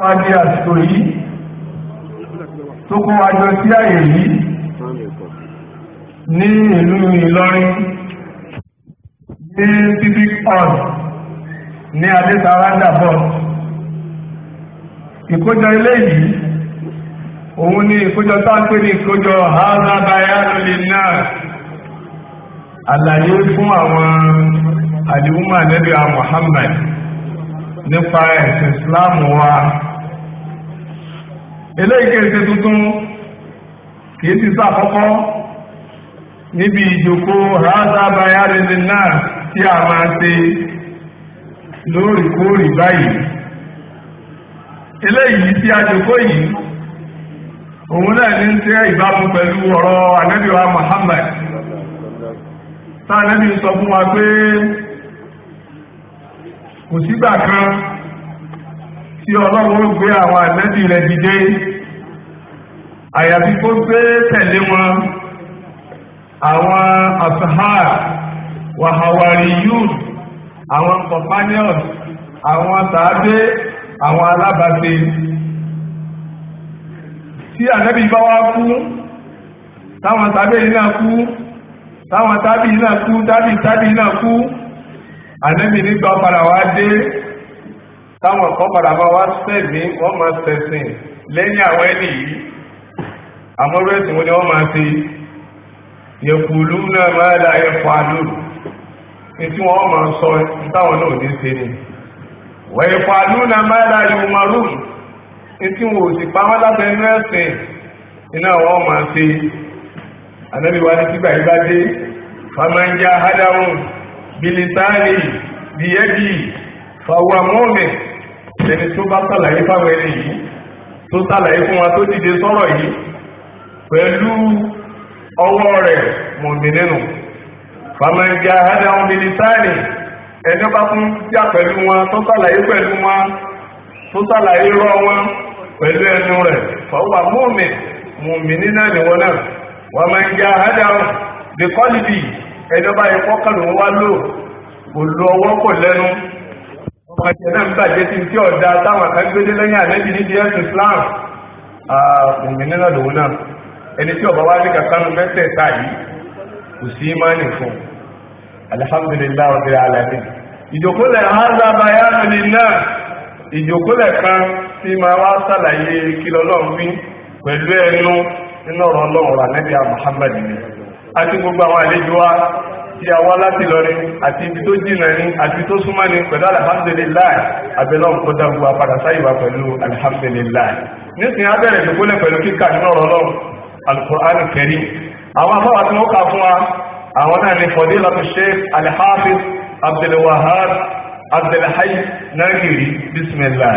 wá dé àsìkò yìí tó kó wa jọ sí àyè yìí ní ìlú Ìlọrin ní civic hall ní adétaranda bus ìkójọ ilé yìí òun ni ìkójọ tá ń pè ní ìkójọ hazabaya lórí náà àlàyé fún àwọn àdìwúmọ̀ ànẹ́bíà Muhammad nípa ẹ̀sìn Islam wa eléyìí kèrèsè tuntun kìí ti sá àkọ́kọ́ níbi ìjòkó ráàdá bayarele náà tí a máa ṣe lóòrèkóòrè báyìí eléyìí tí a jòkó yìí òun náà ní ṣe ìbámu pẹ̀lú ọ̀rọ̀ anábìwá Muhammad tá anábì sọ fún wa pé kò sígbà kan tí ọlọ́run ó gbé àwọn ànábì rẹ̀ dìde àyàfi kó gbé tẹ̀lé wọn àwọn asahar wàhàwàrí youth àwọn companions àwọn tàbí àwọn alábàáṣe tí ànábì bá wá kú táwọn tàbí iná kú táwọn tàbí iná kú tàbí tàbí iná kú ànábì nígbà padà wá dé táwọn kan padà máa wá sẹ́ẹ̀mí wọ́n máa sẹ̀sìn lẹ́yìn àwọn ẹni yìí àmọ́rú ẹ̀sìn wọn ni wọ́n máa ṣe yẹ̀kùlú náà máa ẹ̀fọ́ tí wọ́n máa sọ táwọn náà ní ṣe ni wẹ̀ẹ̀fọ́ àlùrù náà máa tí wọ́n sì pa wọ́n lábẹ́ inú ẹ̀sìn iná wọ́n máa ní yìí bá ẹni tó bá sàlàyé fáwọn ẹni yìí tó sàlàyé fún wa tó dìde sọ̀rọ̀ yìí pẹ̀lú ọwọ́ rẹ̀ mọ̀mìnínú fàmẹ́jà adáhùn mílítáàni ẹni bá tún jà pẹ̀lú wọn tó sàlàyé pẹ̀lú wọn tó sàlàyé rọ wọn pẹ̀lú ẹnu rẹ̀ fọwọ́ mọ́mì mọ̀mìnì náà ni wọn náà fàmẹ́jà adáhùn bíkọ́lìbì ẹni bá yẹ kọ́kànlù wọn lò kò lo ọwọ́ kò lẹ́nu àwọn ẹ̀jẹ̀ náà ń bàjẹ́ sí tí ọ̀dá táwọn akẹ́gbẹ́dé lẹ́yìn àlẹ́bí ní díẹ̀ sí Islam òmìnir náà lòun náà ẹni tí ọba wá ní kàkánú mẹ́tẹ̀ táyì kò sí ìmánì fún alhamdulillah rabbil alamin ìjòkólẹ̀ haza bayanu lillah ìjòkólẹ̀ kan tí ma wá sàlàyé kílọ́lọ́mí pẹ̀lú ẹnu nínú ọ̀rọ̀ ọlọ́run rà nẹ́bí Muhammad ni àti gbogbo àwọn àlejò wa tí a wá láti lọ ní àti ibi tó jìnà ní àti tó súnmọ́ ní pẹ̀lú alhamdulillah abẹ́lọ́ kọjá gbogbo apàdà sáyìwá pẹ̀lú alhamdulillah nísìnyí abẹ́rẹ̀ ìdókòlẹ̀ pẹ̀lú kíkà nínú ọ̀rọ̀ lọ́wọ́ al-Qur'an al-Karim àwọn afọ́wà tí wọ́n kà fún wa àwọn náà ni fadilatu Sheikh al-Hafiz Abdul Wahhab Abdul Hayy Nagiri bismillah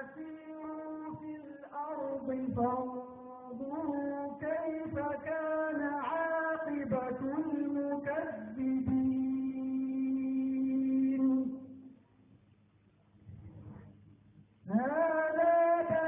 فسيروا في الأرض فانظروا كيف كان عاقبة المكذبين هذا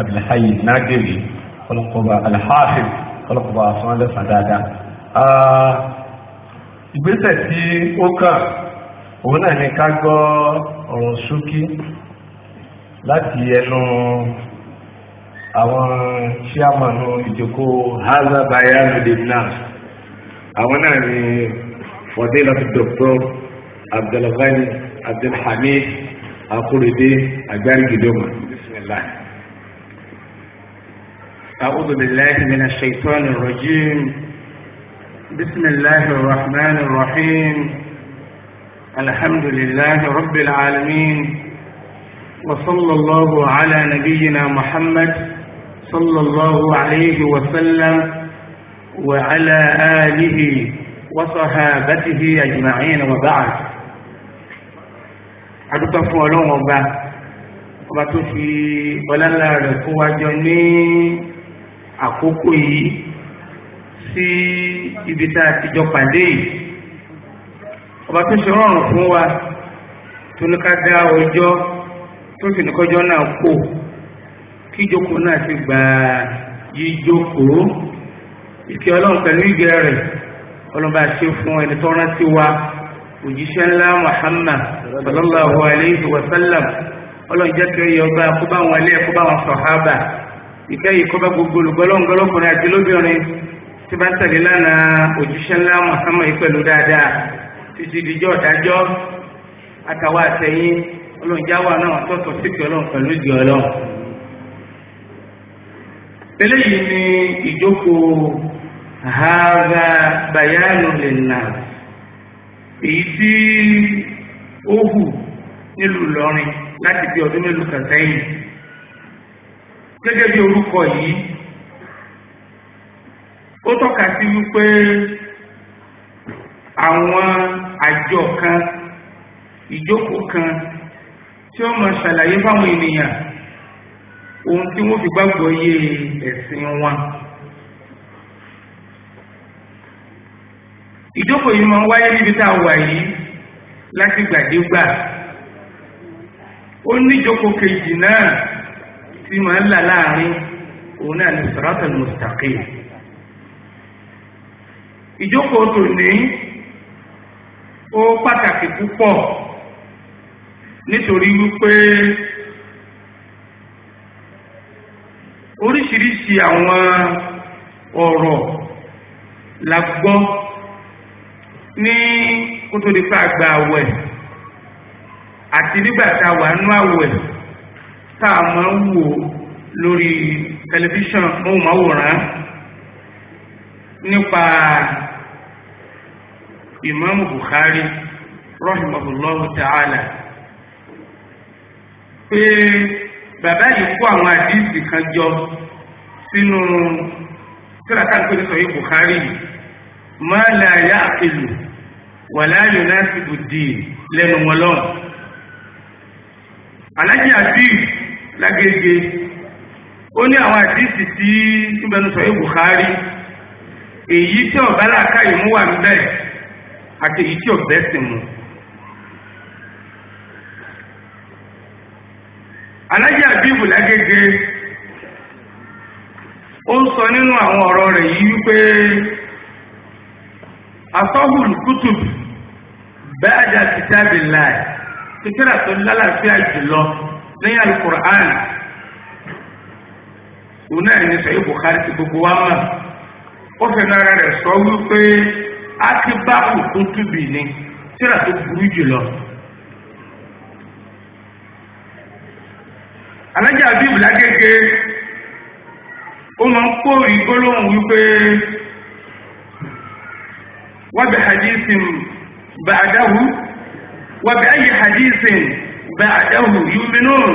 abdulhayi nagiri kọlọkọba alhafid kọlọkọba sanwó-ẹlẹ fàdáadáa ìgbésẹ̀ tí ó kàn òun náà ní ká gbọ́ ọ̀rọ̀ ṣókí láti ẹnu àwọn ṣíàmọ̀nù ìjókòó haza bayan lebanon àwọn náà ni fadilatu doctor abdulghani abdulhamid akurede agbárí gidoma أعوذ بالله من الشيطان الرجيم بسم الله الرحمن الرحيم الحمد لله رب العالمين وصلى الله على نبينا محمد صلى الله عليه وسلم وعلى آله وصحابته أجمعين وبعد أدوك فولون وبعد وما تفي ولا لا àkókò yìí sí ibi tá a ti jọ pàdé yìí ọba tó ṣe rọrùn fún wa tó ní ká dá ọjọ́ tó sì ní náà kò kí náà sì gbà yíjókòó ìkẹ́ ọlọ́run pẹ̀lú ìgẹ̀ rẹ̀ ọlọ́ba ṣe fún ẹni tó rántí wa òjíṣẹ́ ńlá Muhammad sallallahu alayhi wa sallam ọlọ́run jẹ́ kí ó yọ ọba kó bá wọn lé ẹ̀kọ́ bá wọn sọ̀hábà. ìkẹ́ yìí kọ́ bá gbogbo olùgbọ́lọ́ngbọ́ lọ́kùnrin àti lóbìnrin tí bá ń tẹ̀lé lánàá òjíṣẹ́ ńlá Muhammad pẹ̀lú dáadáa títí dijọ́ ọ̀dájọ́ àtàwọn àtẹ̀yìn ọlọ́njáwà náà tọ́tọ̀ pẹ̀lú ìdí ọlọ́run. ni ìjókòó èyí tí ó hù nílùú láti bí ọdún mélòó gẹ́gẹ́ bí orúkọ yìí ó tọ́ka sí wípé àwọn àjọ kan ìjókòó kan tí ó máa ṣàlàyé fáwọn ènìyàn ohun tí wọ́n fi gbàgbọ́ yé ẹ̀sìn wọn ìjókòó yìí máa ń wáyé níbi tá a wà yìí láti gbàdégbà ó ní ìjókòó kejì náà tí máa ń là láàrin òun náà ni siratal mustaqim ìjókòó tò ní ó pàtàkì púpọ̀ nítorí wípé oríṣiríṣi àwọn ọ̀rọ̀ la gbọ́ ní kótó nípa àgbà àwẹ̀ àti nígbà tá a wà nú àwẹ̀ táà máa ń wò lórí tẹlifíṣàn ohùnmáwòrán nípa ìmáàmù Bukhari rahimahullahu ta'ala pé bàbá yìí kó àwọn àdíìsì kan jọ sínú tíratá pé nítorí Bukhari ma la ya'qilu wa la yunasibu ad-din lẹ́nu wọn lọ́wọ́ alájí àdíìsì lágége ó ní àwọn àdísì tí túnbẹnusọ yìí buhari èyí tí ọ̀bá làákà ìmú wà ń bẹ̀ àti èyí tí ọ̀bẹ sì mú alájẹ àbíbù lágége ó ń sọ nínú àwọn ọ̀rọ̀ rẹ̀ yìí wípé asọ́hùn sai alkur'an suna ni sai sayi ti gugu wa ma o fe na re sọ wi pe a ti ba ku tun ni ti ra to buru ji lo alaja bi bla gege o ma ko ri olohun wi pe wa bi hadithin ba'dahu wa ba'dahu yu'minun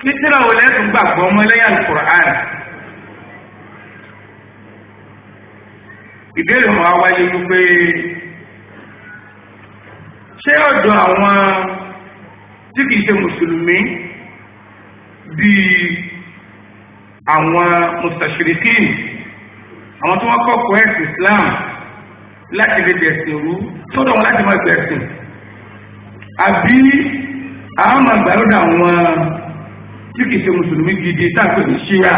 títírà wọlé ẹ̀sùn gbàgbọ́ ọmọ ẹlẹ́yà al-Qur'an ìbéèrè wọn wáyé wípé ṣé ọ̀dọ̀ àwọn tí kìí ṣe mùsùlùmí bíi àwọn mustashrikin àwọn tí wọ́n kọ́kọ́ ẹ̀sìn Islam láti lè bẹ̀sìn rú sọ́dọ̀ wọn láti máa bẹ̀sìn àbí àwọn àgbàlódà wọn tí kìí ṣe mùsùlùmí gidi táàpẹ̀ ní ṣíyà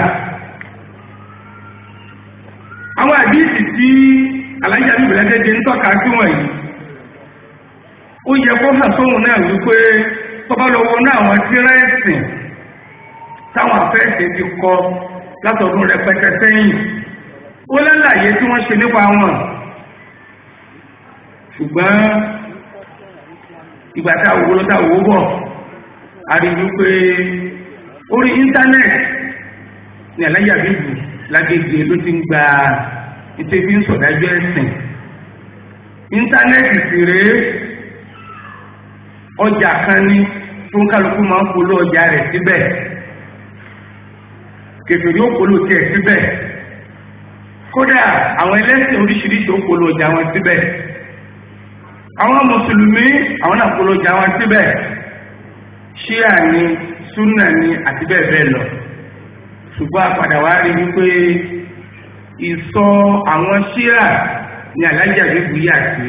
àwọn àdíìsì tí alájà ní ìbẹ̀rẹ̀ jẹ́ ń tọ́ka sí wọ̀nyí ó yẹ kó hàn sóhun náà wípé tọ́bá lọ́wọ́ náà àwọn tírẹ́ẹ̀sì táwọn afẹ́ẹ̀sì ti kọ látọ̀dún rẹpẹtẹ sẹ́yìn ó lálàyé tí wọ́n ṣe nípa wọn ṣùgbọ́n ìgbà tá àwòwò ló táwòwò bọ̀ a rí orí íńtánẹ́ẹ̀tì ni alájà lágbègbè ló ti ń gba ìtẹ́bí ń sọ̀dájọ́ ẹ̀sìn íńtánẹ́ẹ̀tì sì rèé ọjà kan ní tó ń kálukú máa ń polú ọjà rẹ̀ síbẹ̀ kèfèrí ó polú tiẹ̀ síbẹ̀ kódà àwọn ẹlẹ́sìn oríṣiríṣi ó polú ọjà wọn síbẹ̀ àwọn mùsùlùmí àwọn náà polójà wọn síbẹ̀ ṣíà ni súnà ni àti bẹ́ẹ̀ bẹ́ẹ̀ lọ ṣùgbọ́n àpàdà wá rí wípé ìsọ àwọn ṣíà ni alájà bíbu yà sí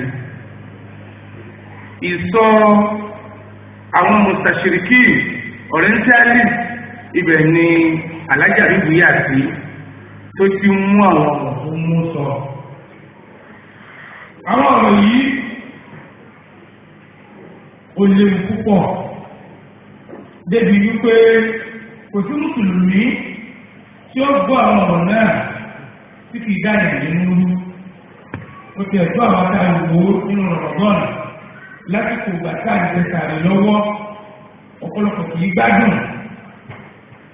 ìsọ àwọn mùsàṣìríkì orientalist ibẹ̀ ni alájà bíbu yà sí tó ti mú àwọn ọmọ mú sọ àwọn ọ̀rọ̀ yìí ó léwu púpọ̀ débi wípé kò sí mùsùlùmí tí ó gbọ́ àwọn ọ̀rọ̀ náà tí kì í dá ìrìn nínú ó ti ẹ̀tọ́ àwọn akáwò nínú rọ̀gọ́nà lásìkò ìgbà tá à ń tẹ sàrè lọ́wọ́ ọ̀pọ̀lọpọ̀ kì í gbádùn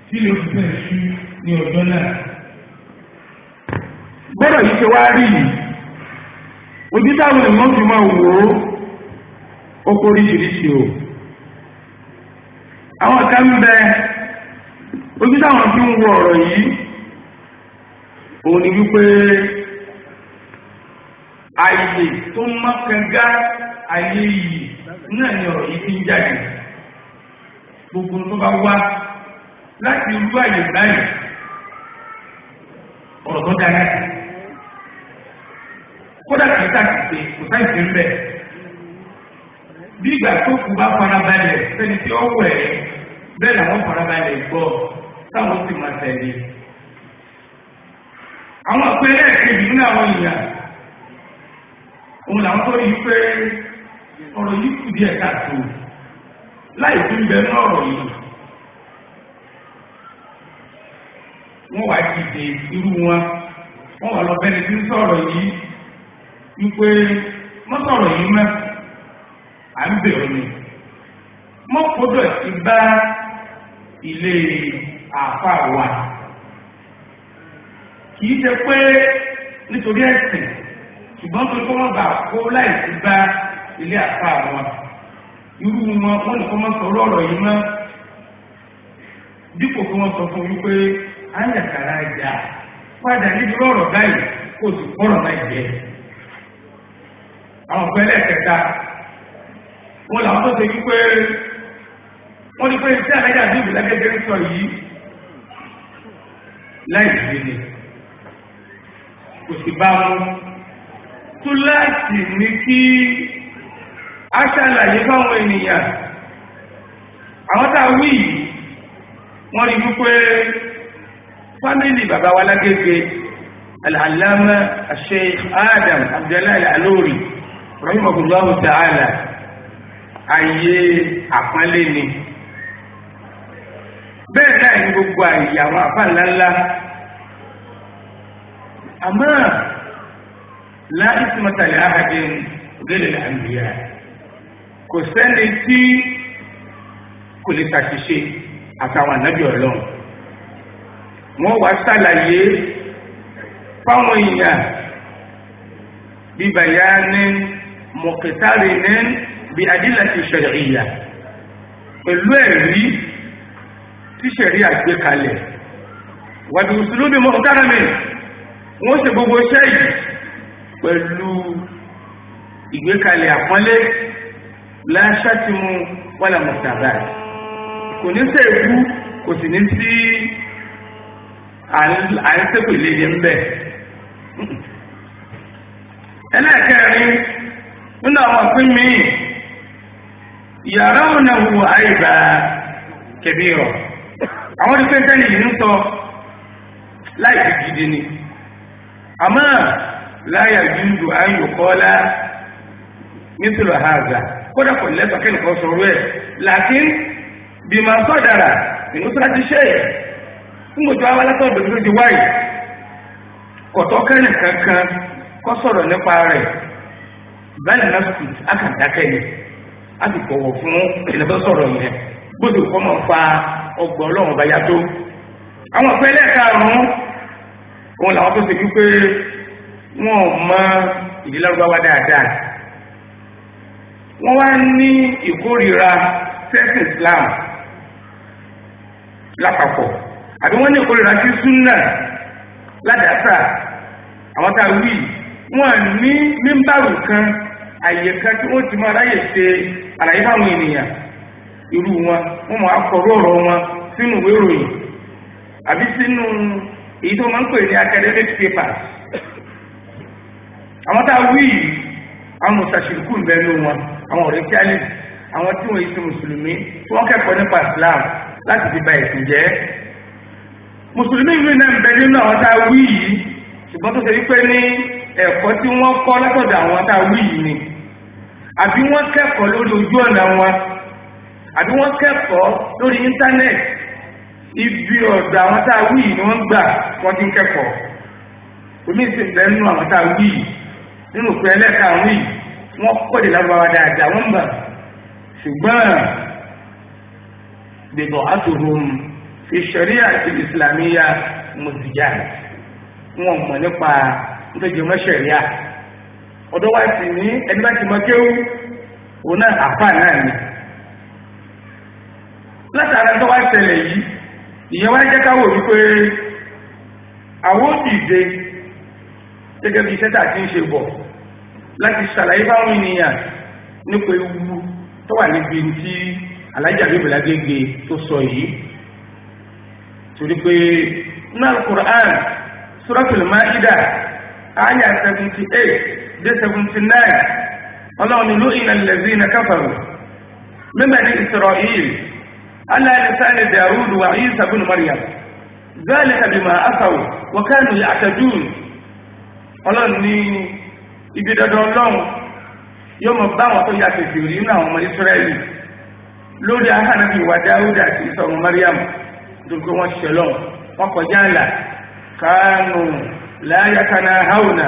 tí lè fi bẹ́ẹ̀ sí ní ọjọ́ náà. bọ́dọ̀ yìí ṣe wá rí ojú táwọn èèyàn fi máa wò ó ó kó oríṣiríṣi o àwọn ọ̀tá ń bẹ ojú táwọn fi ń wo ọ̀rọ̀ yìí òun ni wípé àyè tó mọ́kànlá àyè yìí náà ni ọ̀rọ̀ yìí ti ń jáde gbogbo tó bá wá láti irú àyè báyìí ọ̀rọ̀ tó dára kódà kìí sàkìsì kò sáìsì ń bẹ. bí ìgbà tó kù bá farabalẹ̀ fẹ́ni tí ó wẹ̀ bẹ́ẹ̀ làwọn farabalẹ̀ gbọ́ táwọn sì máa tẹ̀lé àwọn àpẹẹrẹ nínú àwọn èèyàn òun làwọn tó pé ọ̀rọ̀ yìí kù díẹ̀ káàtó láì fi ń bẹ ní ọ̀rọ̀ yìí wọ́n wá dìde irú wọn wọ́n lọ bẹ́ni tí ń sọ̀rọ̀ yìí wípé yìí mẹ́fà à ń bèrò ni mọ́ kódọ̀ ti bá ilé àfà wà kìí ṣe pé nítorí ẹ̀sìn ṣùgbọ́n tó kọ́ bá kó láì ti bá ilé àfà wọn irú wọn wọ́n nìkan mọ́ sọ lọ́rọ̀ yìí mọ́ dípò kí wọ́n sọ fún wípé ayàkàrà ìjà padà níbi lọ́rọ̀ báyìí kò sì kọ́rọ̀ láì jẹ́ àwọn ọ̀pẹ́ lẹ́ẹ̀kẹta wọn làwọn tó ṣe wípé wọ́n ní pé iṣẹ́ àlẹ́jà sí ìbìlẹ́gẹ́gẹ́ sọ yìí láìsí ni kò sì bá wọn tó láti ní kí a ṣàlàyé fáwọn ènìyàn àwọn tá a wí wọ́n rí wípé fámìlì bàbá wa lágége alàlámà Sheikh Adam Abdullahi Al-Alori rahimahullahu ta'ala ayé àpọ́nlé ni bẹ́ẹ̀ náà ní gbogbo àyè àwọn àfàǹláńlá àmọ́ láti tí mọ́tàlẹ̀ àhàdé òdélé àmìyà kò sẹ́ni tí kò lè ṣàṣìṣe àtàwọn ànábì ọlọ́run wọ́n wá ṣàlàyé fáwọn èèyàn bíbàyá ní mọ̀kẹ́tàrí ní bí adílẹ̀tì ṣẹ̀ríyà pẹ̀lú ẹ̀rí tí ṣẹ̀ríyà gbé kalẹ̀ wàdí ìsìlóbi mọ̀tàràmì wọ́n ṣe gbogbo iṣẹ́ yìí pẹ̀lú ìgbékalẹ̀ àpọ́nlé láṣàtìmú wàlà mọ̀tàbà kò ní sẹ́ ikú kò sì ní sí à ń sẹ́pẹ̀lẹ̀ yẹn bẹ́ẹ̀ ẹlẹ́ẹ̀kẹrin nínú àwọn ìpín mìíràn يرونه عيبا كبيرا àwọn ìpín tẹ́lẹ̀ yìí ń sọ láìsí gidi ni àmá láyà jújù ayòkọ́lá nítorí àhàzà kódà kò lẹ́tọ̀ kí nìkan sọ̀rọ̀ ẹ̀ lákín bí ma sọ dára nínú tó láti ṣe ẹ̀ ń gbòjò àwọn kankan kọ́ sọ̀rọ̀ nípa rẹ̀ bẹ́ẹ̀ náà sùn á kà a sì bọ̀wọ̀ fún ìlẹ́bẹ̀ sọ̀rọ̀ yẹn gbọ́dọ̀ kọ́ máa fa ọgbọ̀n ọlọ́run báyà tó àwọn ìpínlẹ̀ karùn-ún òun làwọn tó ṣe wípé wọn ò mọ ìdílárúbáwá dáadáa wọ́n wá ní ìkórìíra sẹ́sì Islam lápapọ̀ àbí wọ́n ní ìkórìíra sí súnà ládàásà àwọn tá a wí wọ́n ní mímbàrù kan àyè kan tí wọ́n ti máa ráyè ṣe ala fáwọn ènìyàn irú wọn wọ́n akọrọ ọ̀rọ̀ wọn sínú ìròyìn àbí sínú èyí tó máa ń pè ní academic papers àwọn tá a wí yìí àwọn mùsàṣìkú ń wọn àwọn ọ̀rẹ́ kíálì àwọn tí wọ́n yìí ti mùsùlùmí tí wọ́n kẹ́kọ̀ọ́ nípa Islam láti fi ba ẹ̀sìn jẹ́ mùsùlùmí ìlú náà ń bẹ nínú àwọn tá a ni àbí wọ́n kẹ́kọ̀ọ́ lórí ojú ọ̀nà wọn àbí wọ́n kẹ́kọ̀ọ́ lórí íńtánẹ́ẹ̀tì ibi ọ̀dọ̀ àwọn tá a wí ni wọ́n gbà wọ́n ti ń kẹ́kọ̀ọ́ omi àwọn tá a wí nínú pé ẹlẹ́ka àwọn yìí wọ́n dáadáa wọ́n mọ̀ ṣùgbọ́n bẹ̀bọ̀ àtòhùn àti ìsìlámíyà wọn mọ̀ nípa nítorí ọ̀dọ́ wa sì ní ẹni bá ti mọ kéwú òun náà àfà náà ni látara tó wá ṣẹlẹ̀ yìí ìyẹn wá jẹ́ káwò wípé àwọn òdìdè gẹ́gẹ́ bí iṣẹ́ tàbí ń ṣe bọ̀ láti ṣàlàyé báwọn ènìyàn nípa ewu tó wà níbi tí alájà bíbí lágbègbè tó sọ yìí torí pé náà Qur'an Suratul Ma'idah ayah seventy eight dé 79 ọlọ́run ìlú ìnàlẹ̀zí na káfàrù mímẹ̀ ní israel aláìlẹ́sáni dàrúdù wà yí sàbùn maryam zálẹ̀ àbìmọ̀ asáwò wọ́kánù àtàdùn ọlọ́run ní ibi dandan ọlọ́run yóò mọ̀ bá wọn tó yà kèfèrè nínú àwọn ọmọ israẹli lórí ahánàbí wa dáúdà àti ìsọmọ maryam dùgbò wọn ṣẹlọ wọn kọjá àlà kánù láyàtàná haúnà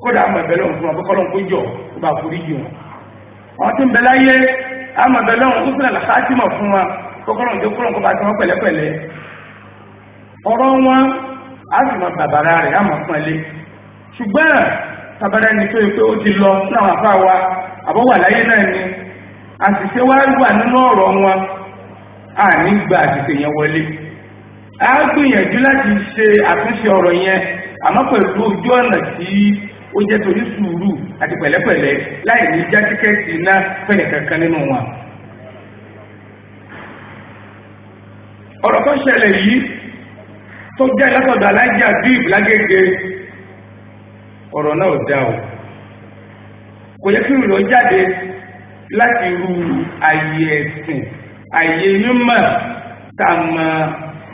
kódà àmọ̀ ìbẹ̀lẹ̀ òun fún ọkọ̀ lọ́nkó jọ ó bá forí jù wọn àwọn tí ń bẹ láyé àmọ̀ ìbẹ̀lẹ̀ òun tó fúnlẹ̀ làkàtìmọ̀ fún wa kókó lọ́nkó kó lọ́nkó bá ti wọn pẹ̀lẹ́pẹ̀lẹ́ ọ̀rọ̀ wọn á sì mọ bàbàrà rẹ̀ fún ṣùgbọ́n bàbàrà ẹni tó yẹ ó ti lọ láwọn afá wa àbọ̀ wà láyé ni àṣìṣe wà nínú ọ̀rọ̀ wọn gba àṣìṣe yẹn wọlé a gbìyànjú láti ṣe àtúnṣe ọ̀rọ̀ ó jẹ́ torí sùúrù àti pẹ̀lẹ́pẹ̀lẹ́ láì ní já tíkẹ́ẹ̀tì iná fẹ́ẹ̀ kankan nínú wọn ọ̀rọ̀ tó ṣẹlẹ̀ yìí tó jẹ́ látọ̀dọ̀ aláìjà bíb lágége ọ̀rọ̀ náà dá o kò yẹ kí ìrọ̀ jáde láti ru àyè ẹ̀sìn àyè mímọ̀ tàmà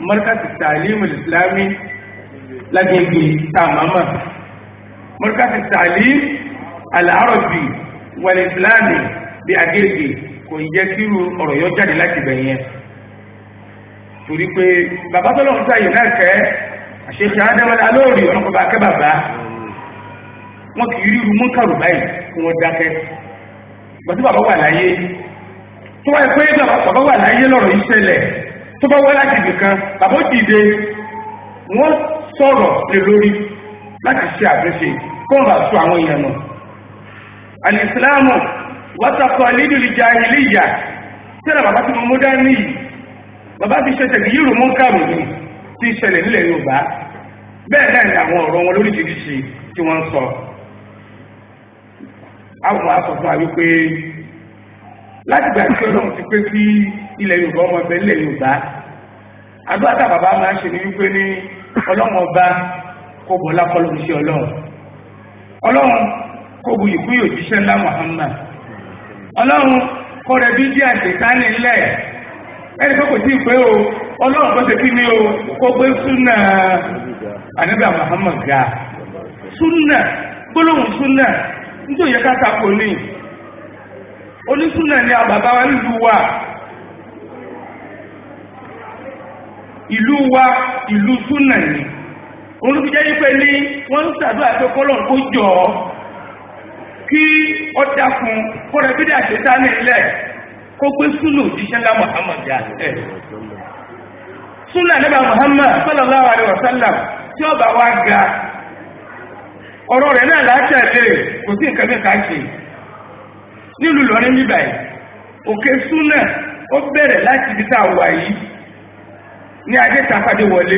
mọ́ríkàtì tàlímù ìsìlámì lágége tàmàmà مركز التعليم العربي والإسلامي بأجلدي kò yẹ kíru ọ̀rọ̀ yọ jáde láti bẹ̀ yẹn torí pé bàbá tó lọ́kùnrin sáyẹ̀ náà kẹ́ àṣeṣe àádámọ́lá lóòrì ọ̀nàkọ̀bà kẹ́ bàbá wọn kì í ríru mú kàrù báyìí kí wọ́n dákẹ́ gbọ́tí bàbá wà láyé tó wáyé pé bàbá wà láyé lọ́rọ̀ ìṣẹ̀lẹ̀ tó bá wá láti ibìkan bàbá ó dìde wọ́n sọ̀rọ̀ lè lórí láti ṣe àtúnṣe kọ́ńbà tó àwọn èèyàn nù alìsílámù wátàkọ̀ nídìlì jahiliya tíra bàbá tí mo mú dání yìí bàbá ti ṣẹ̀ṣẹ̀ bí yìí mú kàrò ní ti ṣẹlẹ̀ nílẹ̀ Yorùbá bẹ́ẹ̀ náà ni àwọn ọ̀rọ̀ wọn lóríṣiríṣi tí wọ́n ń sọ àwọn aṣọ fún wa wípé láti gbà tí Ọlọ́run ti pé sí ilẹ̀ Yorùbá ọmọ ẹgbẹ́ ilẹ̀ Yorùbá àdúrà tá bàbá máa ń ṣe ni wípé ní Ọlọ́run ọba kó bọ́lá kọlu iṣẹ́ ọlọ́run ọlọ́run kó bu ìkú yóò jíṣẹ́ ńlá Muhammad ọlọ́run kó rẹ bí díà ṣètánì ńlẹ̀ ẹni kò o ọlọ́run kó kí ni o kó gbé súnà Muhammad ga súnà gbólóhùn súnà ní onísúnà ni àbàbá wa nílùú wa ìlú olùbíjẹ́ wípé ní wọ́n ń sàdúrà pé kọ́lọ̀ kó jọ kí ọ dákun kó rẹ bídà ṣetá ní ilẹ̀ kó gbé súlù jíṣẹ́ ńlá Muhammad yà ẹ̀ súlù àníbà Muhammad sallallahu alaihi wasallam tí ó bá wá ga ọ̀rọ̀ rẹ̀ náà látẹ̀lé kò sí nǹkan mẹ́ta ṣe nílùú lọ́rin bíbà yìí òkè súnà ó bẹ̀rẹ̀ láti ibi tá a wà yìí ní wọlé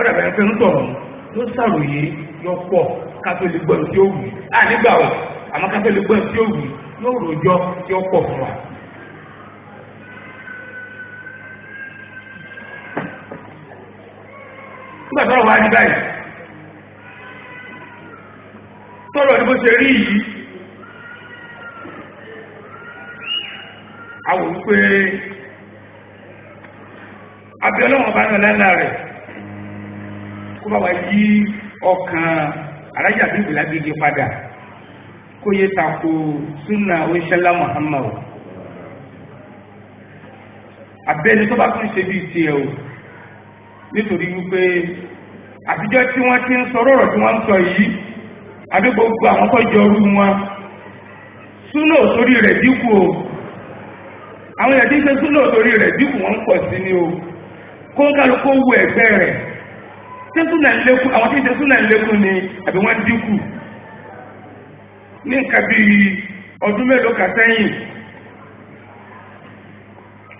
ọ dàbẹ̀ ẹgbẹ́ ń tọ̀ yóò sàròyé yọ pọ̀ gbọ́n tí ó wù á nígbà wò àmọ́ kátólì gbọ́n tí ó wù yóò tí ó pọ̀ fún wa. wà ní báyìí má wá yí ọkàn alájà tó ìgbìlá padà kó yé tako súnà oníṣẹ́lá Muhammad abẹ́ni tó bá tún ṣe bíi tiẹ̀ o nítorí wípé àtijọ́ tí wọ́n ti ń sọ rọ̀rọ̀ tí wọ́n ń sọ yìí àbí àwọn tó wọn súnà rẹ̀ dínkù o àwọn ṣe súnà rẹ̀ dínkù wọ́n ń ni o kó ń kálukó wu ẹ̀gbẹ́ tí súnà ń lékún àwọn tí ń ṣe súnà ń lékún ni àbí wọ́n dínkù ní nǹkan bí ọdún mélòó kan sẹ́yìn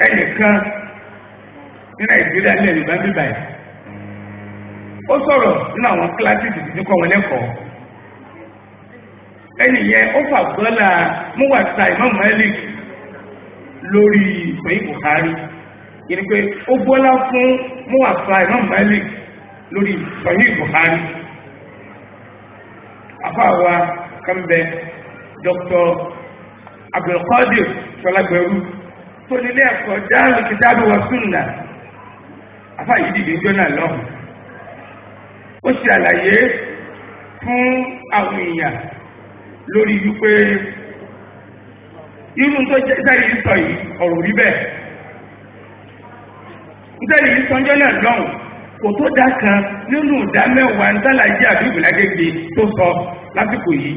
ẹnìkan ní nàìjíríà ní ẹ̀rù bá ń bíbà yìí ó sọ̀rọ̀ nínú àwọn kíláàsì ìdìbò ní kọ́wọn lẹ́kọ̀ọ́ ẹnì yẹn ó fà gbọ́là múwàtà Imam Malik lórí ìpín Buhari yìí ni pé ó gbọ́lá fún múwàtà Imam Malik lórí Sahih Bukhari afáwa kẹ́mbẹ́ Dr. Abdulkadir sọlágbẹ̀rú tó nílé ẹ̀kọ́ dáhùn kìtàbí wa súnà afá yìí jọ́nà lọ́hùn ó ṣe àlàyé fún àwọn èèyàn lórí wípé irun tó jẹ́ sẹ́yìn ọ̀rọ̀ rí bẹ́ẹ̀ kò tó dá kan nínú ìdá mẹ́wàá ńdálà jẹ́ àbíbù lágbègbè tó sọ lásìkò yìí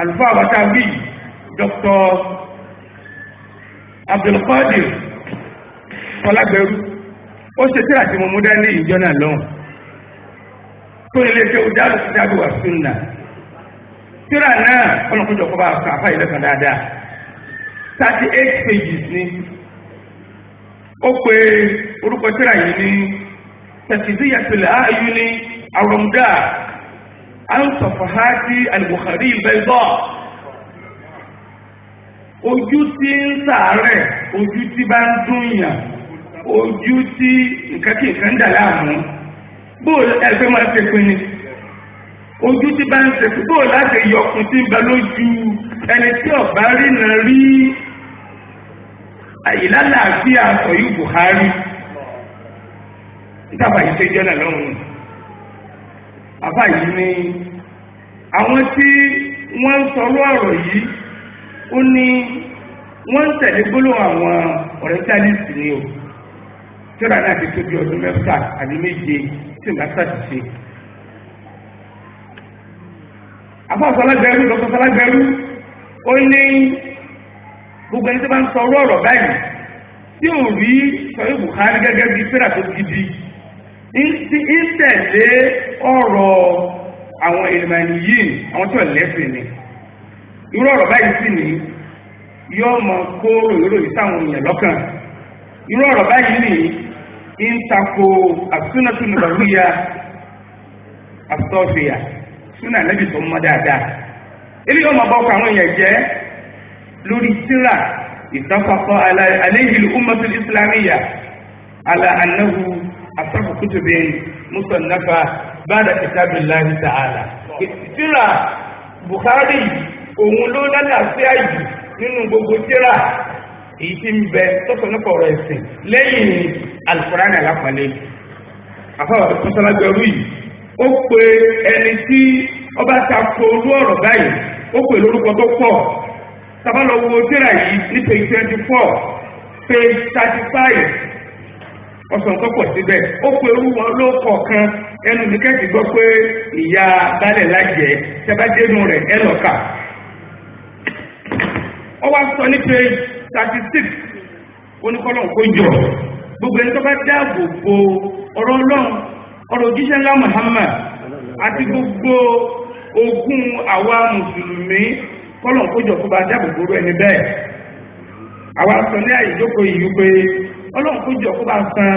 àlùfáà wata wí Dr. Abdulkadir Fọlágbẹrú ó ṣe tíra tí mo mú dání ìjọ náà lọ́hùn tó ilé tí ó sí tíra náà ọlọ́kùnjọ kọba bá àfà ìlẹ́kàn dáadáa thirty eight pages ni ó pe orúkọ تسدية الأعين الرمداء عن صفحات البخاري البيضاء ojú tí ń ṣàárẹ̀ ojú tí bá ń dúnyàn ojú tí nǹkan kí nǹkan dà láàmú bóòlù ẹgbẹ́ máa ṣe pin ni ojú tí bá ń ṣe pin bóòlù láti yọkùn tí ń lójú ẹni tí ọ̀bá rí na rí àyílálàáfíà sọ̀yú Buhari ìtàbà yìí ṣe jẹ́nà lọ́hùn àbá yìí ni àwọn tí wọ́n ń sọ̀rọ̀ ọ̀rọ̀ yìí ó ní wọ́n ń tẹ̀lé gbólóhùn àwọn ni o tíra náà ti tóbi ọdún mẹ́fà àbí méje tí ìgbà sàṣìṣe afọ́sọ́lágbẹ̀rú lọ́sọ́sọ́lágbẹ̀rú ó ní gbogbo ẹni tí wọ́n ń sọ̀rọ̀ ọ̀rọ̀ báyìí tí ò rí sọ̀rọ̀ Buhari gẹ́gẹ́ bí tíra tó ìtẹ̀lé ọ̀rọ̀ àwọn ènìyàn yìí àwọn tó lẹ́sìn ni irú ọ̀rọ̀ báyìí ni yóò mọ kó ròyìnrò yìí sáwọn èèyàn lọ́kàn irú ọ̀rọ̀ báyìí ni ń tako àsúnàtún nàbàwíyà àsọ́fìyà súnà lẹ́bi tó mọ́ dáadáa ilé yóò bá ọkọ̀ àwọn èèyàn jẹ́ lórí tíra ìtafakọ islamiyya ala annahu asafu kutubin musannafa bada kitabillahi ta'ala tírà bukhari òun ló lálàáfíà yìí nínú gbogbo tírà èyí tí ń bẹ tọ́sọ̀ nípa ọ̀rọ̀ ẹ̀sìn lẹ́yìn alukurani alápàlẹ́ àfọwọ́ kọ́sọ́lágbẹ̀rú yìí ó pe ẹni tí ọba tako olú ọ̀rọ̀ báyìí ó pè lórúkọ tó pọ̀ tabalọ́wọ́ tírà yìí ní page twenty four page thirty five Ọsọ tó pọ̀ síbẹ̀ ó pe orú wọn ló kọ̀ọ̀kan ẹnu mi kẹ́kì gbọ́ pé ìyá balẹ̀ lájẹ́ rẹ̀ ẹ lọ́ka. wá sọ ní pé thirty six oníkọ́lọ́n kó jọ gbogbo ẹni tó bá dáàbò bo ọ̀rọ̀ ọlọ́run ọ̀rọ̀ Muhammad àti gbogbo àwa mùsùlùmí kó jọ bá dáàbò bo ẹni bẹ́ẹ̀ àwa sọ ní ọlọ́run kó jọ kó bá san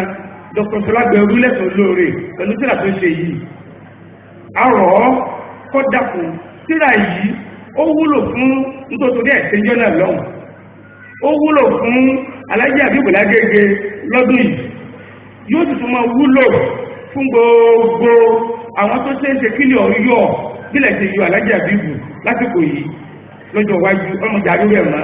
dr sọlágbẹ̀rú lẹ́sàn lóore pẹ̀lú tíra tó ṣe yìí àrọ̀ kọ́ dàpọ̀ tíra yìí ó wúlò fún nítorí ẹ̀sẹ̀ jọ náà lọ́hùn ó wúlò fún alájí àbíbòlá gẹ́gẹ́ lọ́dún yìí yóò sì tún máa wúlò fún gbogbo àwọn tó ṣe ń ṣe kílẹ̀ ọ̀yọ́ bílẹ̀ ṣe yọ alájí àbíbù lásìkò yìí lọ́jọ́ wájú ọmọdé arúgbẹ̀rún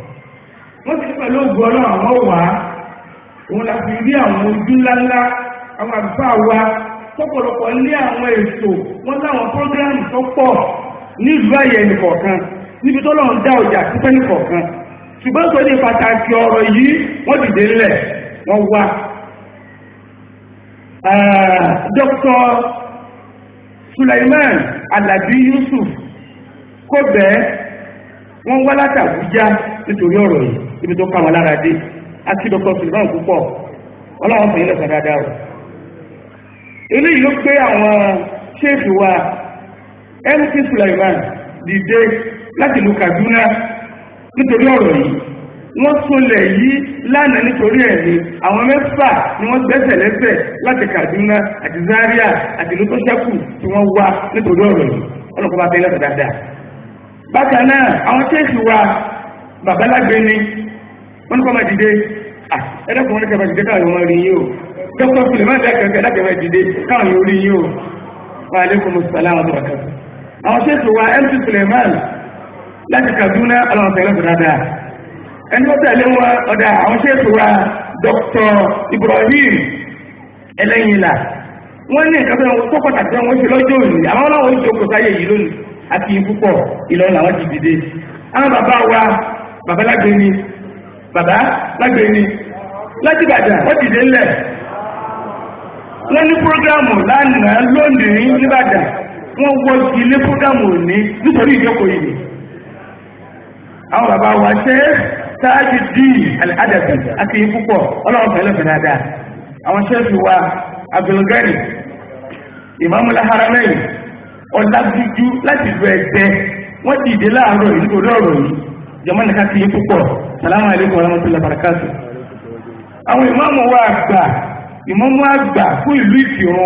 wọ́n ti pẹ̀lú ògùn ọlọ́run àwọn wà á òun la fi rí àwọn ojú ńláńlá àwọn àlùfáà wa tọ́pọ̀lọpọ̀ lé àwọn ètò wọ́n láwọn prógrámù tó pọ̀ ní ìlú àyè ẹnìkọ̀ọ̀kan níbi tó lọ́n dá ọjà sípẹ́ nìkọ̀ọ̀kan ṣùgbọ́n tó ní pàtàkì ọ̀rọ̀ yìí wọ́n dìde ńlẹ̀ wọ́n wá Dr. Sulaiman Alabi Yusuf kó bẹ́ẹ̀ wọ́n wá látàbújá nítorí ọ̀rọ̀ yìí ibi tó kàwọn lára dé àti dr sullivan púpọ̀ ọlọ́wọ́n fẹ̀yìn lẹ́sàn dáadáa o eléyìí ló pé àwọn ṣéèfì wa mc sulaiman dìde láti lu kaduna nítorí ọ̀rọ̀ yìí wọ́n súnlẹ̀ yìí lánàá nítorí ẹ̀mí àwọn mẹ́fà ni wọ́n gbẹ́sẹ̀ lẹ́sẹ̀ láti kaduna àti zaria àti ìlú tó ṣẹ́kù tí wọ́n wá nítorí ọ̀rọ̀ yìí ọlọ́kọ̀ bá fẹ́ lẹ́sàn dáadáa bákan náà àwọn ṣéèfì wa babalágbé ni wọ́n ní kọ́ máa dìde ẹ̀dẹ́kùn wọn ní kẹfà dìde káàrin wọn rí yíò dr suleiman lẹ́kẹ̀ẹ́ ẹ̀dẹ́kẹ̀ẹ́ dìde káàrin orí yíò wa alaikum assalam wa barakatuh àwọn ṣètò wa mc suleiman láti ibrahim ẹlẹ́yìnlá wọ́n ní ìkàtọ̀ àwọn tó pàtàkì wọn ṣe lọ́jọ́ òní àwọn ọlọ́wọ́ ìjókòó sáyé yìí lónìí àti ìpúpọ̀ ìlọ́nà àwọn ti àwọn bàbá wa bàbá lágbé ni bàbá lágbé ni láti bàjá wọ́n ti dé lẹ̀ lẹ́ni prógrámù lánàá lónìí níbàdàn wọ́n wọ́ ilé prógrámù òní nítorí ìjókòó yìí àwọn bàbá wa ṣe sáájú dí àdàbì àti púpọ̀ ọlọ́run fẹ́lẹ́fẹ́ dáadáa àwọn ṣẹ́ẹ̀fì wa abdulgani ìmọ̀múlá haramẹ́yìn ọ̀làbíjú láti lu ẹgbẹ́ wọ́n dìde láàárọ̀ ìlú olóòrò yìí jẹmọ́ nìkan kìí púpọ̀ salamu alaikum warahmatullahi wabarakatuh àwọn ìmáàmù wa àgbà ìmáàmù àgbà fún ìlú ìfìrún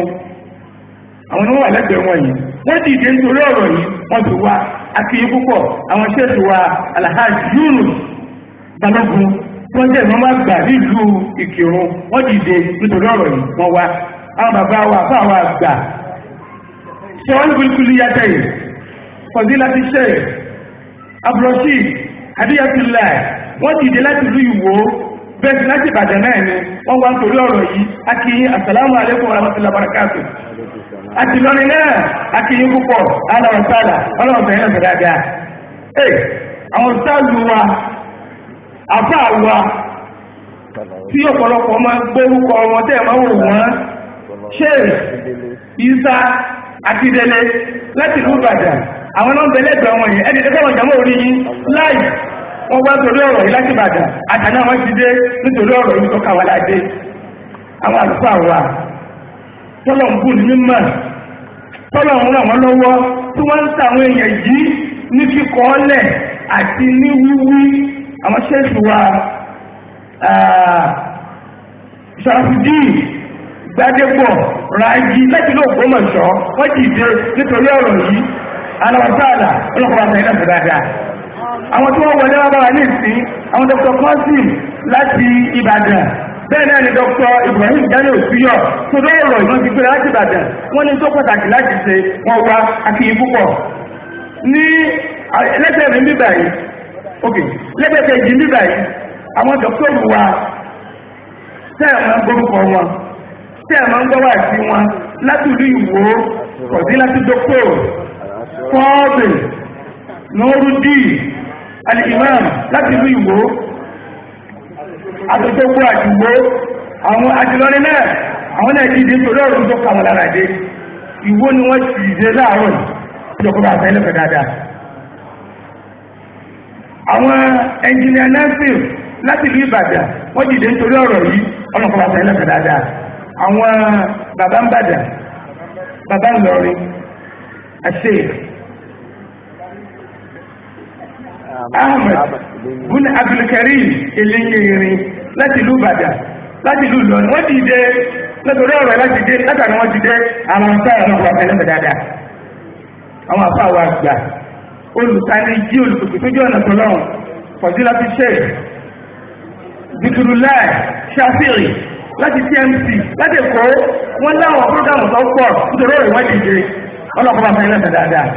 àwọn oníwà lẹ́gbẹ̀ẹ́ wọn yìí wọ́n dìde nítorí ọ̀rọ̀ yìí wọ́n ti wá akìí púpọ̀ àwọn ṣẹ́ẹ̀tì wa alhaji yunus balógun tí wọ́n jẹ́ ìmáàmù àgbà nílùú ìkìrún wọ́n dìde nítorí ọ̀rọ̀ yìí wọ́n wá àwọn bàbá wa fún àwọn àgbà ṣe wọ́n ní kulikuli yàtẹ̀ yìí fọ̀dí láti ṣe àbúrọ̀ṣì adéyàtúlẹ̀ wọ́n dìde láti ìlú Ìwó bẹ́ẹ̀ sí láti Ìbàdàn náà ni wọ́n wá ń torí ọ̀rọ̀ yìí akíyín asàlámù alẹ́kùn alamọ́sílá àti lọ́rin náà akíyín púpọ̀ alọ́ọ̀sálà àwọn náà bẹ̀lẹ̀ ìgbà wọn yìí ẹni tẹ́kọ̀ọ́ ìjàmọ́ orí yìí láì wọ́n wá torí ọ̀rọ̀ yìí láti bàdà àtàná wọn ti dé nítorí ọ̀rọ̀ yìí tó kàwà láàdé àwọn àlùfáà wa tọ́lọ̀ ń bù ní mímọ̀ tọ́lọ̀ ń ràn wọ́n lọ́wọ́ tí wọ́n ń ta èèyàn yìí ní kíkọ́ọ́lẹ̀ àti ní wíwí àwọn ṣẹ́ẹ̀sì wa ṣàfùdíì gbádẹ́pọ̀ rájí láti lóògbómọ̀ṣọ́ wọ́n ti dé nítorí ọ̀rọ̀ yìí alọ́ọ̀tàlà olùkọ́ àtàrí náà tó dáadáa àwọn tí wọ́n wọlé wá bára ní ìsìn àwọn dr consul láti Ìbàdàn bẹ́ẹ̀ náà ni dr Ibrahim Jalo Suyọ tó lóye ọ̀rọ̀ ìwọ́n ti gbéra láti Ìbàdàn wọ́n ní tó pàtàkì láti ṣe wọ́n wá akíyìn púpọ̀ ní lẹ́sẹ̀ mi bíbà yìí ok lẹ́sẹ̀ kejì bíbà yìí àwọn dr wa tẹ́ẹ̀ máa ń gbórúkọ wọn tẹ́ẹ̀ máa ń gbọ́wà sí wọn láti rí ìwò kọ̀dí láti dr fọ́ọ̀bì lórúdí alìmọ́m láti rí ìwò àtòtókò àjùgbó àwọn àjìlọ́rin náà àwọn awọn ti dé torí ọ̀rọ̀ tó kàwọn lára dé ìwó ni wọ́n ti dé láàárọ̀ ìjọkọ̀bà àfẹ́lẹ́fẹ́ dáadáa àwọn awọn nẹ́sìn láti lati Ìbàdàn wọ́n dìde nítorí ọ̀rọ̀ yìí ahmed bin abdulkarim eléyìnrin láti ìlú ìbàdàn láti ìlú ìlọrin wọ́n ti dé lọ́tọ̀rí ọ̀rọ̀ láti dé látàrí wọ́n ti dé àwọn afẹ́ àwọn ọ̀pọ̀ ẹlẹ́mẹ̀ dáadáa àwọn afẹ́ àwọn àgbà olùtaníjí olùpèpèjú ọ̀nà tọ́lọ́run fọ̀dílá ti ṣe zikirulai ṣàfihàn láti tmc láti èkó wọ́n láwọn prógámù tó pọ̀ nítorí ọ̀rọ̀ wọ́n ti dé ọlọ́pàá ẹlẹ́mẹ̀ dáadáa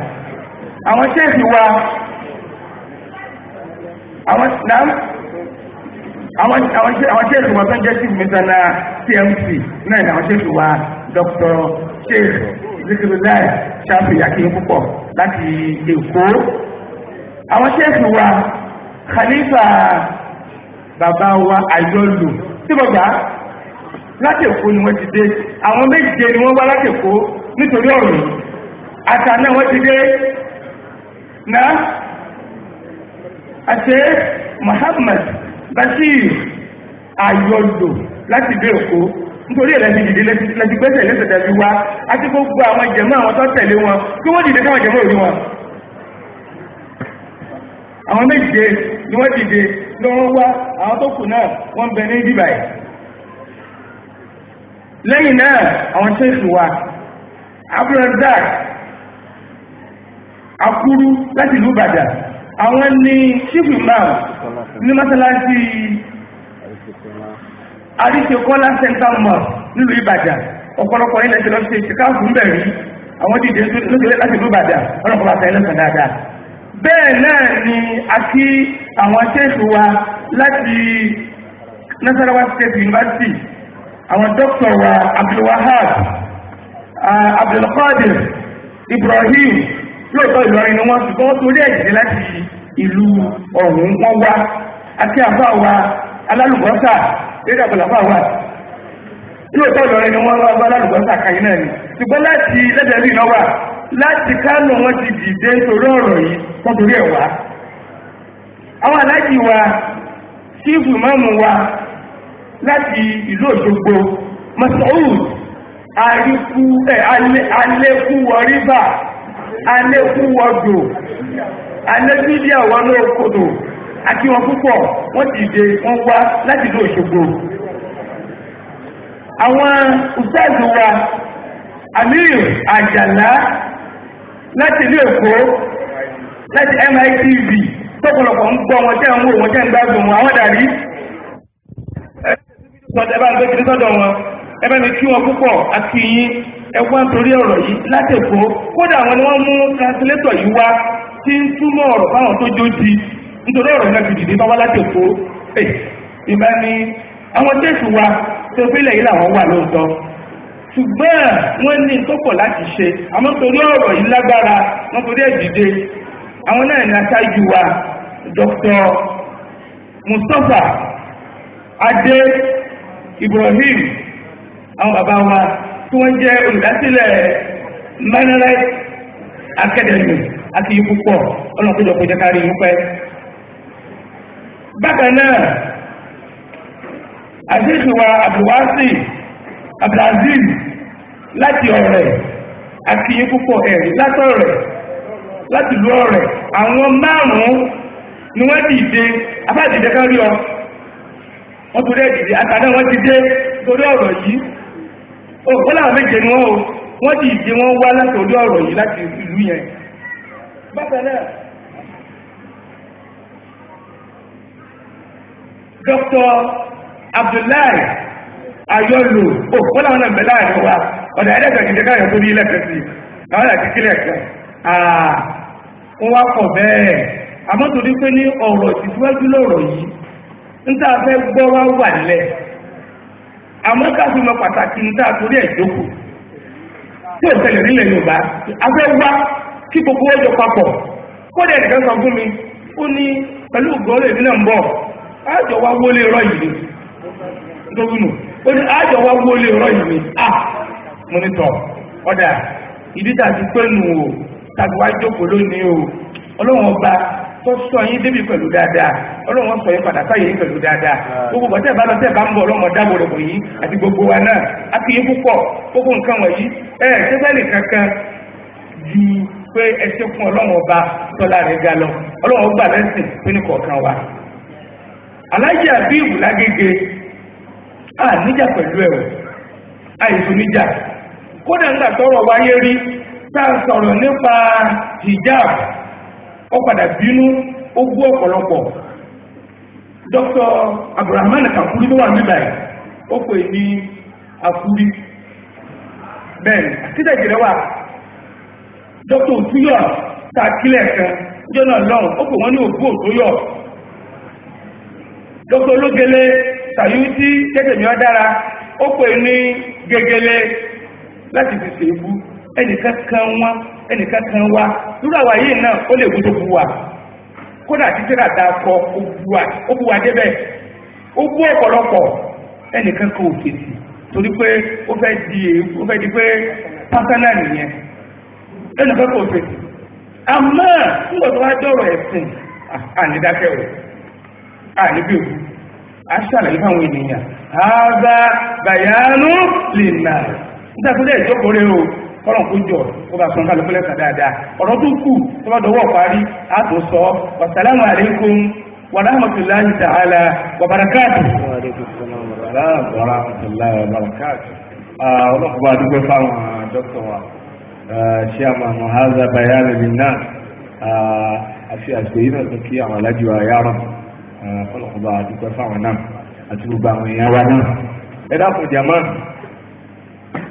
àwọn ṣẹ́ẹ̀fì wa àwọn náà àwọn ṣéèkì wọn tó ń jẹ́ chief missioner tmc náà ni àwọn ṣéèkì wa dr sheikh zikirulai ṣáfì akíyẹ púpọ̀ láti èkó àwọn ṣéèkì wa khalifa bàbá wa ayọ́lù tí mo gbà láti èkó ni wọ́n ti dé àwọn méje ni wọ́n wá láti èkó nítorí ọ̀rùn àtàná wọ́n ti dé náà àṣẹ Muhammad Bashir ayọ̀dò láti bí òkú nítorí ẹ̀rẹ́ ti dìde lẹ́ti gbẹ́sẹ̀ lẹ́sẹ̀ tẹ̀lé wa àti gbogbo àwọn jẹ̀mọ́ àwọn tó tẹ̀lé wọn kí wọ́n dìde káwọn jẹ̀mọ́ òní wọn àwọn méje ni wọ́n dìde lọ́wọ́ wá àwọn tó kù náà wọ́n bẹ ní dìbàì lẹ́yìn náà àwọn tó ìfì wa Abdulrazak Akuru láti ìlú Ìbàdàn àwọn ní chief imam ní mọ́sálásí àríṣekọ́lá central mosque nílùú ìbàdàn ọ̀pọ̀lọpọ̀ ilẹ̀ tí àwọn dìde ni a kí nasarawa state university abdulwahab ah, abdulkadir ibrahim lóòótọ́ ìlọrin ni wọ́n ṣùgbọ́n wọ́n torí ẹ̀jẹ̀ láti ìlú ọ̀hún wọ́n wá àti àbá wa alálùbọ́sà lórí àbọ̀là bá wà lóòótọ́ ìlọrin ni wọ́n wá alálùbọ́sà kàyín náà ni ṣùgbọ́n láti lẹ́dẹ̀ẹ́lì náà wà láti Kánò wọ́n ti dìde torí ọ̀rọ̀ yìí wọ́n torí ẹ̀ wá àwọn aláàjì wa sífù mọ́mù wa láti ìlú Òṣogbo Masoud àríkú ẹ̀ alẹ́kú wọ rí bá alékún wọ́dù alébídí àwọn olóòkòdò àti wọn púpọ̀ wọ́n ti dé wọ́n wá láti ló Òṣogbo àwọn ustaz wa Amir Àjàlá láti ilé Èkó láti MITV tọ́pọ̀lọpọ̀ ń gbọ́ wọn tẹ́ ń wò wọn tẹ́ ń gbádùn wọn àwọn dàrí ẹgbẹ́ mi kí wọn púpọ̀ àti yín ẹwà torí ọ̀rọ̀ yìí látẹ̀kọ́ kódà àwọn ni wọ́n mú translator yìí wá tí ń túmọ̀ ọ̀rọ̀ fáwọn tó jó di nítorí ọ̀rọ̀ náà fìdí bá wá látẹ̀kọ́ ìbá ni àwọn tẹ́sù wa tó fílẹ̀ yìí làwọn wà lóòótọ́ ṣùgbọ́n wọ́n ní tó pọ̀ láti ṣe àmọ́ torí ọ̀rọ̀ yìí lágbára wọ́n torí ẹ̀ àwọn náà Dr. Mustapha Adé Ibrahim àwọn bàbá wa tí wọ́n jẹ́ olùdásílẹ̀ minorite academy àti ikú pọ̀ ọlọ́pẹ́jọ kó kárí ìrúpẹ́ bákan náà láti ọ̀rẹ̀ àti ikú pọ̀ ẹ̀rí láti lú ọ̀rẹ́ àwọn márùn-ún ni wọ́n ọ wọ́n tó o méje ni wọ́n wọ́n ti ìdí wọ́n wá láti orí ọ̀rọ̀ yìí láti ìlú yẹn bákan Dr. Abdullahi Ayọ́lò òkúlà wọn bẹ̀lá ẹ̀kọ́ wa ọ̀dà ẹ̀dẹ́gbẹ̀ kìí ká ẹ̀kọ́ bí ilẹ̀kẹ́ sí àwọn àti kílẹ̀ ẹ̀kọ́ àmọ́ káàkiri lọ pàtàkì ní táà torí tí ó tẹ̀lẹ̀ nílẹ̀ Yorùbá afẹ́ wá kí gbogbo ọjọ́ papọ̀ kódẹ̀ ẹ̀kan sọ fún mi ó ní pẹ̀lú ògbọ́lẹ̀ ìbílẹ̀ ń bọ̀ ájọ wá rọ yìí lóbinú ó ní rọ o tàbí wá jókòó o ọlọ́run ọba tó sọ yín débi pẹ̀lú dáadáa ọlọ́run sọ yín padà sáyé yín pẹ̀lú dáadáa ah. gbogbo bàtẹ́ bá bá ń bọ̀ yìí àti gbogbo wa náà a kì í púpọ̀ gbogbo nǹkan wọ̀nyí kankan ju pé fún ọlọ́run ọba tọ́lá rẹ̀ ga wa. pẹ̀lú ẹ̀rọ àìsùn níjà kódà tọrọ wáyé rí hijab ó padà bínú ó gbó ọ̀pọ̀lọpọ̀ dr abdulrahman kakuri tó wà nígbà yìí ó ní akuri bẹ́ẹ̀ títẹ̀ jẹ́rẹ́ wà dr òtúyọ̀ takílẹ̀ kan jọ́nà lọ́rùn ó kò wọ́n ní òkú òtúyọ̀ dr ológele sàyútí jẹ́jẹ̀mí ọ̀dára ó è ní gegele láti fi ṣèébú ẹnìkankan wá lúrú àwà yìí náà ó lè wúlò bú wa kódà títírà dákọ ó bú débẹ̀ ó bú ọ̀pọ̀lọpọ̀ ẹnìkankan ò torí pé ó fẹ́ di pé pásánà nìyẹn ẹnìkankan ò àmọ́ nígbà wá ẹ̀sìn fáwọn ènìyàn bàyánú lè nà kọ́lọ̀ kó jọ kó bá sọ kálukú lẹ́sà dáadáa ọ̀rọ̀ tó kù tó bá dọwọ́ parí a tó sọ wàsálàmù àlékún wa rahmatullahi ta'ala wa barakatuh. wa alaikum salam wa rahmatullahi wa barakatuh. Ah, ọlọ́kùnrin àdúgbò fáwọn dókítà wa ah, ṣé àmà mọ̀háza bayani bin náà ah, àfi àgbèyí náà tó kí àwọn alájọ àyàrọ̀ ọlọ́kùnrin àdúgbò fáwọn náà àti gbogbo àwọn èèyàn wa náà ẹ dákun jàmáà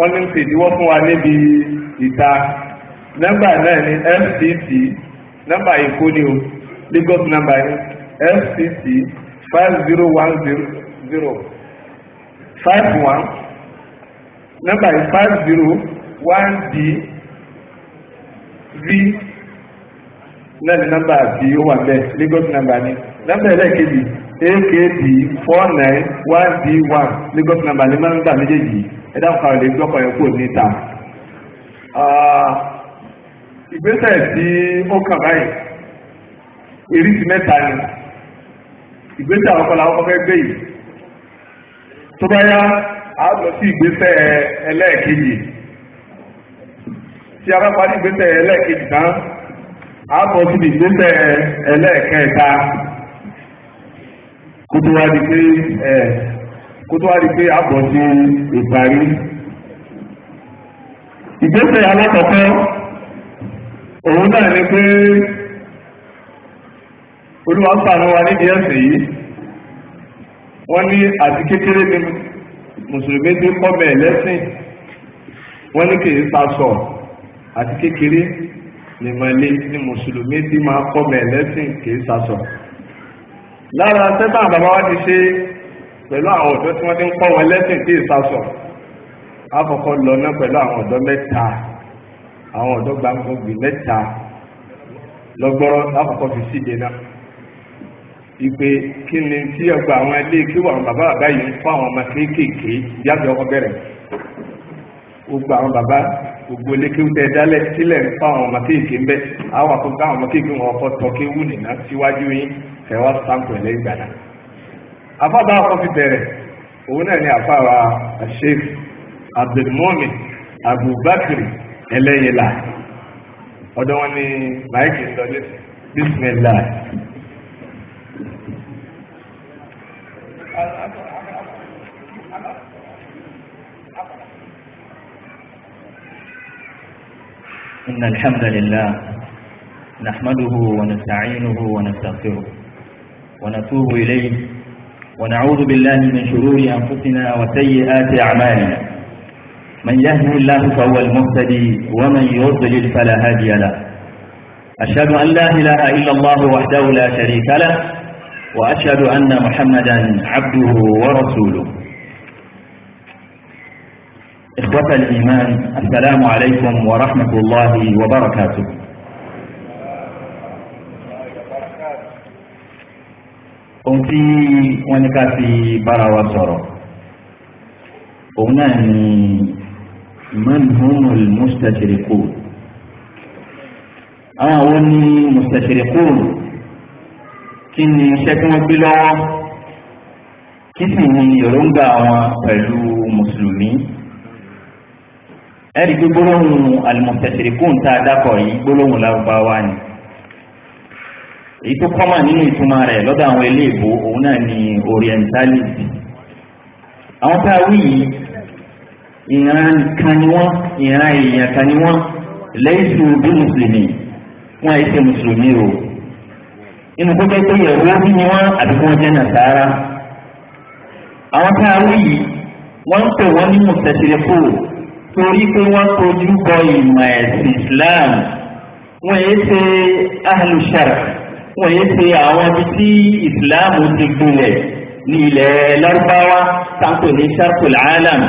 wọ́n ní ṣèdíwọ́ fún wa níbi ìta nọ́mbà náà ní FCC nọ́mbà èkó ni o Lagos nọ́mbà ní FCC five zero one zero zero five one nọ́mbà yìí five zero one d v náà ní nọ́mbà àti ó wà bẹ́ẹ̀ Lagos nọ́mbà ní nọ́mbà ẹlẹ́ẹ̀kejì akd four nine one d one Lagos nọ́mbà ní máa ń gbà méjèèjì yìí ẹ̀dá kan lè gbọ́kàn yẹn kò níta ìgbésẹ̀ tí ó kàn báyìí ìrísí mẹ́ta ni ìgbésẹ̀ àwọn ọkọlá ọkọ fẹ́ gbé yìí tó bá yá a lọ sí ìgbésẹ̀ ẹlẹ́ẹ̀kejì tí a bá parí ìgbésẹ̀ ẹlẹ́ẹ̀kejì tán a bọ̀ sí ìgbésẹ̀ ẹlẹ́ẹ̀kẹta kó tó wá di pé ẹ̀ kó tó wá di pé àbọ̀ sí ìparí. ìgbésẹ̀ alákọ̀ọ́kọ́ òun náà ni pé olúwa ń pàánù wa nídìí ẹ̀sìn yìí wọ́n ní àti kékeré ni mùsùlùmí ti kọ́ bẹ̀ lẹ́sìn wọ́n ní kì í ta sọ àti kékeré nìmọ̀lé ni mùsùlùmí ti máa kọ́ bẹ̀ lẹ́sìn kì í ta sọ. lára sẹ́tàn bàbá wa ti ṣe pẹ̀lú àwọn ọ̀dọ́ tí wọ́n ti ń kọ́ wọn lẹ́sìn tí ìsásọ̀ àkọ́kọ́ lọ náà pẹ̀lú àwọn ọ̀dọ́ mẹ́ta àwọn ọ̀dọ́ gbàgbọ́gbì mẹ́ta lọ́gbọ́rọ́ àkọ́kọ́ fi síde náà ìpè kí ni tí ọgbà àwọn kí wọ́n bàbá bàbá yìí ń fọ́ àwọn ọmọ kéékèèké jáde ọkọ bẹ̀rẹ̀ gbogbo àwọn bàbá gbogbo ń àwọn ọmọ afábá akọ́ fi bẹ̀rẹ̀ òun náà ni afáwa sheikh abdulmumin abubakar ẹlẹ́yìnlá ọ̀dọ̀ wọn ni máìkì ń lọlé bísímẹ́lá. إن الحمد لله نحمده ونستعينه ونستغفره ونتوب إليه ونعوذ بالله من شرور أنفسنا وسيئات أعمالنا من يهدي الله فهو المهتدي ومن يضلل فلا هادي له أشهد أن لا إله إلا الله وحده لا شريك له وأشهد أن محمدا عبده ورسوله إخوة الإيمان السلام عليكم ورحمة الله وبركاته ohun tí wọ́n ní ká fi bára wa sọ̀rọ̀ òun náà ni manhumul mustashirikun àwọn àwọn ní mustashirikun kí ni iṣẹ́ tí wọ́n gbé lọ́wọ́ kí sì ni èròǹgbà wọn pẹ̀lú mùsùlùmí ẹ̀rí gbé gbólóhùn tá a dákọ̀ yìí gbólóhùn lárúbáwá ni èyí tó kọ́mà nínú ìtumọ̀ rẹ̀ lọ́dọ̀ àwọn eléèbó òun náà ni orientality àwọn tá a wí yìí ìran kan ni wọ́n ìran èèyàn kan ni wọ́n lẹ́yìn bí mùsùlùmí wọ́n àyè ṣe mùsùlùmí o inú kó jẹ́ pé yẹ̀wò bí ni wọ́n àbí kí wọ́n jẹ́ nàṣàrà àwọn tá a wí yìí wọ́n ń pè wọ́n ní mùsẹ̀sìrẹ́fò torí pé wọ́n tojú bọ ìmọ̀ ẹ̀sìn Islam wọ́n yẹ ṣe ahlùsàrà wọ́n yé ṣe àwọn ibi tí ìsìláàmù ti gbilẹ̀ ní ilẹ̀ lárúbáwá táǹkò ní sharqul alam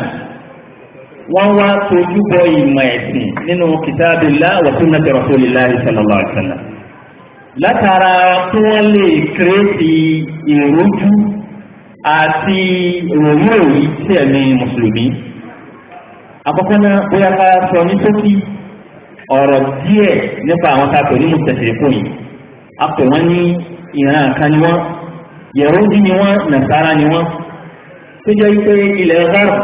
wọ́n wá tójú bọ ìmọ̀ ẹ̀sìn nínú kitabillah wa sunnati rasulillahi sallallahu alaihi wasallam látara tí wọ́n lè kírètì ìrújú àti ròyìn òyìn tí ẹ̀mí mùsùlùmí àkọ́kọ́ náà bóyá ká sọ ní tókì ọ̀rọ̀ díẹ̀ nípa àwọn káàkiri ní mùsùlùmí apẹ̀ wọ́n ní ìran kan ni wọ́n yẹ̀rọ́dí ni wọ́n nàṣàrà ni wọ́n tó jẹ́ wípé ilẹ̀ rárá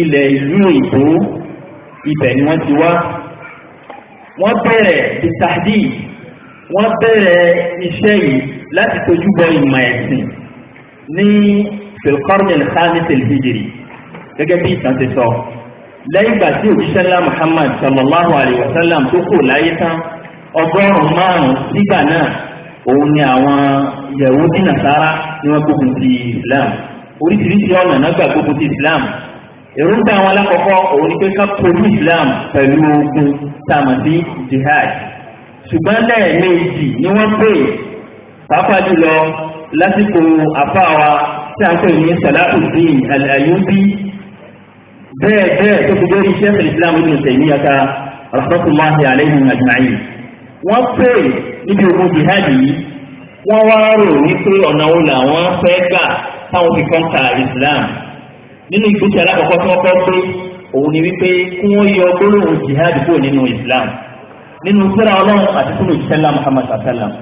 ilẹ̀ ìlú ìbò ibẹ̀ ni wọ́n ti wá wọ́n bẹ̀rẹ̀ ìtàdí wọ́n bẹ̀rẹ̀ iṣẹ́ yìí láti tójú bọ ìmọ̀ ẹ̀sìn ní filqarnil khamis al gẹ́gẹ́ bí ìtàn ti sọ lẹ́yìn ìgbà tí òjíṣẹ́ ńlá muhammad sallallahu alayhi wa sallam tó kò láyé tán ọgọ́rùn-ún márùn-ún sígbà náà òun ni àwọn Yahudi Nasara ni wọ́n gbógun ti Islam oríṣiríṣi ọ̀nà náà gbà gbógun ti Islam èròǹgbà àwọn alákọ̀ọ́kọ́ òun ni pé ká polú Islam pẹ̀lú ogun sàmàtí jihad ṣùgbọ́n lẹ́ẹ̀mejì ni wọ́n pè pàápàá jùlọ lásìkò àfáwa tí a ń pè ní Salahuddin Al-Ayyubi bẹ́ẹ̀ bẹ́ẹ̀ tó fi lórí iṣẹ́ Islam Ibn Taymiyyah rahmatullahi alayhi ajma'in wọ́n pèrè níbi ogun jihad yìí wọ́n wá rò wípé ọ̀nà wo làwọn fẹ́ gbà táwọn fi kọ́ńtà Islam nínú ìgbésẹ̀ alákọ̀ọ́kọ́ tí wọ́n kọ́ pé òun ni wípé kí wọ́n yọ gbólóhùn jihad kúrò nínú Islam nínú sẹ́ra ọlọ́run àti sínú ìṣẹ́lá Muhammad sallam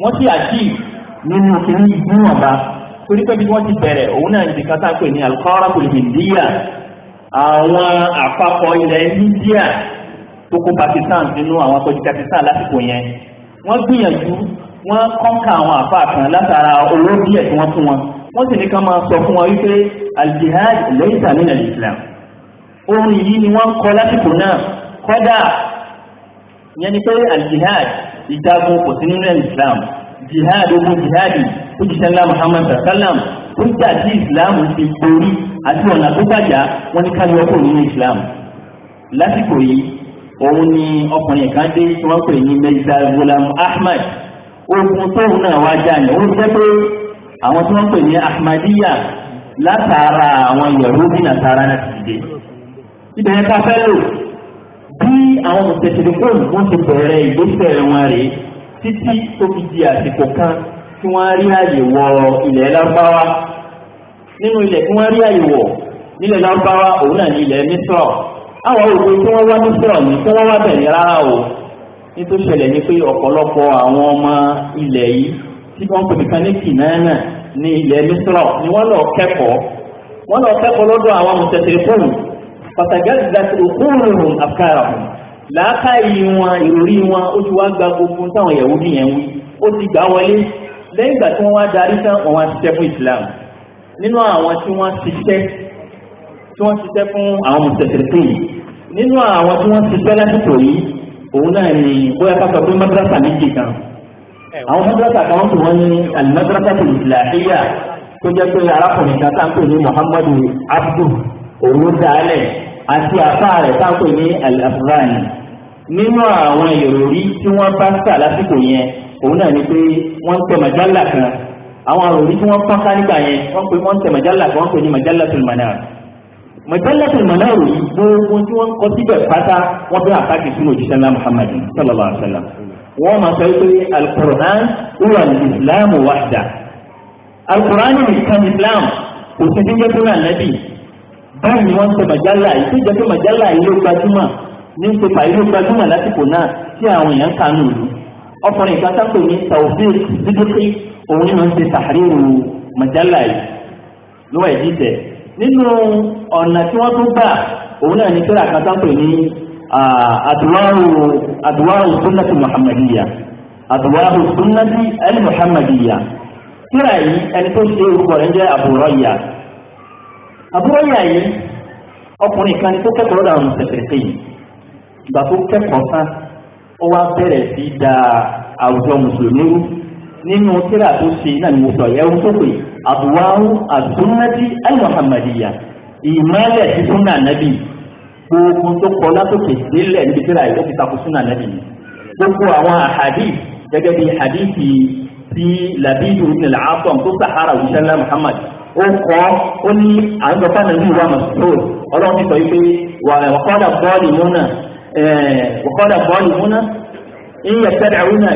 wọ́n ti àjí nínú kìíní ìgbìmọ̀ba torí pé bí wọ́n ti bẹ̀rẹ̀ òun náà ti kátà pé ní alukọ́ra kò lè dìyà àwọn àpapọ̀ ilẹ̀ India tó kó Pakistan sínú àwọn akọ́jú Pakistan lásìkò yẹn wọ́n gbìyànjú wọ́n kọ́ńkà àwọn àfa kan látara owó díẹ̀ tí wọ́n fún wọn wọ́n sì ní ká máa sọ fún wọn wípé al-jihad laysa islam orin yìí ni wọ́n kọ lásìkò náà kọ́dà yẹn ni pé al-jihad ìjagun kò sí nínú Islam jihad ogun jihadi tó ńlá Muhammad sallam tó jà sí Islam ti borí àti ọ̀nà tó gbàjà wọn ní ká yọ nínú Islam lásìkò yìí òun ni ọkùnrin kan dé tí wọ́n pè ní mẹ́ta gulam ahmed ogun tóun náà wá já ni ó ń jẹ́ pé àwọn tí wọ́n pè ní ahmadiyya látara àwọn yẹ̀rúbí nàtara náà ti dìde. ibẹ̀ ká fẹ́ lò bí àwọn mùsùlùmí wọ́n ti bẹ̀rẹ̀ ìgbésẹ̀ wọn rèé títí tó fi di àsìkò kan tí wọ́n rí àyè wọ ilẹ̀ lárúbáwá nínú ilẹ̀ tí wọ́n rí àyè wọ nílẹ̀ lárúbáwá òun náà ní ilẹ̀ mísírọ̀ àwọn òwe tí wọ́n wá ní sọ̀rọ̀ tí wọ́n wá bẹ̀rẹ̀ rárá o ní tó ṣẹlẹ̀ ni pé ọ̀pọ̀lọpọ̀ àwọn ọmọ ilẹ̀ yìí tí wọ́n pè nìkan ní kìnnánà ní ilẹ̀ mísírọ̀ ni wọ́n lọ kẹ́kọ̀ọ́ wọ́n lọ kẹ́kọ̀ọ́ lọ́dọ̀ àwọn mùtẹ̀tẹ̀ fóònù pàtàkì àti òkúrùn àkàrà làákàyè wọn ìròrí wọn ó ti wá gba gbogbo táwọn ìyàwó nìyẹn wí ó ti gbà wọlé lẹ́yìn ìgbà tí wọ́n wá darí tán wọn wá ṣiṣẹ́ fún ìsìlámù nínú àwọn tí wọ́n ṣiṣẹ́ tí wọ́n ṣiṣẹ́ fún àwọn mùsẹ̀sẹ̀sẹ̀ yìí nínú àwọn tí wọ́n ṣiṣẹ́ lásìkò yìí òun náà ni bóyá ká pé madrasa méjì kan àwọn madrasa kan tí wọ́n ní alimadrasa tó ìlàhíyà tó jẹ́ pé arákùnrin kan táǹkì ní muhammadu abdu òun dálẹ̀ àti àfáà rẹ̀ táǹkì ní alafrani nínú àwọn ìròrí tí wọ́n bá sà lásìkò yẹn òun náà ni pé wọ́n ń tẹ màjálà kan àwọn ìròrí tí wọ́n pọ́nká nígbà yẹn wọ́n pe wọ́n ń tẹ màjálà kan wọ́n pe ní màjálà tó mànà mọ̀tẹ́lẹ́sẹ̀ mọ̀láwò yìí gbogbo tí wọ́n ń kọ síbẹ̀ pátá wọ́n fẹ́ àtàkì sínú òjíṣẹ́ ńlá muhammad sallallahu alaihi wa sallam wọ́n máa sọ pé alukur'an wà ní islam wahda alukur'an ní nìkan islam kò sí ní jẹ́ fúnra nàbì báyìí ni wọ́n ń sọ màjálà yìí tó jẹ́ pé màjálà yìí ló gbajúmọ̀ ní pépà yìí ló gbajúmọ̀ lásìkò náà tí àwọn èèyàn kanú ìlú ọkùnrin kan ní taofik dídúkì nínú ọ̀nà tí wọ́n tún gbà òun náà ní kíra kan sápè ní àdúwárù sunnati muhammadiyya àdúwárù sunnati al-muhammadiyya kíra yìí ẹni tó ṣe orúkọ rẹ̀ jẹ́ àbúrọ̀yà àbúrọ̀yà yìí ọkùnrin kan tó kẹ́kọ̀ọ́ lọ́dà ọ̀nà tẹ̀tẹ̀tẹ̀ yìí ìgbà tó kẹ́kọ̀ọ́ tán ó wá bẹ̀rẹ̀ sí da àwùjọ mùsùlùmí nínú tíra tó ṣe náà ni mo sọ yẹ ohun tó pè àbúwáhù àdúnnàtì alimuhammadiya ìmọ̀lẹ̀ ti súnà nàbì gbogbo tó kọ látòkè délẹ̀ níbi tíra yìí ó ti takò súnà nàbì gbogbo àwọn àhàdì gẹ́gẹ́ bí hadithi ti labidu ibn al-aṣam tó sahara wíṣẹ́lá muhammad ó kọ́ ó ní àgbàfà nàbì wa masoud ọlọ́run ti sọ yìí pé wàkọ́dà bọ́ọ̀lì múnà wàkọ́dà bọ́ọ̀lì múnà ìyẹ̀tẹ̀dàrúnà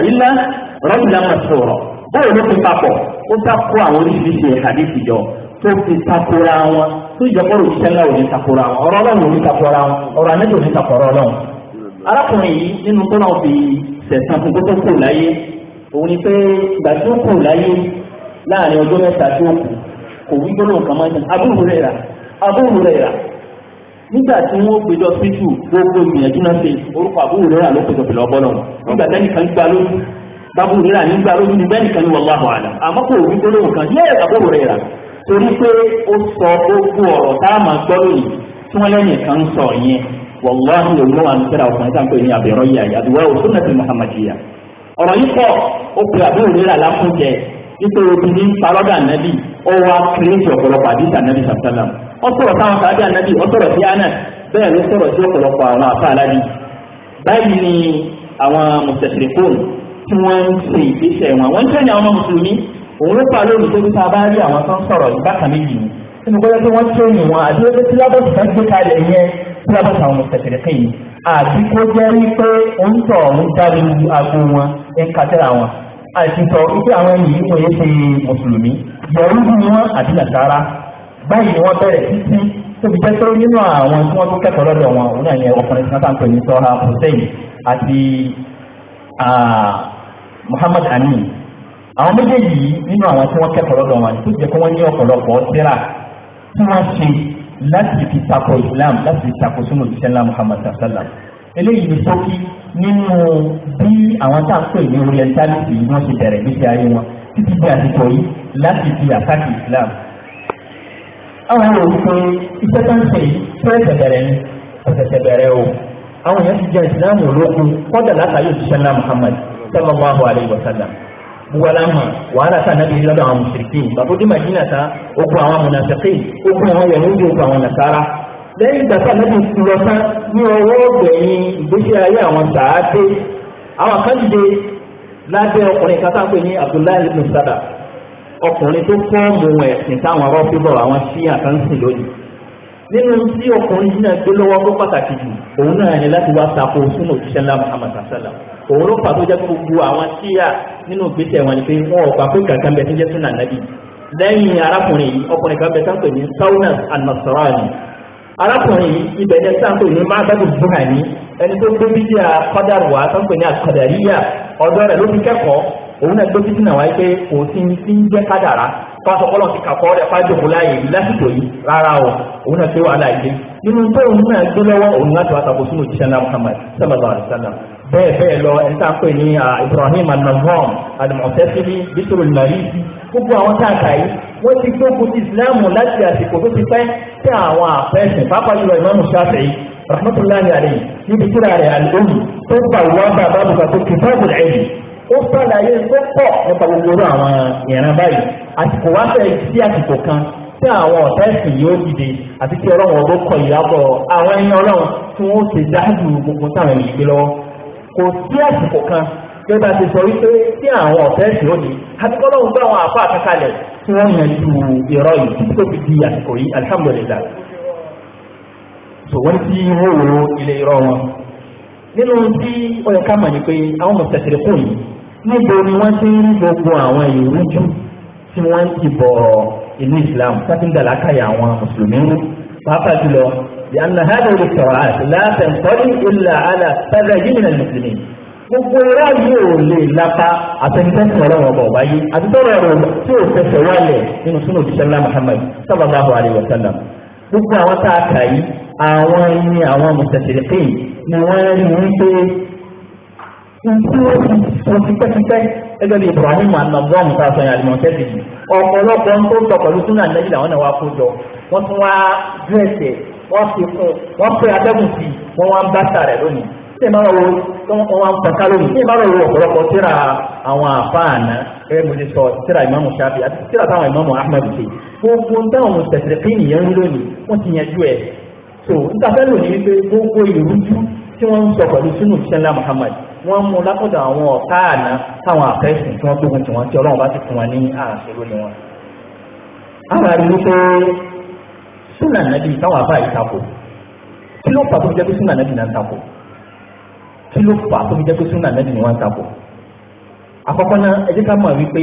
rọ́ìlà mọ̀sọ̀rọ̀ báwo ló fi papọ̀ ó takò àwọn oríṣiríṣi hadith jọ tó fi takora wọn tó ìjọkọ̀rọ̀ òṣìṣẹ́ ńlá ò takora wọn ọ̀rọ̀ ọlọ́run ò takora wọn ọ̀rọ̀ ọlọ́run. arákùnrin yìí nínú tó náà fi sẹ̀sán fún tó láyé òun ni pé ìgbà tó láyé láàrin ọjọ́ mẹ́ta tó kù kò wí gbọ́dọ̀ máa nígbà tí bábú rírà nígbà lójú ní bẹ́ẹ̀ nìkan ní wallahu alam àmọ́ kò wí gbólóhùn kan yẹ́ ẹ̀ka bóòrò rẹ̀ rà torí pé ó sọ gbogbo ọ̀rọ̀ tá a máa gbọ́ lónìí tí wọ́n lẹ́yìn kan ń sọ yẹn wàláhì òun náà ń tẹ́ra ọkùnrin táǹpé ní àbẹ̀rọ yìí àyà àdúrà òfin náà ti muhammadiyya ọ̀rọ̀ yìí pọ̀ ó pe àbúrò rírà láfúnjẹ nítorí obìnrin parọ́dà nẹ́bí ó wá kírètì ọ̀pọ̀lọpọ̀ àdìsá nẹ́bí sàtàlám ó sọ̀rọ̀ táwọn sàádà nẹ́bí ó sọ̀rọ̀ sí àná bẹ́ẹ̀ ló sọ̀rọ̀ sí ọ̀pọ̀lọpọ̀ àwọn àfáàládì báyìí ni àwọn mùsẹ̀sìrìkóònù tí wọ́n ń ṣe ìgbésẹ̀ wọn wọ́n ń tẹ́lẹ̀ àwọn mùsùlùmí òun ló pa lórí tó bípa bá rí àwọn tó ń sọ̀rọ̀ ìbákan méjì ni nínú gbọ́dọ̀ pé wọ́n tẹ́lẹ̀ wọn àti ẹgbẹ́ tí lábọ̀sì kan gbé kalẹ̀ yẹn tí lábọ̀sì àwọn mùsùlùmí kan yìí àti kó jẹ́ rí pé òun tọ̀ òun dálu aago wọn ẹ̀ ń katẹ́ra wọn àti sọ wípé àwọn ẹni yìí wòye ṣe mùsùlùmí yẹ̀rú ni wọ́n àti nàṣàrà báyìí ni wọ́n bẹ̀rẹ̀ títí tóbi jẹ́ pé nínú àwọn tí wọ́n tún kẹ́kọ̀ọ́ lọ́dọ̀ wọn òun náà ni ọkùnrin tí wọ́n tà pè ní sọ́ha hussein àti Muhammad Amin àwọn méjèèjì yìí nínú àwọn tí wọ́n kẹ́kọ̀ọ́ lọ́dọ̀ wọn tó jẹ́ kó wọ́n ní ọ̀pọ̀lọpọ̀ síra tí wọ́n ṣe láti fi takò Islam láti fi takò sínú ìṣẹ́ ńlá Muhammad sallam eléyìí ní ṣókí nínú bí àwọn tá à ń pè ní orientalist yìí wọ́n ṣe bẹ̀rẹ̀ gbèsè ayé wọn títí bí àsìkò yìí láti fi àtàkì Islam. àwọn èrò wípé iṣẹ́ tó ń ṣe yìí fẹ́ẹ̀sẹ̀ bẹ̀rẹ̀ ni ọ̀sẹ̀sẹ̀ bẹ̀rẹ̀ o àwọn èèyàn ti jẹ́ Islam ológun kọ́dà látàrí òṣìṣẹ́ ńlá Muhammad sallallahu alayhi wa sallam buwalama wàhálà tá nàbí lọ́dọ̀ àwọn mùsùlùmí bàbá dé madina ta ogun àwọn munafiki ogun àwọn yahudi ogun àwọn nasara lẹ́yìn ìgbà tá nàbí lọ tán ní ọwọ́ gbẹ̀yìn ìgbésí ayé àwọn sàádé àwọn kan dìde lábẹ́ ọkùnrin kan tá a pè ní abdullahi ibn sada ọkùnrin tó fọ́ọ̀mù ẹ̀sìn táwọn rọ́fíbọ̀ àwọn ṣíyà kan lónìí nínú tí ọkùnrin yìí náà gbé lọ́wọ́ tó pàtàkì jù òun náà ní láti wá tako sínú òṣìṣẹ́ ńlá muhammad òun ló fà tó jẹ́ gbogbo àwọn tíyà nínú ìgbésẹ̀ wọn ni pé wọn ò gbà pé kankan bẹ tó jẹ́ súnà nàbì lẹ́yìn arákùnrin yìí ọkùnrin kan bẹ sáńpẹ̀ ní saunas al-nasrani arákùnrin yìí ibẹ̀ jẹ́ sáńpẹ̀ ní mábẹ́bù buhari ẹni tó gbé bíbí àkọ́dàrú wa sáńpẹ̀ ní àkọ́dàríyà ọ̀dọ́ rẹ̀ ló fi kẹ́kọ̀ọ́ òun náà gbé bíbí náà wáyé pé kò sí ní jẹ́ kádàrá fásitì ọpọlọ ti kàkọ́ rẹ̀ fájòkó láàyè lásìkò yìí rárá o òun náà gbé wàhálà ìdí nínú tó òun náà gbé lọ́wọ́ òun láti wá sàkóso òjíṣẹ́ náà Muhammad sallallahu alaihi bẹ́ẹ̀ bẹ́ẹ̀ lọ ẹni tá a pè ní Ibrahim anamhom alimọ̀tẹ́sílì bitrul marisi gbogbo àwọn tá a kà yìí wọ́n ti gbógun ti Islamu láti àsìkò tó ti pẹ́ tí àwọn àfẹ́sìn pápá jùlọ Imamu Shafi'i rahmatullahi alayhi níbi tíra rẹ̀ alóhùn tó gbà wá bàbá bùkà tó kì fáwọn ẹ̀yìn ó sàlàyé tó pọ̀ nípa gbogbo àwọn ìran báyìí àsìkò wá fẹ́ sí àsìkò kan tí àwọn ọ̀tá yóò dìde àti tí ọlọ́run ọdún kọ ìyàbọ̀ àwọn ẹni ọlọ́run tí wọ́n ti dáàbò gbogbo táwọn ènìyàn gbé lọ́wọ́ kò sí àsìkò kan pé bá ti sọ wípé tí àwọn ọ̀fẹ́ sì ó ní àtikọ́lọ́ ń gbá àwọn àpá àkàkalẹ̀ tí wọ́n yàn ju ìrọ̀ yìí tó fi di àsìkò yìí alhamdulillah so wọ́n ti wó wo ilé irọ́ wọn nínú tí ó yẹ ká mọ̀ ni pé àwọn mọ̀sẹ̀sẹ̀rẹ̀ kù yìí níbo ni wọ́n ti ń gbogbo àwọn ìrújú tí wọ́n ti bọ̀ ìlú Islam sátúndà lákàyà àwọn mùsùlùmí rú pàápàá jùlọ لأن هذه الاختراعات لا تنطلي إلا على سذج من المسلمين gbogbo ẹ̀rọ yóò lè lápá àtẹnitẹ́sí ọlọ́run ọba ọba yìí àtúntọ́rọ̀ ẹ̀rọ tí ó fẹsẹ̀ wálẹ̀ nínú súnú òjíṣẹ́ ńlá Muhammad sallallahu alaihi wa sallam gbogbo àwọn tá a kà yìí àwọn ẹni àwọn mùsàtìrìkìn ni wọ́n rí wọn pé ntí ó ti sọ tipẹ́tipẹ́ gẹ́gẹ́ bí Ibrahim anagom tá a sọ yẹn ọ̀pọ̀lọpọ̀ ń tó tọ pẹ̀lú súnú wọ́n fi fún wọ́n pé atẹ́gùn sí wọ́n wá ń bá sàrẹ̀ lónìí tí ìmọ̀ wo tí wọ́n wá ń pẹ̀ká lónìí tí ìmọ̀ wo ọ̀pọ̀lọpọ̀ tíra àwọn àfáàná ẹ̀rẹ́ mo ti sọ tíra ìmáàmù Ṣáfi àti tíra táwọn ìmáàmù Ahmed ṣe gbogbo ń dáhùn tẹ̀sẹ̀ pé nìyẹn ń lónìí wọ́n ti yanjú ẹ̀ so nítafẹ́ lónìí wípé gbogbo ìrújú tí wọ́n ń sọ pẹ̀lú sínú ìṣẹ́lá Muhammad wọ́n mú lápọ̀dọ̀ àwọn ọ̀tá àná táwọn àfẹ́sìn tí wọ́n gbógun tí wọ́n tí Ọlọ́run bá ti fún wọn ní àṣẹ lónìí wọn súnà nàbí táwọn afá yìí tako kí ló fà tó fi jẹ́ pé súnà nàbí náà tako kí ló fà tó fi jẹ́ pé súnà nàbí ni wọ́n tako àkọ́kọ́ náà ẹ jẹ́ ká mọ̀ wípé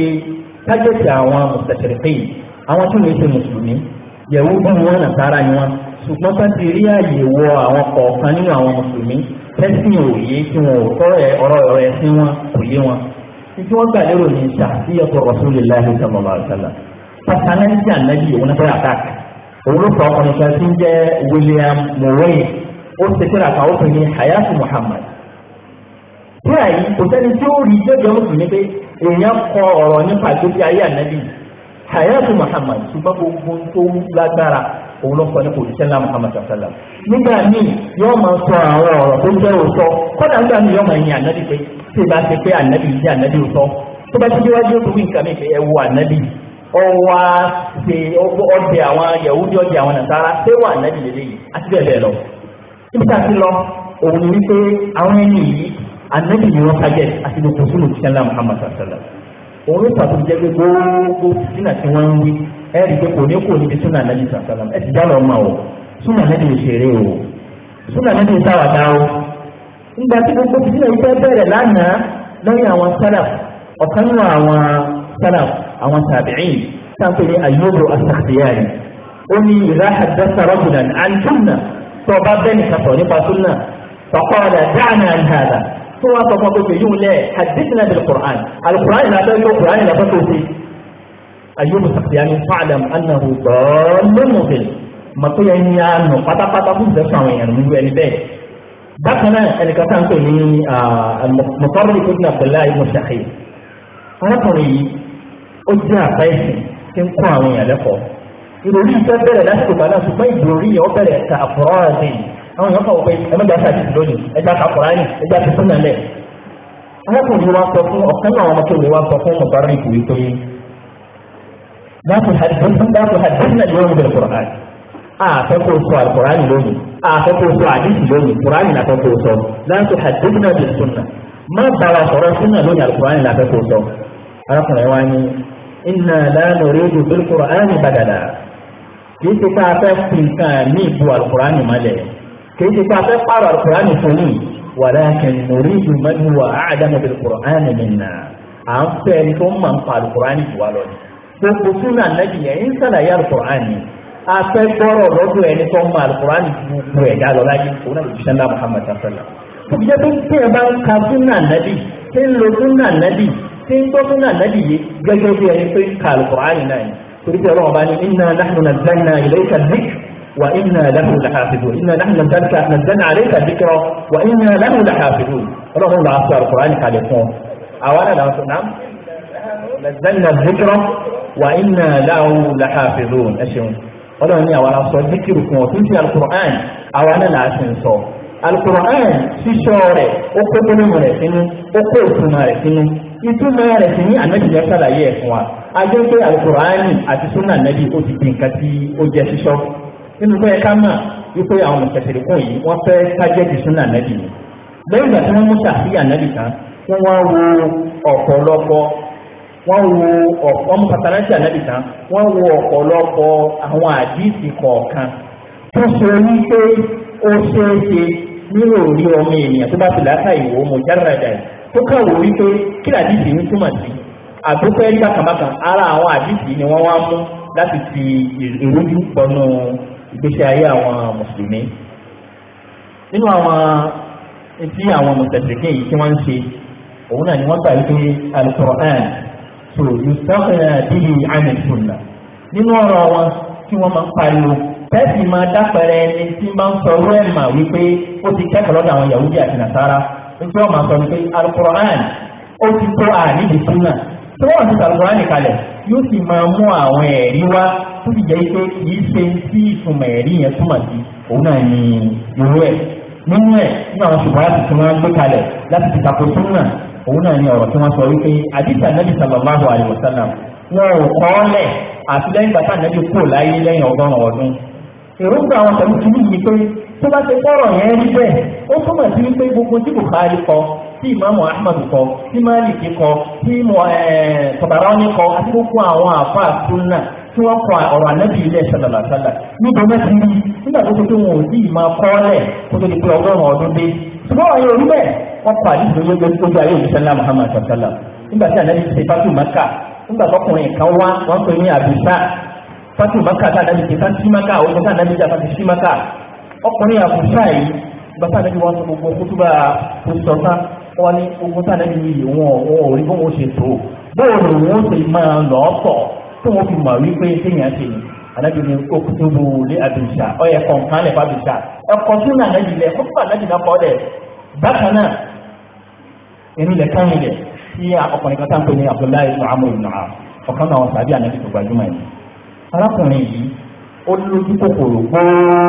tájẹ́tì àwọn mùsàtẹ̀rẹ̀fẹ́ yìí àwọn tí wọ́n ṣe mùsùlùmí yẹ̀wò bí wọ́n nà sára ni wọ́n ṣùgbọ́n tá ti rí àyè wọ àwọn kọ̀ọ̀kan nínú àwọn mùsùlùmí tẹ́sìn òye tí wọn ò tọ́ ọ̀rọ̀ ọ̀rọ̀ ẹ̀sìn wọn kò yé wọn títí wọ́n gbà lérò ní ṣàfihàn ọ̀tọ̀ Rasulullahi sallallahu alaihi wasallam pàṣẹ anájíjà nàbí òun náà fẹ́ àtàkì òun ló fọ ọkùnrin kan tí ń jẹ́ William mowain ó ti tẹ́lá kan ó pè ní hayatu Muhammad tí àyí kò sẹ́ni tí ó rí jẹ́jọ́ mùsùlùmí pé èèyàn kọ ọ̀rọ̀ nípa ìgbésí ayé ànábì hayatu Muhammad ṣùgbọ́n gbogbo tó lágbára òun ló kọ́ ní kò ṣiṣẹ́ ńlá Muhammad sàlá nígbà míì yóò máa sọ àwọn ọ̀rọ̀ tó jẹ́ òótọ́ kọ́dà nígbà míì yóò máa yin ànábì pé tí ì ọwọ́ ṣe ọdẹ àwọn yahudi ọdẹ àwọn nasara ṣé wà nábì lélẹ̀ yìí àti bẹ́ẹ̀ bẹ́ẹ̀ lọ. níbi tá a ti lọ òun ni wípé àwọn ẹni yìí ànábì ni wọ́n tajẹ́ àti gbogbo sínú ìṣẹ́lá muhammad sallallahu òun ló pàtó jẹ́ pé gbogbo sínà tí wọ́n ń wí ẹ rí i pé kò ní kò níbi súnà ànábì sallallahu ẹ ti dá lọ ọmọ o súnà ànábì òṣèré o súnà ànábì sáwàdá o nígbà tí gbogbo sínà yìí أوان تابعين تنطلي أيوب السختياني أني إذا حدثت رجلا عن سنة فقال ذلك فنقى سنة فقال دعنا عن هذا هو فقط يقول حدثنا بالقرآن القرآن لا تقول القرآن لا تقول أيوب الشخصيان فعلم أنه ضال مضل ما قيا إني أنه قطع قطع قطع قطع قطع بكنا اللي كان تقول لي المصرف ابن عبد الله بن الشخير انا قريب ó jẹ́ àpá ẹ̀sìn tí ń kọ́ àwọn èèyàn lẹ́kọ̀ọ́ ìròrí ìfẹ́ bẹ̀rẹ̀ lásìkò kan náà ṣùgbọ́n ìròrí yẹn ó bẹ̀rẹ̀ ta àfọ̀rọ̀ àti àwọn èèyàn kọ̀wé pé ẹ mẹ́ta ṣáà ti lónìí ẹja kakọ̀rọ̀ ní ẹja ti fún nàlẹ̀ arákùnrin wa sọ fún ọ̀kan náà ọmọ tó lè wa sọ fún mọ̀bárí ìkù yìí tó yé láti hadithi náà yóò bẹ̀rẹ̀ kùrán àfẹ́ kó sọ àkùrán lónìí àfẹ́ kó sọ àdìsí lónìí kùrán náà fẹ́ kó sọ láti hadithi náà iná lánà rédíò tó kúrò áyàn ìbàdàdà kìí ti ká fẹ́ fi nǹkan ní ìbú alukurani mọ́lẹ̀ kìí ti ká fẹ́ pààrọ̀ alukurani fún mi wàlákin lórí ìmọ̀lúwà àdánù bí alukurani nìyà à ń fẹ́ ẹni tó máa ń pa alukurani jù wá lọ ni gbogbo súnà nàbì yẹn ń sàlàyé alukurani a fẹ́ gbọ́rọ̀ lọ́dún ẹni tó máa alukurani ju gbogbo ẹ̀dá lọ láyé òun náà lè fi sẹ́ńdá Muhammad tí ń gbọ́ fún ànábì yìí gẹ́gẹ́ bí ẹni pé ka alukur'ani náà ni torí pé ọlọ́run bá ní inna nahnu nazzalna ilayka dhikr wa inna lahu lahafidun inna nahnu nazzalna alayka dhikra wa inna lahu lahafidun ọlọ́run là á sọ alukur'ani kalẹ̀ fún ọ àwa náà làwọn sọ náà nazzalna dhikra wa inna lahu lahafidun ẹ àwọn aṣọ díkìrì fún ọ̀tún sí alukur'an àwọn náà sì ń sọ alukur'an sísọ rẹ̀ ó kó gbónú rẹ̀ sínú ó kó ìtumọ̀ ìtumọ̀ rẹ̀ sì ní ànábìyà sàlàyé ẹ̀ fún wa a jẹ́ pé alukur'ani àti sunna ànábì ó ti di nǹkan tí ó jẹ́ sísọ nínú pé ká mà wípé àwọn mùsàkìrì kùn yìí wọ́n fẹ́ tájẹ́tì sunna ànábì ni lẹ́yìn ìgbà tí wọ́n mú sàfihàn ànábì kan wọ́n wá wo ọ̀pọ̀lọpọ̀ wọ́n wo ọ̀pọ̀ ọmọ pàtàkì ànábì kan wọ́n wo ọ̀pọ̀lọpọ̀ àwọn àdìsí kọ̀ọ̀kan tó ṣe wípé ó ṣeé ṣe nírò orí ọmọ ènìyàn tó bá ti láta ìwò mọ̀ járàdà yìí tó kàn wò wípé kí làdìsí ń túmọ̀ sí àbúfẹ́ rí bákàbákà ara àwọn àdìsí ni wọ́n wá mú láti fi ìrújú pọnú ìgbésí ayé àwọn mùsùlùmí nínú àwọn tí àwọn mùsùlùmí yìí tí wọ́n ń ṣe òun náà ni wọ́n gbà wípé alukoran tó yusufu bíi àmì sunna nínú ọ̀rọ̀ wọn tí wọ́n máa ń pariwo tẹ́sí máa dápẹ̀rẹ̀ ẹni tí máa ń sọ rẹ́ẹ̀mà wípé ó ti nígbà wọn máa sọ wípé alukur'an ó ti tó àní lè tún náà tí wọ́n ti sàlùkùrán nìkalẹ̀ yóò sì máa mú àwọn ẹ̀rí wá tó sì jẹ́ pé kìí ṣe sí ìtumọ̀ ẹ̀rí yẹn túmọ̀ sí òun náà ní irú ẹ̀ nínú ẹ̀ ní àwọn ṣùgbọ́n láti tún wọn gbé kalẹ̀ láti fi tako súnà òun náà ní ọ̀rọ̀ tí wọ́n sọ wípé àdìsí ànábì sallallahu alaihi wọn ò kọ́ lẹ̀ àti lẹ́yìn bàtà ànábì kò láyé lẹ́yìn ọgọ́rùn-ún ọdún èròǹgbà àwọn tẹ̀lé tó bá ti kọ́rọ̀ yẹn rí bẹ́ẹ̀ ó túmọ̀ sí wípé gbogbo tí Bukhari kọ tí ìmáàmù Ahmad kọ tí Málìkì kọ tí Tabarani kọ àti gbogbo àwọn àfa àtúnà tí wọ́n kọ ọ̀rọ̀ ànábì ilé ṣàlàlàṣàlà níbo náà ti rí nígbà tó tó pé wọn ò sí ìmọ̀ kọ́lẹ̀ kó tó di pé ọgọ́rùn-ún ọdún dé ṣùgbọ́n àwọn yorùbá bẹ́ẹ̀ wọ́n kọ àdìsí lójú ojú ayé olùsẹ́lá Muhammad ṣàlàlà nígbà tí ànábì ti ṣe fásitì Mẹ́kà nígbà tọkùnrin kan wá wọ́n pè ní àbíṣà fásitì Mẹ́kà tá ànábì ti fásitì Mẹ́kà òun kan tá ànábì ti fásitì Mẹ́kà ọkùnrin àbùsà yìí gbàtà nẹ́bí wọn sọ gbogbo kó tó bá kó sọ tán wọn ní ogun tá nẹ́bí yìí wọn ò rí bó wọn ṣe tó bóò ló wọn ṣe máa lọ tọ̀ tó wọn fi mọ̀ wípé téèyàn ṣe ni ànábì ní okùn tó bu lé àbùsà ọyẹ kọ̀ọ̀kan lẹ̀ fàbùsà ẹ̀kọ́ tó nà nẹ́bí lẹ̀ kó tó nẹ́bí náà kọ́ lẹ̀ bákan náà èmi lẹ̀ kán ilẹ̀ tí ọkùnrin kan táǹkó ní Abdullahi muhammadu nahar ọ̀kan náà sàbí ànábì tó gbajúmọ̀ yìí arákùnrin yìí ó lójú kòkòrò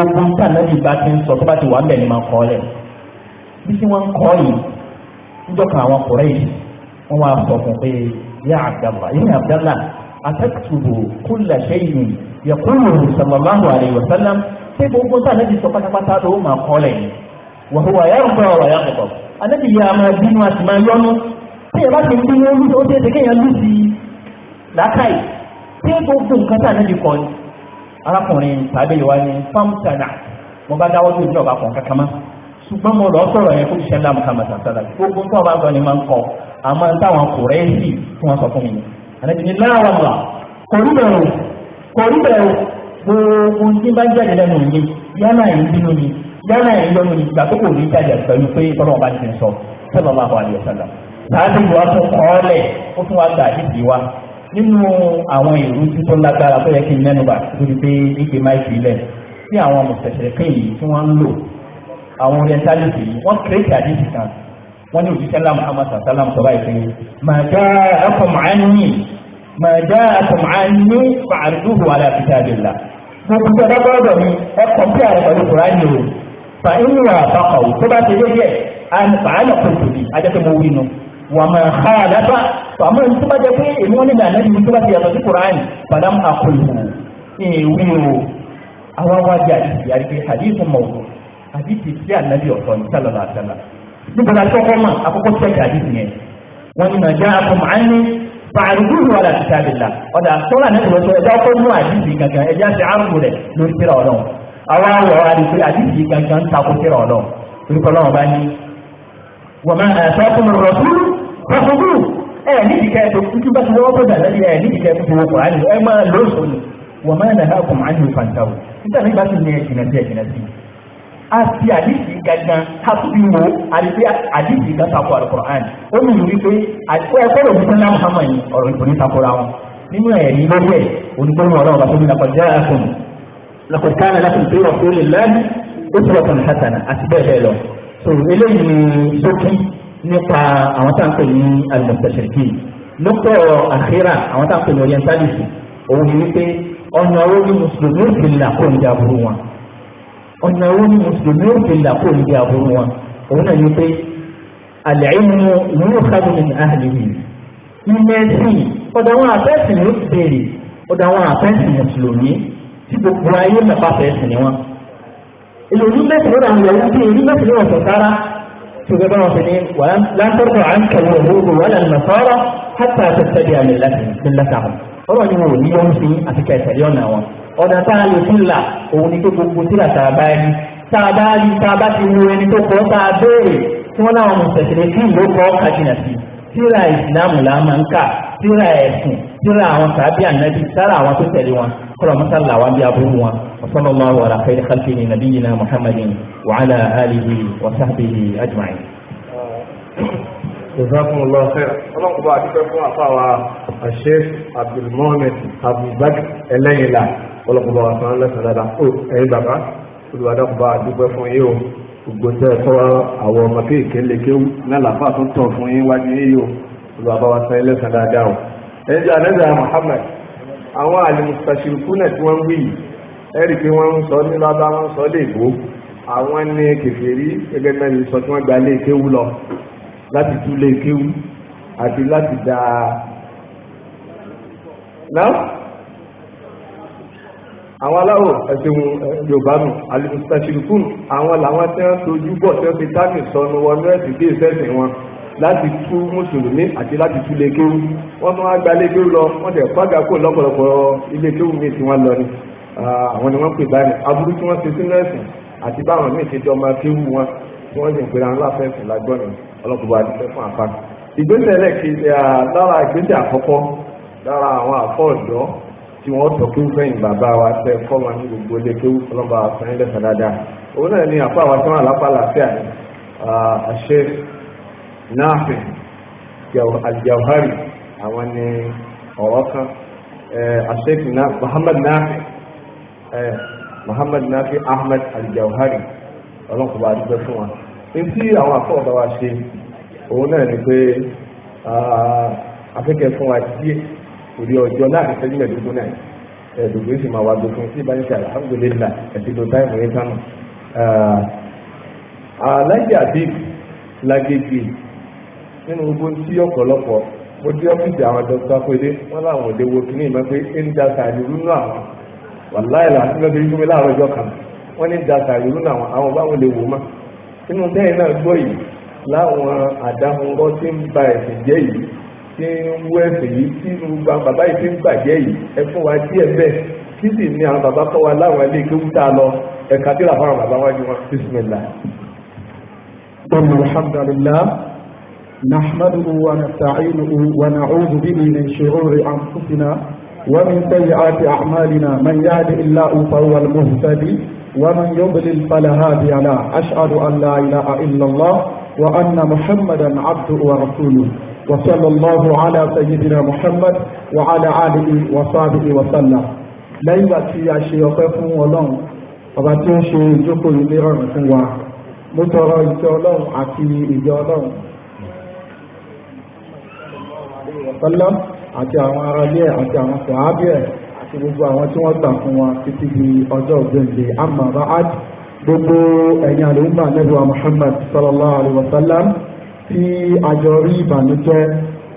gbogbo sànẹ́bí bá ti ń sọ tó bá ti wà ń bẹ̀ ni máa kọ́ lẹ̀ bí tí wọ́n ń kọ́ yìí níjọ́ kan àwọn ọkùnrin yìí wọ́n wá sọ fún pé yá Abdallah yá Abdallah atẹ́kùtùbù kulla shay'in yaqulu sallallahu alayhi wa sallam pé gbogbo sànẹ́bí sọ pátápátá ló máa kọ́ lẹ̀ wa huwa yarda wa yaghda anẹ́bí yà máa bínú àti máa yọnu tí ẹ bá ti ń bínú ó ṣeé ṣe kéèyàn lù sí làákàyè tí gbogbo nǹkan sànẹ́bí kọ́ ni arákùnrin tàbí ìwà ni fámsànà mo bá dáwọ́ tó jọba kan kankan mọ́ ṣùgbọ́n mo lọ sọ̀rọ̀ yẹn kó ṣe ńlá muhammed sàtàlá gbogbo tó bá sọ ni máa ń kọ àmọ́ táwọn kò rẹ́ sí tí wọ́n sọ fún mi ni àlejò ni láwọn ọ̀la kò rí bẹ̀rù kò rí bẹ̀rù gbogbo tí bá jáde lẹ́nu mi yálà yìí bínú mi yálà yìí lọ́nu mi gbà tó kò ní jáde pẹ̀lú pé tọ́lọ́ bá ti sọ sọ́lọ́ bá wà ní ọ̀sán nínú àwọn ìlú tí tó lágbára tó yẹ kí n mẹ́nubà lórí pé ike máìkì ilẹ̀ tí àwọn mọ̀sẹ̀sẹ̀kẹ́ yìí tí wọ́n ń lò àwọn orientalist yìí wọ́n kírètì àdìsí kan wọ́n ní òjíṣẹ́ lámù amasa sálám sọ báyìí pé màdá akọ̀mọ̀ánì màdá akọ̀mọ̀ánì fàárùdùhù aláfíṣàbìlà gbogbo tó dábọ́dọ̀ mi ẹ kọ̀m̀pì àrẹ pẹ̀lú kùránì o fà ń wà àpapọ̀ tó bá ti dé díẹ̀ fàánà kò tòbi ajẹ́ pé mo wí nu وما خالف فأما أنتم بجاكي إنوان إلى النبي أنتم بجاكي يتوسي القرآن فلم di إيه ويو أهو واجه يعني في حديث موضوع حديث في النبي صلى الله عليه وسلم níbo la kọ́kọ́ mọ̀ àkọ́kọ́ sẹ́kì àdìsí yẹn wọ́n ní màjá àkọ́mọ̀ á ní fàárùkúrù wà láti sáàbì la ọ̀dà sọ́là náà lọ sọ ẹ̀dá ọkọ̀ mú àdìsí gangan ẹ̀dá ti àrùn rẹ̀ lórí síra ọ̀nà àwa wọ̀ àdìsí àdìsí gangan ń takò síra ọ̀nà orúkọ náà wọ́n bá ní. wọ́n máa ẹ̀ sọ́kùnrin rọ̀ fúlù rọ̀ṣọ̀gbùrù ẹ̀ níbi kẹ́ẹ̀tọ́ kúkú bá ti wọ́pọ̀ dà lẹ́yìn ẹ̀ níbi kẹ́ẹ̀tọ́ ti wọ́pọ̀ àlè ẹ máa lóṣù ni wọ́n máa nà hákùn ánì ìfàǹtàwò nígbà nígbà tí ní ẹ̀jìnà sí lẹ́nu ó ti rọ̀ fún àti bẹ́ẹ̀ bẹ́ẹ̀ lọ. so eléyìí ni sókí nípa àwọn tá à ń pè ní alimọ̀tẹ̀sẹ̀kì lókọ̀ àkírà àwọn tá à ń pè ní orientalisi òun ni wípé ọ̀nà owó ní mùsùlùmí ò fi là kó níbi àbúrò wọn ọ̀nà owó ní mùsùlùmí ò fi là kó níbi àbúrò wọn òun náà ni pé àlẹ́yìnmú yóò kábọ̀ ní àhàlìyí ìmẹ̀sìn ọ̀dọ̀ àwọn àfẹ́sìn ló ti béèrè ọ̀dọ̀ àwọn àfẹ́sìn mùsùlùmí tí gbogbo ayé mẹ́fà fẹ́sìn ni wọn. èlò onímẹ̀sìn ló ra تقبلوا سنين ولا ترضى عنك اليهود ولا النصارى حتى تتبع ملتهم ملتهم ọ̀rọ̀ ni wọn ò ní yọ ń sin àfikà ìtẹ̀lé ọ̀nà wọn ọ̀nà tá a lè fi là òun ni tó gbogbo sílà tá a bá rí tá a bá rí tá a bá ti wo ẹni tó kọ́ tá a béèrè tí wọ́n náà mú tẹ̀sílẹ̀ tí ìlú kọ́ kájìnà sí sílà ìsìlámù là máa ń kà tíra ẹ̀sìn tíra àwọn sàbí ànábì sára àwọn tó tẹ̀lé wọn kọ́lọ̀ mọ́tà làwọn bí aburú wọn sallallahu ala khayri khalqihi nabiyyina muhammadin wa ala alihi wa sahbihi ajma'in. jazakumullahu khairan ọlọ́run kò bá àdúgbò fún àfàwà àṣẹ abdulmohammed abubakar ẹlẹ́yìnlá ọlọ́run bá wà sàn lẹ́sàn dáadáa ó ẹ̀yin bàbá olùwàdà kò bá àdúgbò fún yìí o gbogbo tẹ́ ẹ̀ kọ́ àwọn ọmọ kéèké lékè náà làfà tó tọ̀ fún yín wájú yìí o olùwàbá wa san ẹlẹ́sàn dáadáa o ẹni jẹ́ anẹ́sàn Muhammad àwọn àlùmùsàṣìrìkúnà tí wọ́n ń wí yìí ẹ̀rì pé wọ́n ń sọ ní lábá wọ́n sọ lè gbó àwọn ní kèfèrí gẹ́gẹ́ mẹ́rin sọ tí wọ́n gba lé kéwú lọ láti tú lé kéwú àti láti dá náà àwọn aláwọ̀ ẹ̀sìnwó yorùbá nù àlùmùsàṣìrìkúnà àwọn làwọn tí wọ́n tojú bọ̀ tí wọ́n fi táàmì láti tú mùsùlùmí àti láti tú lékéwú wọ́n tún wá gba lékéwú lọ wọ́n tẹ̀ kọ́ àgàkó lọ́pọ̀lọpọ̀ ilé kéwú mi tí wọ́n lọ ni àwọn ni wọ́n pè báyìí aburú tí wọ́n ṣe sínú ẹ̀sìn àti báwọn míì ṣe jọmọ kéwú wọn tí wọ́n sì ń pera ńlá fẹ́sùn lágbọ́nà ọlọ́kùnrin àdìsẹ́ fún àpá ìgbésẹ̀ lẹ́ẹ̀kejì lára ìgbésẹ̀ àkọ́kọ́ lára àwọn àfọ́ọ̀dọ́ tí wọ́n tọ́ kí fẹ́yìn bàbá wa tẹ fọ́mọ ní gbogbo ilé kí ọlọ́ba àfẹ́yìn lẹ́sẹ̀ dáadáa òun náà ni àpá àwọn tí wọ́n àlápá làáfíà àṣẹ náàfẹ́ aljawhari àwọn ni ọ̀rọ̀ kan asẹ́kù Muhammad náàfẹ́ Muhammad náàfẹ́ Ahmad aljawhari ọlọ́kùnrin àdúgbò fún wa ní tí àwọn akọ́ọ̀bá wa ṣe òun náà ni pé afẹ́kẹ́ fún wa díẹ̀ orí ọjọ́ láàrin fẹ́ nílẹ̀ dúdú náà ẹ̀ẹ́dùgbò sì máa wá gbé fún tí ìbáyé ṣe alhamdulillah ẹ̀sìn tó táìmù yẹn sánà alájà bíi lágbègbè nínú gbogbo tí ọ̀pọ̀lọpọ̀ mo dé ọ́fíìsì àwọn dọ́kítà pédé wọ́n láwọn òde wo kí ní ìmọ̀ pé ń da sàárì rú náà wàláì láti lọ́dọ̀ yìí fún mi láàárọ̀ ọjọ́ kan wọ́n ní da sàárì rú náà àwọn báwọn lè wò má nínú tẹ́yìn náà gbọ́ yìí láwọn àdáhùngọ́ tí ń ba ẹ̀sìn jẹ́ yìí tí ń wú ẹ̀sìn yìí tí gbogbo àwọn bàbá yìí ti ń bàjẹ́ yìí ẹ fún wa díẹ̀ bẹ́ẹ̀ kí sì ni àwọn bàbá kọ́ wa láwọn ilé ìkéwú tá a lọ ẹ̀ka tí làwọn bàbá wájú wọn bísí mi là. Bọ́lá alhamdulillah. نحمده ونستعينه ونعوذ به من شرور أنفسنا ومن سيئات أعمالنا من يهد الله فهو المهتدي ومن يضلل فلا هادي له أشهد أن لا إله إلا الله وأن محمدا عبده ورسوله وصلى الله على سيدنا محمد وعلى آله وصحبه وسلم ليس في أشياء ولون ọba tí ó ṣe ìjókòó ilé rọrùn fún wa mo tọrọ ìjọ wasallam àti àwọn aráalé àti àwọn sàábì ẹ̀ àti gbogbo àwọn tí wọ́n gbà fún wa títí di ọjọ́ ògbéǹde amma ba'ad gbogbo ẹ̀yin àlùmọ́ àlẹ́bùwà Muhammad sallallahu alayhi wa sallam tí àjọ rí ìbànújẹ́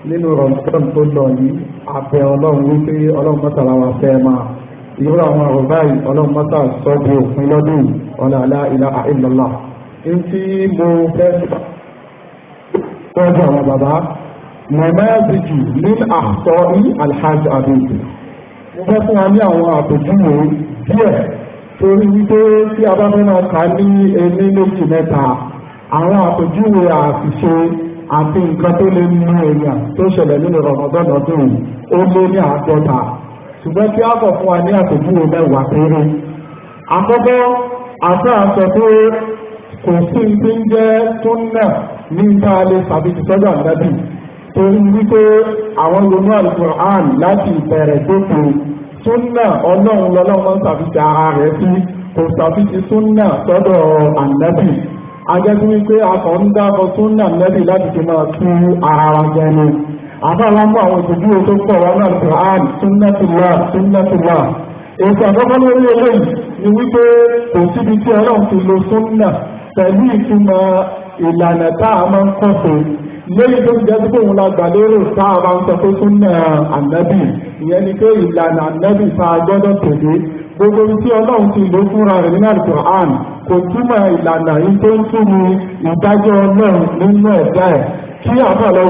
nínú rọ̀mọ́tàn tó lọ yìí abẹ ọlọ́run wípé ọlọ́run mọ́tàlá wa fẹ́ máa irú àwọn ọ̀rọ̀ báyìí ọlọ́run mọ́tà mọ̀mọ́ẹ́bìjì ní àtọ́ ní alhaji abẹ́jì mo fẹ́ fún wa ní àwọn àpèjúwe díẹ̀ torí wípé tí a bá fẹ́ máa kà ní ẹni méjì mẹ́ta àwọn àpèjúwe àṣìṣe àti nǹkan tó lè mú èèyàn tó ṣẹlẹ̀ nínú Ramadan ọdún ó lé ní àádọ́ta ṣùgbọ́n tí a kọ̀ fún wa ní àpèjúwe mẹ́wàá péré àkọ́kọ́ àtàkọ pé kò sí ti jẹ́ tó náà ní ìta alẹ́ tàbí ti sọ́dọ̀ àgbàdì torí wípé àwọn ronú alukur'an láti ìbẹ̀rẹ̀ dópin súnà ọlọ́run lọ́lọ́run ṣàfihàn ara rẹ̀ sí kò ṣàfihàn súnà sọ́dọ̀ ànábì ajẹ́sí wípé akọ̀ ń dákọ̀ súnà ànábì láti fi máa tú ara wa jẹnu àbára mú àwọn ìdíjú tó pọ̀ wọn náà alukur'an súnà tìlá súnà tìlá èsì àkọ́kọ́ lórí eléyìí ni wípé kò síbi tí ọlọ́run ti lo súnà pẹ̀lú ìtumọ̀ ìlànà tá a máa ń kọ́ lórí tó jẹ́ pé òun la gbà lérò tá a máa ń sọ pé súnà ànábì ìyẹn ni pé ìlànà ànábì tá a gbọ́dọ̀ tẹ̀lé gbogbo tí ọlọ́run ti lò fúnra rẹ̀ nínú Al-Qur'an kò túmọ̀ ìlànà yìí tó ń túmọ̀ ìdájọ́ ọlọ́run nínú ẹ̀dá ẹ̀ kí àbálọ̀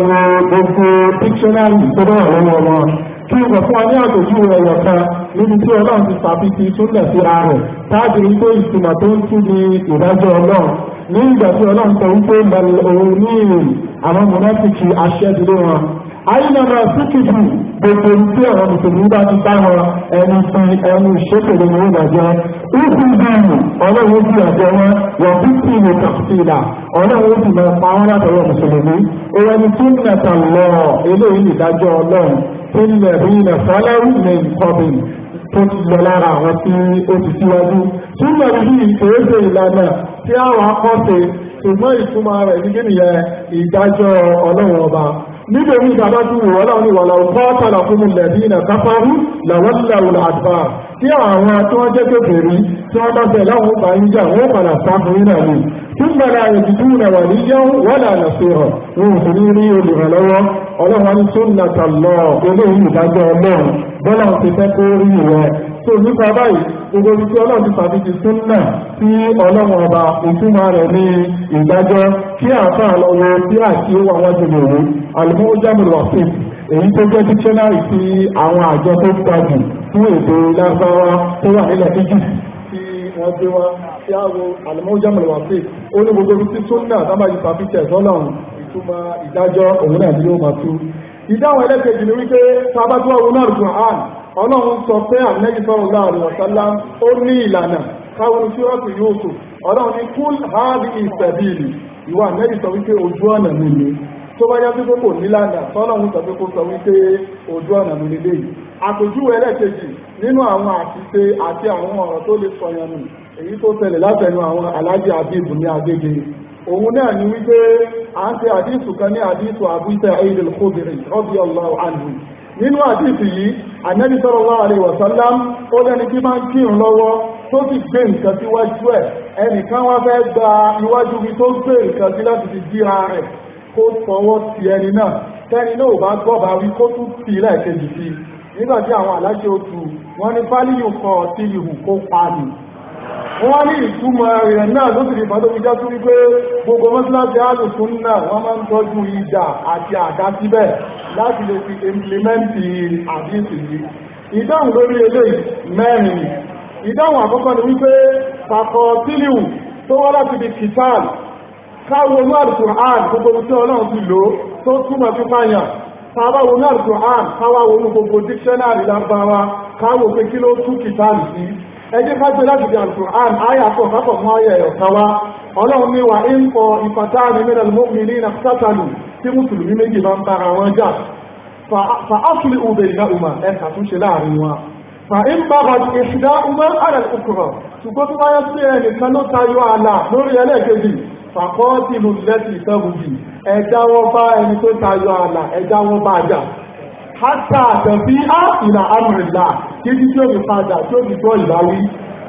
gbogbo dictionary tó bá wà lọ́wọ́ wọn kí wọ́n fún wa ní àgbèjú ẹ̀yọ̀ kan níbi tí ọlọ́run ti fàbíkì súnlẹ̀ sí ara rẹ̀ táàbì wípé ìtumọ̀ tó ń tú ní ìdájọ́ ọlọ́run ní ìgbà tí ọlọ́run sọ wípé mẹ́lẹ̀ òun ní ìrìn àwọn mọ̀nàfíkì aṣẹ́dúró wọn ayélujára síkìtì gbogbo tí àwọn mùsùlùmí bá ti bá wọn ẹni fi ẹni ìṣèkèrè ní ìlàjẹ ìfúnbíìmù ọlọ́run bí àjọ wọn wọn bí tí ìlú kàfíìlà ọlọ́run bí mọ̀ pa wọn látọwọ́ mùsùlùmí ìrẹ́ni tí ń mẹ́ta lọ eléyìí ìdájọ́ ọlọ́run الذين خلوا من قبل tó ti lọ lára àwọn tí ó ti síwájú túnbọ̀ yìí kéèké ìlànà tí àwọn akọ́ṣe ṣùgbọ́n ìtumọ̀ rẹ̀ ní kíníyẹ ìdájọ́ ọlọ́run ọba nítorí ìdájọ́ tí wọ́n lọ́wọ́ ní wọ́n lọ́wọ́ kọ́ tọ́lọ̀ fún mi lẹ́bí ìnà kápárú làwọn lẹ́wọ̀n àdúrà tí àwọn tó jẹ́ kékeré tí wọ́n bá fẹ́ láwọn ó bá yín jà wọ́n padà sá fún yín náà ni tí bẹ̀rẹ̀ àyẹ̀dùdú rẹ̀ wà ní yẹ́wò wọ́lá àlàsọ̀rọ̀ wọn ò sì ní rí olùrànlọ́wọ́ ọlọ́run á ní tó nàtà lọ eléyìí ìdájọ́ ọlọ́run bọ́lá ti fẹ́ kó rí rẹ̀ tó nípa báyìí gbogbo ibi tí ọlọ́run ti tàbí ti súnnà tí ọlọ́run ọba ìtumọ̀ rẹ̀ ní ìdájọ́ kí àáfàá lọ́wọ́ tí àti ó wà wájú mi òun alimọ́jámù lọ́sìn èyí tó jẹ́ dictionary ti àwọn àjọ tó gbajù fún èdè lárúbáwá tó wà nílẹ̀ egypt tí wọ́n gbé wá tí a wo alimọ́jámù lọ́sìn ó ní gbogbo ibi tí súnnà tábàjì tàbí tẹ̀ ìtumọ̀ ìdájọ́ òun náà ni yóò máa tú ìdáhùn ẹlẹ́kẹ̀ẹ́jì ni wípé tábàjọ́ òun náà ọlọ́run sọ pé àmẹ́jì sọ́run láàrin ọ̀sánlá ó ní ìlànà káwọn tí ó ti yóò sọ ọlọ́run ní kúl háàbí ìsẹ̀bìlì ìwà àmẹ́jì sọ wípé ojú ọ̀nà mi ni tó bá yá sí pé kò nílànà tọ́lọ́run sọ pé kó sọ wípé ojú ọ̀nà mi ni léyìí àpèjúwe ẹlẹ́kejì nínú àwọn àṣìṣe àti àwọn ọ̀rọ̀ tó lè sọyàn nù èyí tó tẹ̀lẹ̀ látẹnu àwọn alájẹ àbíbù ní agbègbè òun náà ni wípé à ń ṣe àdísù kan ní àdísù àbúṣe àìdìl kóbìnrin rọ́bì àdùn nínú àdìsí yìí ànábì sallallahu alaihi wasallam ó lẹ́ni tí máa ń kírun lọ́wọ́ tó sì gbé nǹkan síwájú ẹ̀ ẹnìkan wá fẹ́ gba iwájú mi tó gbé nǹkan sí láti fi díra rẹ̀ kó sọwọ́ ti ẹni náà tẹ́ni náà ò bá gbọ́ba wí kó tún tì í lẹ́ẹ̀kejì sí nígbà tí àwọn aláṣẹ oṣù wọn ní fálíyù kan ọtí ìhù kó pa nìyí wọ́n ní ìtumọ̀ rẹ̀ náà ló sì rí bàtọ́ fi já sí wípé gbogbo mọ́síláṣí alùsùn náà wọ́n máa ń tọ́jú ìdà àti àdá síbẹ̀ láti lè fi implementi àdíṣì yìí ìdáhùn lórí eléyìí mẹ́rin ìdáhùn àkọ́kọ́ ni wípé pàkọ̀ tíliù tó wá láti di kìtàl káwọn onú àdùkùnrán gbogbo tí ọlọ́run ti lò tó túmọ̀ sí fáyàn káwọn onú àdùkùnrán káwọn onú gbogbo dictionary lágbára káwọn pé kí ló tú kìtàl sí ẹjẹ́ ká gbé láti di alukur'an ayà kọ̀ kápọ̀ mọ́ ayà ẹ̀ọ̀ká wá ọlọ́run ní wà ń kọ ìfàtà ní mẹ́rin mọ́kùnrin ní sátánù tí mùsùlùmí méjì bá ń bára wọn jà fa asùlù ubẹ̀ ìlà umar ẹ̀ ṣàtúnṣe láàrin wọn fa ń bá bá ti ìṣìdá umar ara ìkùkùrọ̀ ṣùgbọ́n tó bá yẹ sí ẹnì kan ló tayọ àlà lórí ẹlẹ́ẹ̀kejì fàkọ́ọ̀tì lù lẹ́sì ìtẹ́gùjì ẹ̀dá wọn bá ẹni tó tayọ àlà ẹ̀dá wọn bá jà hátà àtẹ̀fí á ìlà amìrìlà títí tí ó fi padà tí ó fi gbọ́ ìbáwí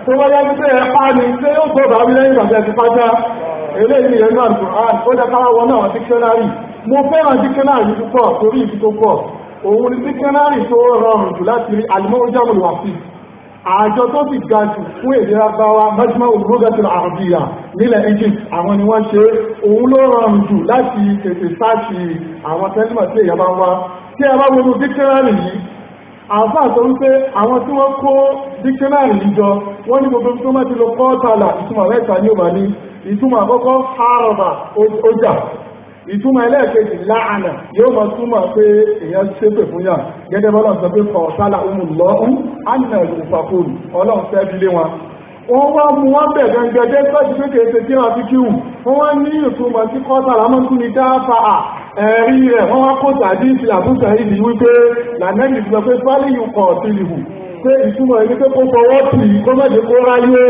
tó wọ́n yẹ́ pé ẹ pa ni pé ó gbọ́ bàbí lẹ́yìn ìgbàjẹ́ ti pátá eléyìí ẹ̀nà àrùn ó dákára wọn náà dictionary mo fẹ́ràn dictionary púpọ̀ torí ìfi tó pọ̀ òun ni dictionary tó rọrùn jù láti rí alimọ́rújámùlù àfi àjọ tó sì ga jù fún èdè rábáwá mẹ́jìmá olùrógẹ́tìlá àrùbíyà nílẹ̀ Egypt àwọn ni wọ́n ṣe òun ló rọrùn jù láti tètè sáàṣì àwọn tẹ́límọ̀ tí èyàn bá ń wá tí a bá gbogbo dictionary yìí àfá àtọ́ wípé àwọn tí wọ́n kó dictionary yìí jọ wọ́n ní gbogbo tó máa ti lo kọ́ọ̀tàlà ìtumọ̀ mẹ́ta ní òmà ní ìtumọ̀ àkọ́kọ́ haraba ọjà ìtumọ̀ ẹlẹ́ẹ̀kejì láàánà yóò máa túmọ̀ pé èèyàn ṣépè fún yà gẹ́gẹ́ bọ́lá sọ pé kọ̀ọ̀tàlà òmùlọ́ọ̀hún ánà ìfàkùn wọ́n wá mú wọ́n bẹ̀ gẹ̀gẹ̀dẹ́ tọ́jú pé kèèṣe tí wọ́n fi kíhù wọ́n wá ní ìtumọ̀ tí kọ́sàrà mọ́ tún ní dáàfà ẹ̀rí rẹ̀ wọ́n wá kó tàbí ìfì àbúta ìlú wípé lànẹ́lì sọ pé fálíyù kọ̀ sí ìlú pé ìtumọ̀ ẹni pé kó fọwọ́ tì í kó mẹ́jẹ kó ráyé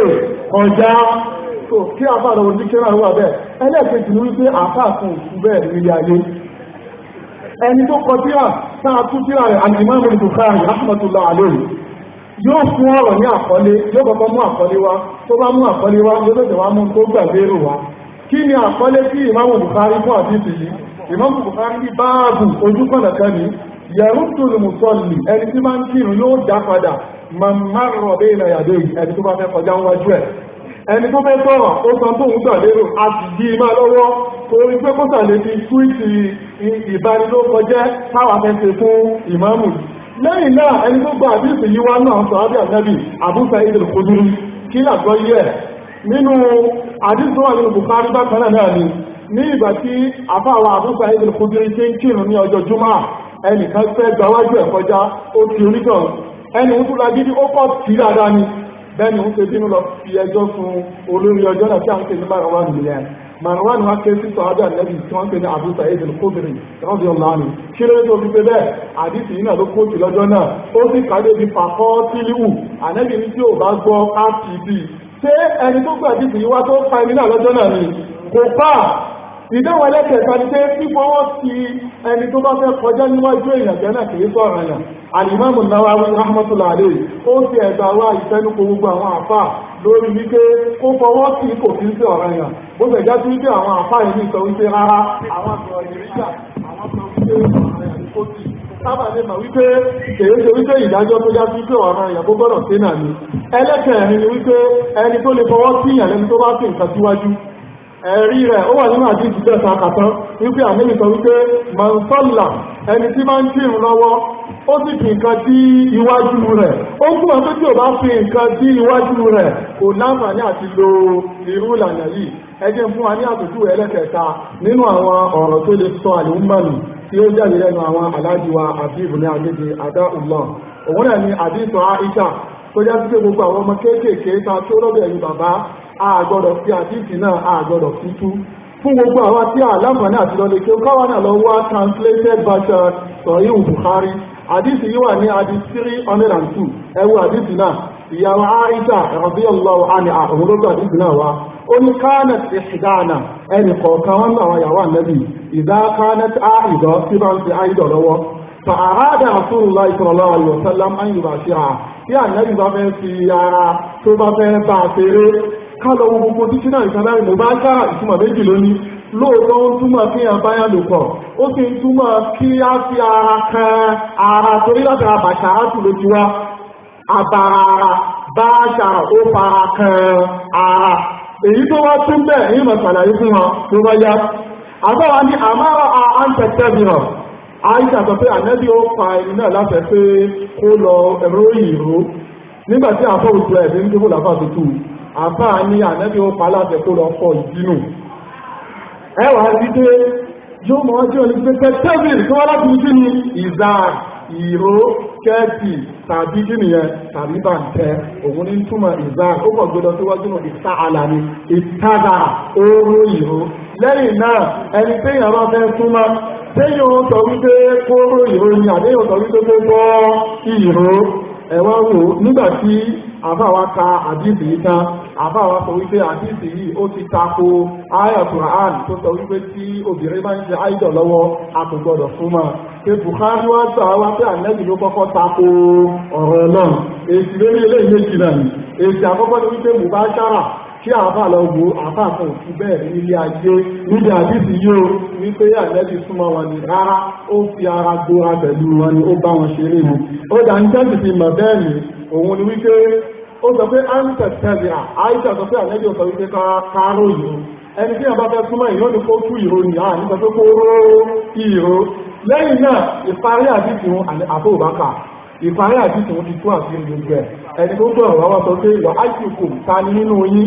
ọjà tó kí àfàdà òní kíra wà bẹ́ẹ̀ ẹlẹ́ẹ̀kejì ní wípé àfàkùn bẹ́ẹ̀ nílé ayé ẹni tó kọ síra sáà tún síra rẹ̀ àmì ìmáàmù Bukhari rahmatullah alayhi yóò fún ọ̀rọ̀ ní àkọlé yóò kọ́kọ́ mú àkọlé wá tó bá mú àkọlé wá yóò tẹ̀tẹ̀ wá mú tó gbàgbé rò wá kí ni àkọlé tí ìmáàmù Bukhari fún àdìsí yìí ìmáàmù Bukhari ní báàbù ojúkọ̀nà kan ní yẹ̀rù tòlù mùsọ̀lì ẹni tí máa ń kírun yóò dá padà màmárọ̀ bẹ́ẹ̀ náà yàdé ẹni tó bá fẹ́ kọjá wájú ẹ̀ ẹni tó fẹ́ sọ̀rọ̀ ó san tó ń gbàlérò a sì di máa lọ́wọ́ torí pé kó sàlẹ̀ fi túìtì ìbánilókọjẹ́ táwà fẹ́ lẹ́yìn náà ẹni tó gba àdíṣì yíwá náà sọ ábí àtẹ́bì àbúfẹ́ ìdìrì kojúrú kí làgbọ́ yẹ nínú àdíṣì wà nínú Bukhari bákan náà ni ní ìgbà tí àfáàwà àbúfẹ́ ìdìrì kojúrú tí ń kírun ní ọjọ́ júmọ́ ẹnìkan fẹ́ gbáwájú ẹ̀ kọjá ó ti orígàn ẹni ń tún lagídí ó kọ́ tí dáadáa ni bẹ́ẹ̀ni Marwan wa ké sí sọ́ọ́dà ànábì tí wọ́n pè ní Abu Sa'id al-Khudri radiyallahu anhu kí ló tó fi pé bẹ́ẹ̀ àdìsí yìí náà ló kó sí lọ́jọ́ náà ó sì kàdé bí pàkọ́ tìlíwù ànábì ní tí ò bá gbọ́ káàkiri bíi ṣé ẹni tó gbà àdìsí yìí wá tó fa ẹni náà lọ́jọ́ náà ni kò bá ìdáwọ̀ ẹlẹ́kẹ̀ẹ́ta ní pé fífọwọ́ sí ẹni tó bá fẹ́ kọjá níwájú èèyàn jẹ́nà kìí sọ̀rọ̀ ẹ̀yàn alìmọ́mù Nawawi rahmatullahi alayhi ó ti ẹ̀gbà wá ìfẹ́nukò gbogbo àwọn àfà lórí wípé kó fọwọ́ sí kò fi ń sí ọ̀rọ̀ ẹ̀yàn bó fẹ̀ já sí wípé àwọn àfà yìí sọ wípé rárá àwọn sọ̀rọ̀ ìrìnjà àwọn sọ wípé ọ̀rọ̀ ẹ̀yàn kó sì sábà lè mọ̀ wípé kèé ṣe wípé ìdájọ́ tó já sí pé ọ̀rọ̀ ìyàbó gbọ́dọ̀ sí náà ni ẹlẹ́kẹ̀ẹ́rin ni wípé ẹni tó lè fọwọ́ sí ìyàn lẹ́nu tó bá sì nǹkan ẹ̀rí rẹ̀ ó wà nínú àdíjì tẹ́sà àkàtán wípé àmìlì sọ wípé mọ̀nsọ́là ẹni tí máa ń tí ìrún lọ́wọ́ ó sì fi nǹkan tí iwájú rẹ̀ ó kú tí ò bá fi nǹkan iwájú rẹ̀ kò láǹfààní àti lo irú ìlànà yìí ẹjẹ́ fún wa ní àtúntò ẹlẹ́kẹta nínú àwọn ọ̀rọ̀ tó lè sọ àlùmọ́nù tí ó jáde lẹ́nu àwọn aláàjìwa àgbègbè òun náà ni àdìsọ Aisha tó já sí gbogbo àwọn ọmọ kéékèèké ta tó bàbá àgbọ̀dọ̀ fi àdíìsì náà àgbọ̀dọ̀ fi tú fún gbogbo àwọn tí àlàǹfààní àti lọ́lẹ̀ kí ó káwà náà lọ wá translated version sọ̀rí Bukhari àdíìsì yíwà ní adi 302 ẹwú àdíìsì náà ìyàwó Aisha radiyallahu anha àhùnlógún àdíìsì náà wá ó ní kánẹt ìṣìdáàna ẹnì kọ̀ọ̀kan wọn náà yàwó ànẹ́bì ìdá kánẹt àìdọ́ tí bá ń fi àìdọ̀ lọ́wọ́ fàárádà àfúrùlá ìtọ̀lọ́ àlùsálám àyùbá sí à tí ànẹ́bì bá fẹ́ fi ara tó bá fẹ́ bá ṣeré kálọ gbogbo títí náà ìkan láàrin mọ̀bá kára ìtumọ̀ méjì lóní lóòótọ́ ń túmọ̀ kí a bá yàn lòpọ̀ ó sì ń túmọ̀ kí a fi ara kan ara torí láti ara bàṣà átù ló ti wá àbára ara bá ṣàrà ó fara kan ara èyí tó wá tún bẹ́ẹ̀ ní mọ̀sàlàyé fún wọn tó bá yá àbára ni àmàrà à mìíràn àìsàn pé ànẹ́bí ó pa ẹni náà láfẹ́ pé kó lọ ẹ̀rọ ìró nígbà àfọ́ òṣù ẹ̀ ní ń dúró làfà tuntun àfáà ní ànẹ́bí ó pa láti kó lọ fọ ìdínú ẹwà wípé yóò mọ̀ ọjọ́ olùgbẹ́sẹ̀ tẹ́bìlì tó wọ́n láti ní ìzà ìró kẹ́ẹ̀kì tàbí gínìyàn tàbí bá ń tẹ́ òun ní túnmọ̀ ìzà ó pọ̀ gbọdọ̀ tó wájú nù ìta àlàní ìtàdà oró ìró lẹ́yìn náà ẹni téèyàn bá fẹ́ súnmọ́ téèyàn sọ wípé kóró ìró ni àdéhùn sọ wípé kó ìró ẹ̀wá wo nígbà tí àfáwa ka àdìsí yìí tán àfáwa sọ wípé àdìsí yìí ó ti tako àyà Quran tó sọ wípé tí obìnrin bá ń ṣe àìdọ̀ lọ́wọ́ a kò gbọdọ̀ fún mọ́ pé Bukhari wá gbà wá pé ànẹ́bì ló kọ́kọ́ tako ọ̀rọ̀ náà èsì lórí eléyìí méjì náà ni èsì àkọ́kọ́ ni wípé mubashara kí àfà lọ wo àfà kan òfin bẹ́ẹ̀ nílé ajé níbi àdìsí yóò wípé àlẹ́bí súnmọ́ wọn ni rárá ó fi ara gbóra pẹ̀lú wọn ni ó bá wọn ṣeré ni ó dà ní tẹ́ǹtì fi mọ̀ bẹ́ẹ̀ ni òun ni wípé ó sọ pé àìsàn tẹ̀lé àìsàn sọ pé àlẹ́bí ò sọ wípé káró yìí ẹni tí àbá fẹ́ súnmọ́ ìyó ni kó tú ìró ni àà nígbà tó kó ró ìró lẹ́yìn náà ìparí àdìsí wọn àbó òbákà ìparí àdìsí wọn ti tó àti ìlú gbẹ ẹni tó gbọ́rọ̀ wá wá sọ pé wà á ti kò ta nínú yín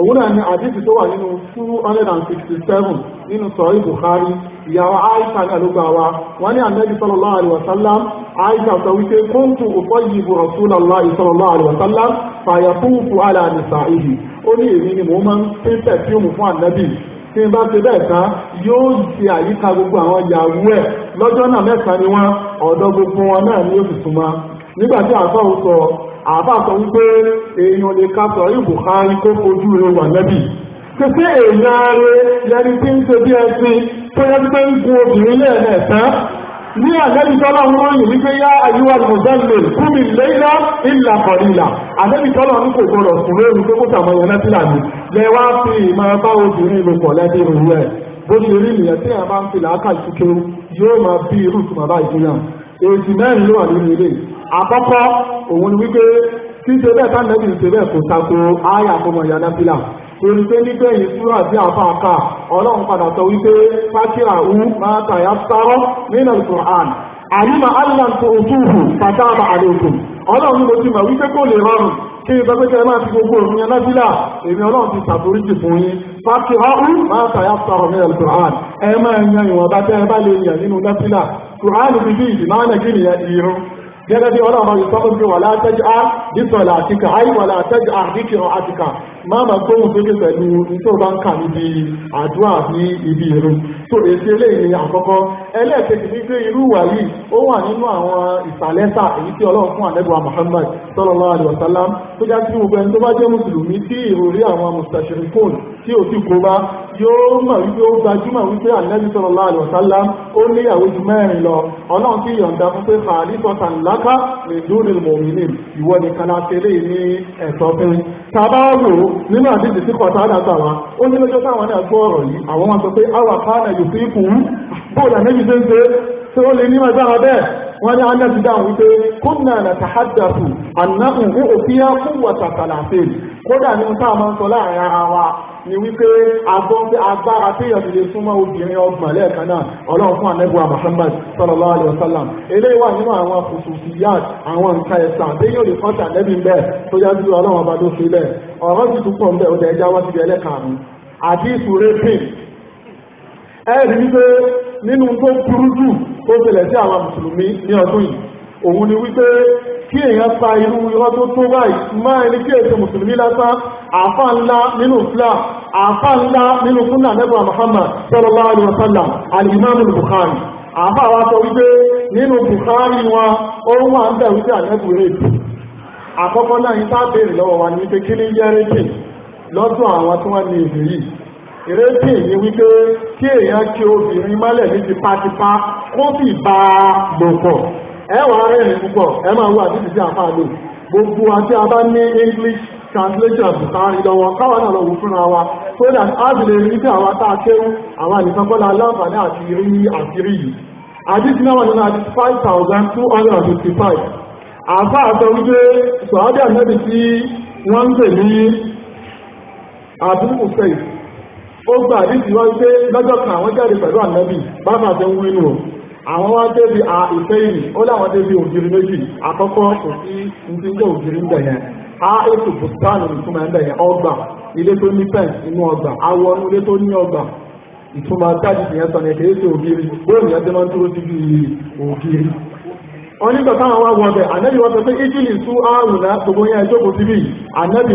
òun náà ni àdíjì tó wà nínú 267 nínú sọ̀rí buhari ìyàwó Aisha ní wa. wọ́n ní àmẹ́bí sallallahu alaihi wasallam Aisha sọ wípé kóntù òfòyìbò Rasulullahi sallallahu alaihi wasallam fàyàfúnfù ala nisa'ihi ó ní èmi ni mo máa ń pínpẹ̀ tí ó mú àbá sọ wípé èèyàn lè ka sọ ìbùkárí kó fojú rẹ wà lẹ́bì pèsè èèyàn rẹ lẹni tí ń ṣe bí ẹsìn tó yẹ pé ń gun obìnrin lẹ́ẹ̀mẹ́ẹ̀tán ní àlẹ́bí tọ́lá ń ròyìn wípé yá àyíwá mọ̀sẹ́lẹ̀ kúmi lẹ́yìnlá ìlà kọ̀ọ̀lìlà àlẹ́bí tọ́lá ń kò gbọdọ̀ sùn lórí pé kó tàmọ̀ yẹn lẹ́sìn àmì lẹ́wà fi ìmọ̀ bá obìnrin lò pọ̀ lẹ́bí rẹ̀ bó ṣe rí nìyẹn tí àwọn ń fi làákà yóò máa bí irú ìtumọ̀ báyìí náà èsì mẹ́rin ló wà nínú ilé àkọ́kọ́ òun ni wípé tí ṣe bẹ́ẹ̀ bá nẹ́bí ṣe bẹ́ẹ̀ kò tako ayé àfọmọ ìyáná fílà torí pé nígbẹ̀yìn súrà sí àfáàkà ọlọ́run padà sọ wípé fátíà ú máa tàyà sárọ́ nínú Al-Qur'an àríma allah tó ojúhù fàtàmà àlékún ọlọ́run ló ti mọ̀ wípé kò lè rọrùn kí ìbẹ́gbẹ́kẹ́ máa ti gbogbo òun yẹn lábílà èmi ọlọ́run ti ṣàforíjì fún yín fàtí haú máa tàyà sọ̀rọ̀ ní ẹ̀lùkùrán ẹ máa yan ìwọ̀nba tẹ́ ẹ bá lè yàn nínú lábílà kùrán ti bí ìdì máa nàgí nìyẹn ìrún gẹ́gẹ́ bí ọlọ́run ọ̀rọ̀ ìsọ́kùnrin wà látẹ́jú á bí sọ̀lá àtìkà áì wà látẹ́jú á bí kìrọ̀ àtìkà máàmà gbóhùn sókè pẹ̀lú tó bá ń kà níbi àdúrà ní ibi ìrù tó èsì eléyìí ni àkọ́kọ́ ẹlẹ́ẹ̀kejì ní pé irú wà yìí ó wà nínú àwọn ìsàlẹ́sà èyí tí ọlọ́run fún ànẹ́bùwà Muhammad sallallahu alaihi wasallam tó já sí gbogbo ẹni tó bá jẹ́ mùsùlùmí tí ìròrí àwọn mustashirikun tí ò sì kó bá yóò mọ̀ wípé ó gbajúmọ̀ wípé ànẹ́bí sallallahu alaihi wasallam ó níyàwó ju mẹ́rin lọ ọlọ́run sì yọ̀ǹda fún pé fàálì sọ̀tàn láká min dunil mu'minin ìwọ nìkan láti eléyìí ní ẹ̀tọ́ fún tàbá wò ó nínú àdíjì tí kọ̀ọ̀tà àdàgbà wa ó ní lọ́jọ́ táwọn náà gbọ́ ọ̀rọ̀ yìí àwọn wọn sọ pé àwọn àpáàlẹ̀ yòókù ikú bóòlù àmẹ́jì ṣe ń ṣe tí ó lè nímọ̀ ìgbàmọ̀ bẹ́ẹ̀ wọ́n ní anẹ́bí dáhùn wípé kúnnà nà tàhádàtù ànáhùn ní òfíà fún wọ̀tà kàlàfé kódà ní sáà máa ń sọ láàrin ara wa ni wípé agbọ́n pé agbára téèyàn ti lè súnmọ́ obìnrin ọgbọ̀n lẹ́ẹ̀kan náà ọlọ́run fún anẹ́bí wa Muhammad sallallahu alayhi wa sallam eléyìí wà nínú àwọn kùsùsìyàn àwọn nǹkan ẹ̀sán téèyàn lè kọ́ta anẹ́bí bẹ́ẹ̀ tó yá sí ọlọ́run ọba ló fi bẹ́ẹ̀ ọ̀rọ̀ ti tún pọ̀ ń bẹ́ẹ̀ ó dẹ̀ ẹja wá síbi ẹlẹ́kàrún àti ìsúrépìn ẹ̀rí wípé nínú tó burú jù tó ṣẹlẹ̀ sí àwọn mùsùlùmí ní ọdún yìí òun ni wípé kí èèyàn pa irú irọ́ tó báyìí máa ẹni kí èsè mùsùlùmí lásán àáfà ńlá nínú Islam àáfà ńlá nínú súnà nẹ́bà Muhammad sallallahu al-Imamul Bukhari àáfà wa sọ wípé nínú Bukhari wa ó wà lọ́dún àwọn tí wọ́n ní ìrètí yìí wípé kí èèyàn kí obìnrin mọ́lẹ̀ ní tipátipá kó sì bá a lò pọ̀ ẹ wà á rẹ̀rìn púpọ̀ ẹ máa sí àfáà lò gbogbo àti ní English translation bùkárí lọ́wọ́ káwọn náà lọ wò fúnra wa so that a lè rí àwa tá a kéwú àwọn àlìsọ́kọ́lá aláǹfààní àti rí five thousand two hundred and fifty five àfáà sọ wípé sọ̀rọ̀ tí wọ́n ń pè ní ó gbà àdìsí wọ́n pé lọ́jọ́ kan àwọn jáde pẹ̀lú ànábì bábà tó ń wínú àwọn wá débi a ìfẹ́ yìí ó láwọn débi ògiri méjì àkọ́kọ́ kò sí jẹ́ ògiri ń bẹ̀yẹn a ètò bùtánù ìtumọ̀ ń bẹ̀yẹn ọgbà ilé tó ní fẹ́ǹsì inú ọgbà awọ ilé tó ní sọ ní ètò ògiri bóòlù máa ń dúró ògiri táwọn wá wọlé ànábì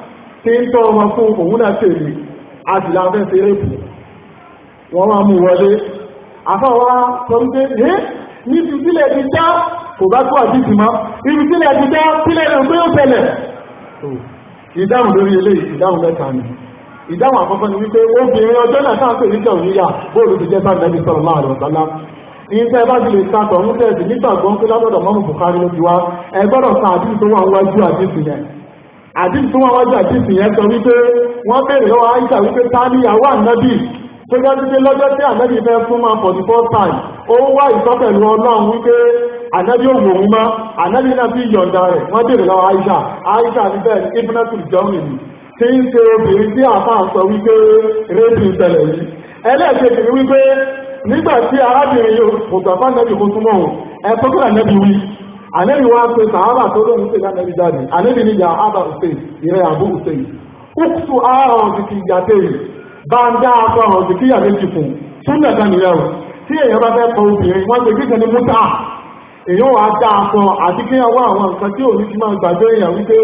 tí ń tọ́ ọmọ fún òun náà tè lè àjìlá fẹ́ ṣe rẹ̀ fún wọn máa mú wọlé àfáwà sọ wípé ẹ́ ní ti sílẹ̀ ti já kò bá tó àjíjì má ibi sílẹ̀ ti já sílẹ̀ rẹ̀ pé ó tẹ̀lẹ̀ ìdáhùn lórí eléyìí ìdáhùn mẹ́ta ni ìdáhùn àkọ́kọ́ ni wípé obìnrin ọjọ́ náà sáà pè níjà òníyà bóòlù ti jẹ́ sáà nẹ́bí sọ̀rọ̀ bá ti lè sàtọ̀ nígbàgbọ́n pé látọ̀dọ̀ mọ́mù Bukhari ló ẹgbọ́dọ̀ sàdí tó wà ń wájú àdíjì yẹn àdìsí tó wọ́n wájú àdìsí yẹn sọ wípé wọ́n bèèrè lọ́wọ́ àìsà wípé ta ni ìyàwó ànábì tó dájú pé lọ́jọ́ tí ànábì fẹ́ fún ma forty four times ó wá ìsọ́ pẹ̀lú ọlọ́run wípé ànábì ò wò ó mọ́ ànábì náà fi yọ̀ǹda rẹ̀ wọ́n bèèrè lọ́wọ́ àìsà àìsà ní bẹ́ẹ̀ ibùdókù germany tí ń ṣe obìnrin tí àfáà sọ wípé rẹ́bì ìṣẹ̀lẹ̀ yìí ẹlẹ́ẹ̀kejì ni wípé nígbà tí arábìnrin yóò kò gbà fún ànábì kó súnmọ́ ẹ̀kọ́ kí ànábì wí ànẹ́bí wá pé sàábà tó lóun ṣe lánàbí jáde ànẹ́bí níjà ábà ṣe ìrẹ́ àbú ṣe kúkú ara ọ̀sìn kì í jáde yìí bá ń dá apá ọ̀sìn kí yàrá méjì fún súnlẹ̀ kan nìyẹn o tí èèyàn bá fẹ́ kọ obìnrin wọ́n ṣe kíkẹ́ ní mútà èèyàn wà á dá apọ àti kí wọ́n àwọn nǹkan tí òní ti máa gbàgbé èèyàn wípé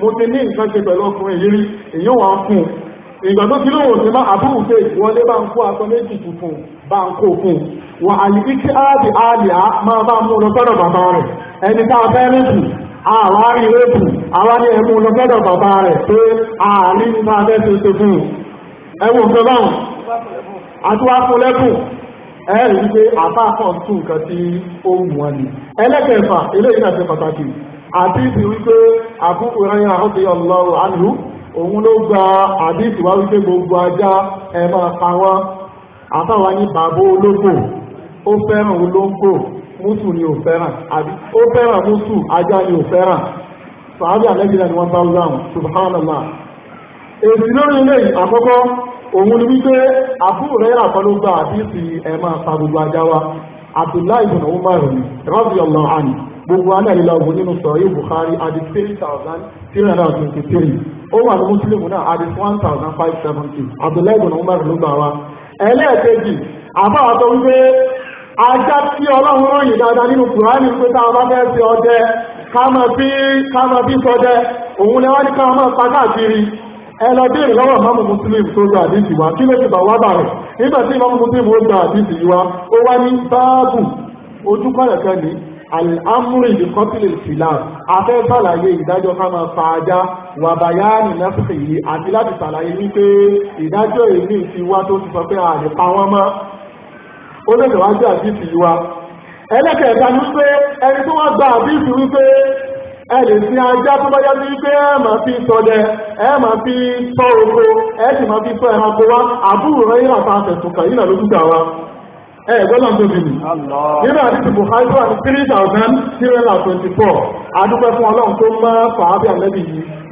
mo ti ní nǹkan ṣe pẹ̀lú ọkùnrin yìí èèyàn wà á fún un ìgbà tó ti lóhùn sí máa àbúrò pé wọlé bá ń kó aṣọ méjì tuntun bá ń kó fún un wà àyíkí áàdì áàdì á máa bá mú lọ sọ́dọ̀ bàbá rẹ̀ ẹni tá a fẹ́ rẹ́pù àwọn àárín rẹ́pù àwọn ni ẹ̀mú lọ sọ́dọ̀ bàbá rẹ̀ pé àárín ní máa fẹ́ ṣe fún un fẹ́ báwọn àti fún lẹ́kùn ẹ rí pé àbá kan tún nǹkan tí ó mú wọn ni ẹlẹ́kẹ̀ẹ́fà eléyìí náà ṣe pàtàkì àti ìdí wípé àbúrò rẹ̀ yẹn àwọn òun ló gba àdíìsì wá wípé gbogbo ajá ẹ máa pa wọ́n àtàwọn ní bàbá ológbò ó fẹ́ràn olóńgbò mútù ni ò fẹ́ràn ó fẹ́ràn mútù ajá ni ò fẹ́ràn sàájà lẹ́gbẹ̀rẹ̀ ni wọ́n bá wúláhùn subhanallah èsì lórí ilé àkọ́kọ́ òun ni wípé àbúrò rẹ̀ àkọlógbà àdíìsì ẹ máa pa gbogbo ajá wa abdullahi bin umar radiyallahu anhu gbogbo alẹ́ ìlà òun nínú sọ̀rọ̀ yìí bukhari adi 3000 three hundred and twenty three ó wà ní mùsùlùmù náà àti one thousand five seventy abdullahi bin umar ló gbà wá ẹlẹ́ẹ̀kejì àbá àtọ́ wípé ajá tí ọlọ́run ròyìn dáadáa nínú kùránì pé tá a bá fẹ́ ṣe ọdẹ ká máa bí ká máa bí sọdẹ òun lẹ́wọ́ ní ká máa pa káàkiri ẹlọ́bìnrin lọ́wọ́ mọ́mù muslim tó gba àdìsí wa kí ló ti bà wá bàrẹ̀ nígbà tí mọ́mù muslim ó gba àdìsí wa ó wá ní báàbù ojú kọ́lẹ̀kẹ́ ní al'amúrì ìkọ́pìlì filam afẹ́ sàlàyé ìdájọ́ ká máa fa ajá wà bàyá ní lẹ́fẹ̀ẹ́ yìí àti láti sàlàyé wípé ìdájọ́ èmi ti wá tó ti sọ pé a lè pa wọ́n mọ́ ó lè tẹ̀wájú àdìsí wa ẹlẹ́kẹ̀ẹ́ta ní pé ẹni tó wá gba àdìsí wípé ẹ̀lì sí ajá tó bá yájú wípé ẹ máa fi sọdẹ ẹ máa fi tọ́ oko ẹ sì máa fi tọ́ ẹranko wá àbúrò rẹ̀ yìí ẹ̀gbọ́n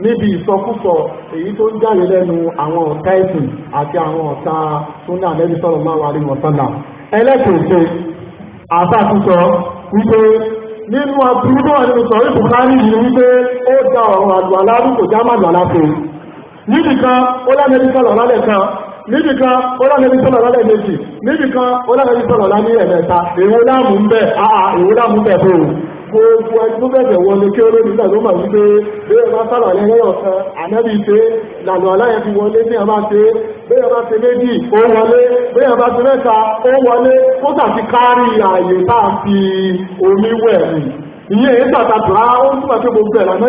níbi ìsọkúsọ èyí tó ń jáde lẹ́nu àwọn ọ̀tá ẹ̀sìn àti àwọn ọ̀tá tó ní àlẹ́bí sọ̀rọ̀ máa wà ní wọ̀sánà ẹlẹ́kẹ̀ẹ́kẹ́ àtàkùsọ wípé nínú àbúrúdó àti ìsọ̀rí bukari yìí wípé ó dá ọ̀rọ̀ àlùwàlá rúkò jámàlù aláfẹ́ nídìí kan ó lẹ́mẹ́ríkà lọ́lálẹ̀ kan níbi kan olóògbé sọ̀rọ̀ lọ́lẹ̀ méjì níbi kan olóògbé sọ̀rọ̀ lá ní ẹ̀mẹ́ta èwo láàmú ń bẹ̀ àà èwo láàmú ń bẹ̀ bò gbogbo ẹni tó bẹ̀bẹ̀ wọ ni kí olóògbé náà ló mà wípé bẹ́ẹ̀ bá sọ̀rọ̀ alẹ́ lẹ́yọ̀ kan ànábì ṣe lànà aláyẹ fi wọlé ní ẹ̀ máa ṣe bẹ́ẹ̀ bá ṣe méjì ó wọlé bẹ́ẹ̀ bá ṣe mẹ́ta ó wọlé kó tàbí kárí ààyè tá à ń fi omi wẹ̀ ni ìyẹn èyí tàtàtà ó túbọ̀ pé gbogbo ẹ̀ lànà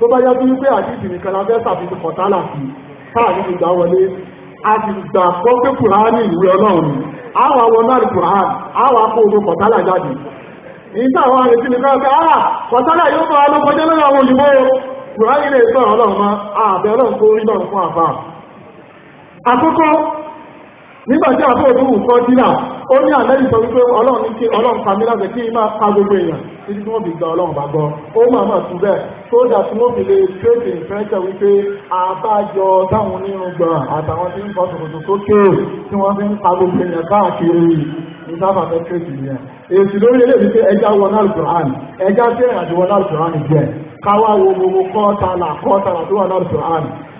tó bá yá fún pé àdìsí nìkan la sàfihàn kọ̀tálà sí wọlé a ti pé kùránì ìwé ọlọ́run àwọn àwọn náà àwọn akó ogun kọ̀tálà jáde nígbà àrètí kọ̀tálà yóò bá wọn kọjá lórí àwọn lè sọ̀rọ̀ ọlọ́run nígbàtí àbú òdúrù sọ dínà ó ní àlẹ́yìn sọ wípé ọlọ́run ní kí ọlọ́run kàmí láti kí ní máa ka gbogbo èèyàn títí tí wọ́n fi gba ọlọ́run bá gbọ́ ó máa máa tún bẹ́ẹ̀ tó dà tí wọ́n fi lè tréèdì ìfẹ́ǹtẹ̀ wípé àbájọ táwọn onírun gbọ̀n àtàwọn tí ń fọ tòkòtò sókè tí wọ́n fi ń ka gbogbo èèyàn káàkiri ní sábà fẹ́ tréèdì yẹn èsì lórí eléyìí pé ẹja wọ náà lùkùrán ẹja sí ẹ̀rìn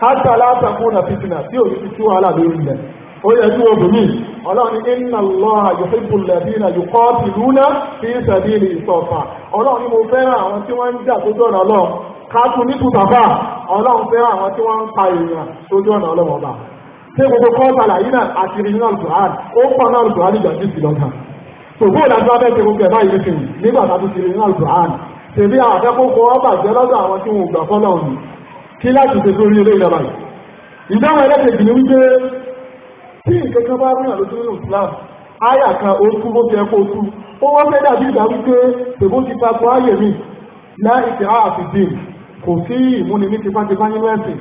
hátà látàkùnà fìtìnà tí ò sí tí wàhálà lórí ilẹ̀ ó yẹ kí obìnrin ọlọ́run ní iná lọ́ha yòókù lẹ́bínà yòókọ́ tìlúnà fi ń sẹ̀bí ní ìsọ̀fà ọlọ́run ní mo fẹ́ràn àwọn tí ń jà tó dọ̀nà ọlọ́run káàtù gbogbo kọ́ọ̀tàlà yìí náà àti ìrìnà alùpùpù ó náà alùpùpù àdìjọ́ sí àwọn akẹ́kọ̀ọ́ bàjẹ́ lọ́dọ̀ àwọn tí wọn ò gbà fọ́lọ́run kí láti ṣe sórí ilé ìlànà ìdáhùn ẹlẹ́kẹ̀ẹ́jì ni wípé tí ìkẹ́kẹ́ bá rí àlójú nínú Islam áyà kan ó kú bó ti ẹkọ́ kú ó wọ́n fẹ́ dàbí ìdá wípé tèbó ti takọ ayè mi láì tẹ̀ áàfìdì kò sí ìmúni ní tipátipá nínú ẹ̀sìn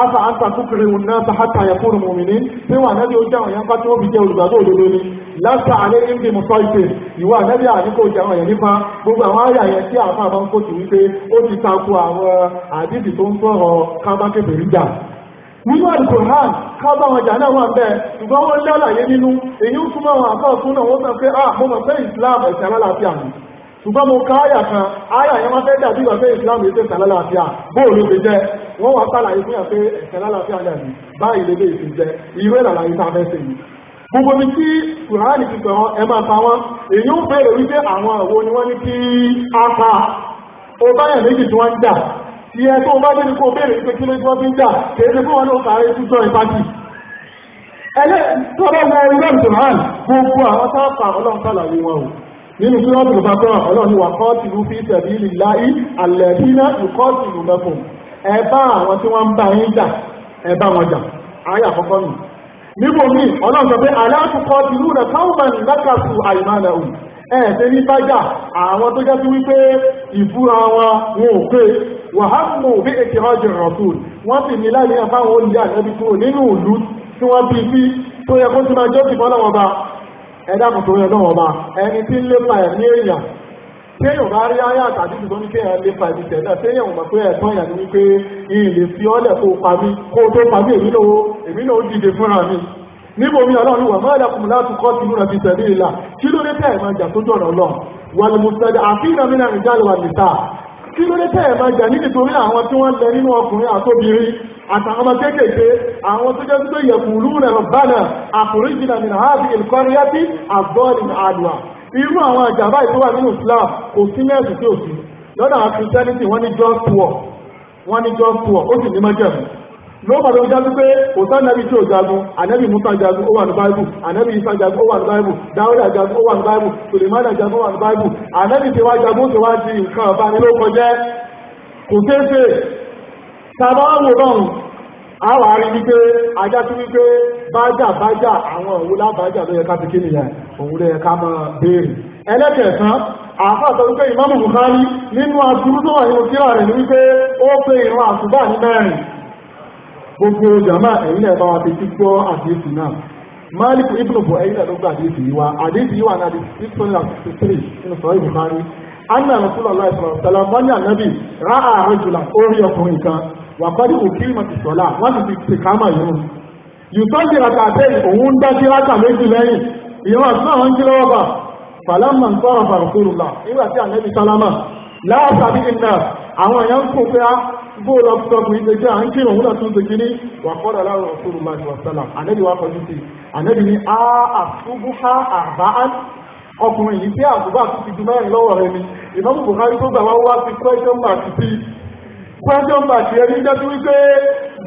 afa anta tukiri wọn náà hata yakuru muminin tí wọn anabi ó jẹ àwọn yẹn pátí wọn fi jẹ olùgbàdo òdodo ni lásà alẹ́ ìdí mùsọ̀ ìpè ìwọ anabi àdínkù jẹ àwọn yẹn nípa gbogbo àwọn àyà yẹn tí àwọn àbá ń kó ti wípé ó ti takò àwọn àdìsí tó ń sọ̀rọ̀ kábàkẹ́bẹ̀rí jà nínú àdìkòhán kábà wọn jà náà wọn bẹ́ẹ̀ ṣùgbọ́n wọ́n lálàyé nínú èyí ń súnmọ́ àwọn àbá ọ̀tún náà wọ́n sọ pé ah mo mọ̀ pé islam ẹ̀sìn alálàáfíà ni ṣùgbọ́n mo ka áyà kan áyà yẹn wọ́n fẹ́ dàbí ìwọ̀n pé islam yìí tẹ̀sán lálàáfíà bóòlù ti jẹ́ wọ́n wá sàlàyé fún yàn pé ẹ̀sẹ̀ lálàáfíà náà ní báyìí lè lè ti jẹ́ ìwé ìlàlàyé tá a fẹ́ ṣe yìí gbogbo mi tí kùránì ti sọ̀rọ̀ ẹ máa pa wọn èyí ń bèèrè wípé àwọn àwo ni wọ́n ní kí á pa ó báyà méjì tí wọ́n ń jà tí ẹ tó bá débi kó bèèrè wípé kí ló tí wọ́n fi ń jà kèé ṣe fún wọn ló sáré sí jọ ìpájì ẹlẹ́ tọ́lọ́wọ́ ilé ìtòhán gbogbo àwọn tá a pa ọlọ́run sàlàyé wọn o nínú tí wọ́n tó bá kọ́ ọlọ́run ni wà kọ́ tìlú fi tẹ̀bílì láì àlẹ́bínà ìkọ́ tìlú lẹ́kùn ẹ bá àwọn tí wọ́n ń bá yín jà ẹ bá wọn jà ayé àkọ́kọ́ nù níbo mi ọlọ́run sọ pé aláàtúkọ́ tìlú rẹ̀ káwọn lákàtù àìmánà òun ẹ ṣe ní bájà àwọn tó jẹ́ sí wípé ìbúra wọn wọn ò pé wàhálù bí èkè ọjọ́ rọ̀tún wọ́n sì ní láì àbáwọn olùyà nínú ìlú tí wọ́n bí sí tó yẹ kó ti máa jọ́ ẹ̀dàkùn tó yẹ lọ́wọ́ bá ẹni tí ń lépa ẹ̀mí èèyàn téèyàn bá rí ayé àtàdé tó ní kéèyàn lépa ẹ̀mí tẹ̀lé téèyàn mọ̀ pé ẹ̀tọ́ yẹn ni pé ilé fi ọ́lẹ̀ kó pa mí kó tó pa mí èmi lówó èmi náà ó dìde fúnra mi níbo mi ọlọ́run wà máa dàkùn láti kọ́ ti múra fi tẹ̀lé ìlà kí ló dé tẹ́ ẹ̀ máa jà tó jọ̀nà lọ wà ní mùsùlùmí àfihàn mi náà rìn jáde wà nìta kí ló dé tẹ́ ẹ̀ máa jà nítorí àwọn tí wọ́n lẹ nínú ọkùnrin àtóbìnrin àtàwọn kéékèèké àwọn tó jẹ́ tó yẹ̀kùlú rẹ̀ rọ̀bánà àkùrìjìnà mìíràn ábí ìkọrìyàtí àbọ́ọ̀lì àdùà irú àwọn àjàmbá tó wà nínú Islam kò sí mẹ́ẹ̀sì tí ò sí lọ́dọ̀ àwọn Christianity wọ́n ní just war wọ́n ní just war ó sì ní mọ́jẹ̀mú lóòpàdé ọjọ́ wípé kò sá nàbí tí ò jagun ànábì musa jagun ó wà ní báìbù ànábì isa jagun ó wà ní báìbù dáwọ́dà jagun ó wà ní báìbù sulemana jagun ó wà ní báìbù ànábì tí wá jagun tí wá di nǹkan ọ̀bánilókọjẹ́ kò tẹ́sẹ̀ tàbá wò náà àwà rí wípé ajá sí wípé bájà bájà àwọn òwú lábájà ló yẹ ká fi kíni yẹn òun ló ká máa béèrè ẹlẹ́kẹ̀ẹ́sán àfáà sọ wípé ìmáàmù Bukhari nínú aburú tó wà nínú kíra rẹ̀ ni wípé ó pe ìran ní mẹ́rin gbogbo jama ẹ̀yìn náà bá wa fi ti gbọ́ àdéhùn náà Malik ibn ẹ̀yìn di and sixty three nínú anna wàkọ́dí òkè ìmọ̀tì sọ́lá wọ́n ti fi tìkámà yìí rùn yùtọ́jì ràkà àtẹ́yìn òun ń dá sí rákà méjì lẹ́yìn ìyẹn àti àwọn jí lọ́wọ́ bà fàlámà ń sọ̀rọ̀ fàrùkúrùlà nígbà tí àlẹ́bí sálámà láàtàbí iná àwọn èèyàn ń kó pé á bóòlù ọ̀pọ̀tọ̀pù ìgbẹ́jẹ́ à ń kí òun náà tún ti kíní wàkọ́dà láàrùn òṣùrùlà ìwàsálà àlẹ́bí wa a àtúbúhá àbáán ọkùnrin yìí tí àbúbá ti ju mẹ́rin lọ́wọ́ rẹ ni ìmọ̀mù question mark yẹn ní dájú wípé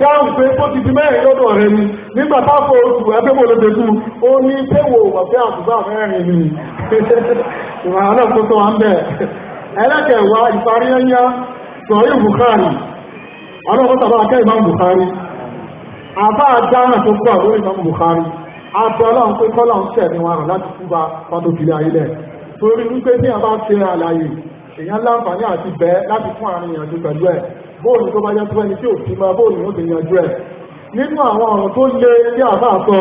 dáhùn pé ó ti di mẹ́rin lọ́dọ̀ rẹ ni nígbà táwọn oṣù ẹgbẹ́bọ̀ ló dé ó ní péwò ọ̀fẹ́ àtúntà mẹ́rin pé ní àbá ṣe àlàyé èèyàn láǹfààní àti bẹ́ẹ̀ láti fún àárín ìyànjú pẹ̀lú ẹ̀ bóòlù tó bá yẹ tó ẹni tí ò fi máa bóòlù ó ti yanjú ẹ̀ nínú àwọn ọ̀rọ̀ tó lé ní àbá sọ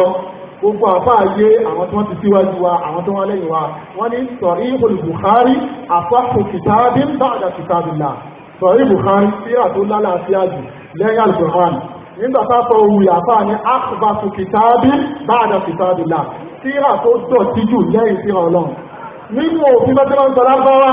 gbogbo àbá ayé àwọn tí wọ́n ti síwájú wa àwọn tó wọ́n lẹ́yìn wa wọ́n ní sọ̀rí olùbùkárí àfáàkù kìtàbí bàdà kìtàbìlà sọ̀rí bùkárí síra tó lálàáfíà jù lẹ́yìn alùbùkán nígbà tá a sọ òwú àbá ní àkùbàkù kìtàbí bàdà kìtàbìlà síra tó dọ̀tí jù lẹ́yìn síra ọlọ́run nínú òfin bẹ́tẹ́lá ń sọ lágbára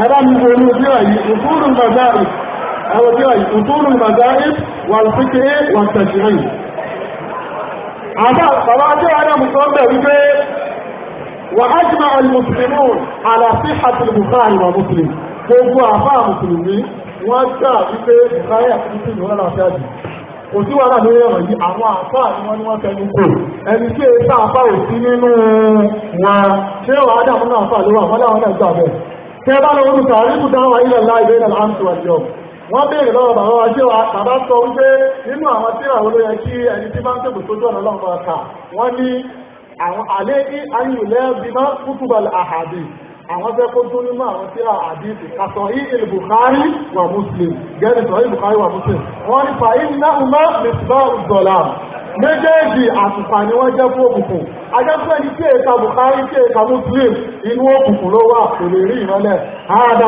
ẹ̀rọ mi olú bí ọ̀yí òtúrù mazari ẹ̀rọ bí ọ̀yí òtúrù mazari wà fíkẹ́ wà tẹ̀sírì àbá bàbá tí wà náà mùsùlùm bẹ̀ wípé wà á jìmọ̀ al-muslimun ala sihhatil Bukhari wa Muslim gbogbo àbá mùsùlùmí wọ́n gbà wípé Bukhari àti Muslim wọ́n láfíà jù kò sí wàhálà lórí ọ̀rọ̀ yìí àwọn àfáà ni wọ́n ní wọ́n tẹnu kò ẹni tí èyí àfáà ò sí nínú wọn ṣé wàhálà múnà àfáà ló wọ́n láwọn náà tẹ́ bá lọ wọ́n tààrí kú dáwà ilẹ̀ láìpẹ́ ìlànà àǹtí wà wọ́n béèrè lọ́wọ́ bàbá wa jẹ́ bàbá sọ wípé nínú àwọn tí àwọn olóyè kí ẹni tí máa ń tẹ̀bù sójú ọ̀nà lọ́wọ́ kà wọ́n ní àwọn àlẹ́ ayùlẹ́ bí máa kútùbà àhàdì àwọn fẹ́ kó dún nímọ̀ àwọn tí a àdíṣì kàtọ̀ ìdìl Bukhari wà Muslim gẹ́rì sọ Bukhari wà Muslim wọ́n ní fa iná umá mẹ́sìbá ìzọ̀lá méjèèjì àtùpà ni wọ́n jẹ́ fún òkùnkùn ajẹ́fẹ́ ní tí èka Bukhari tí èka Muslim inú òkùnkùn ló wà kò lè rí ìrọ́lẹ̀ àádá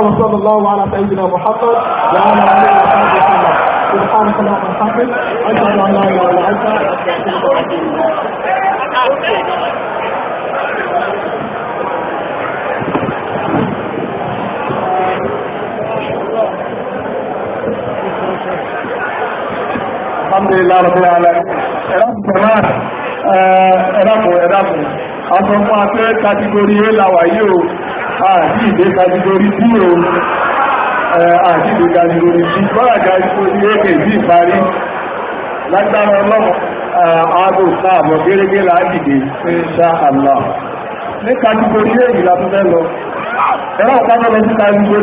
alhamdulillah rabbil alamin ẹ̀dàkùn ẹ̀dàkùn aṣọ fún apẹ́ kàtígórí a làwà yìí o àti ìdé kàtígórí b o àti ìdé kàtígórí b bọ́lá kàtígórí a kè sí ìparí lágbára ọlọ́run aago sáàmọ̀ gẹ́gẹ́ láàdìdè ṣá àlá ní kàtígórí a yìí la tún fẹ́ lọ ẹ̀rọ ọ̀pá mọ́ lọ sí kàtígórí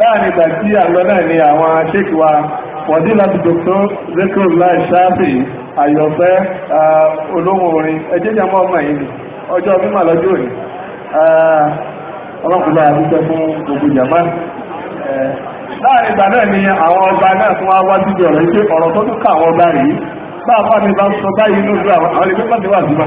láàrin ìgbà tí àlọ́ náà ni àwọn ṣéèkì wa wọ̀dí láti dòkítọ́ zeko láì ṣáàfì àyọ̀fẹ́ olóhùn orin ẹjẹ́ jẹ́ mọ́ ọmọ yìí ni ọjọ́ mímọ̀ lọ́jọ́ òní ọlọ́kùnrin àdúgbò fún gbogbo jàmá láàrin ìgbà náà ni àwọn ọba náà tún wá wá síbi ọ̀rọ̀ yìí pé ọ̀rọ̀ tó tún ká àwọn ọba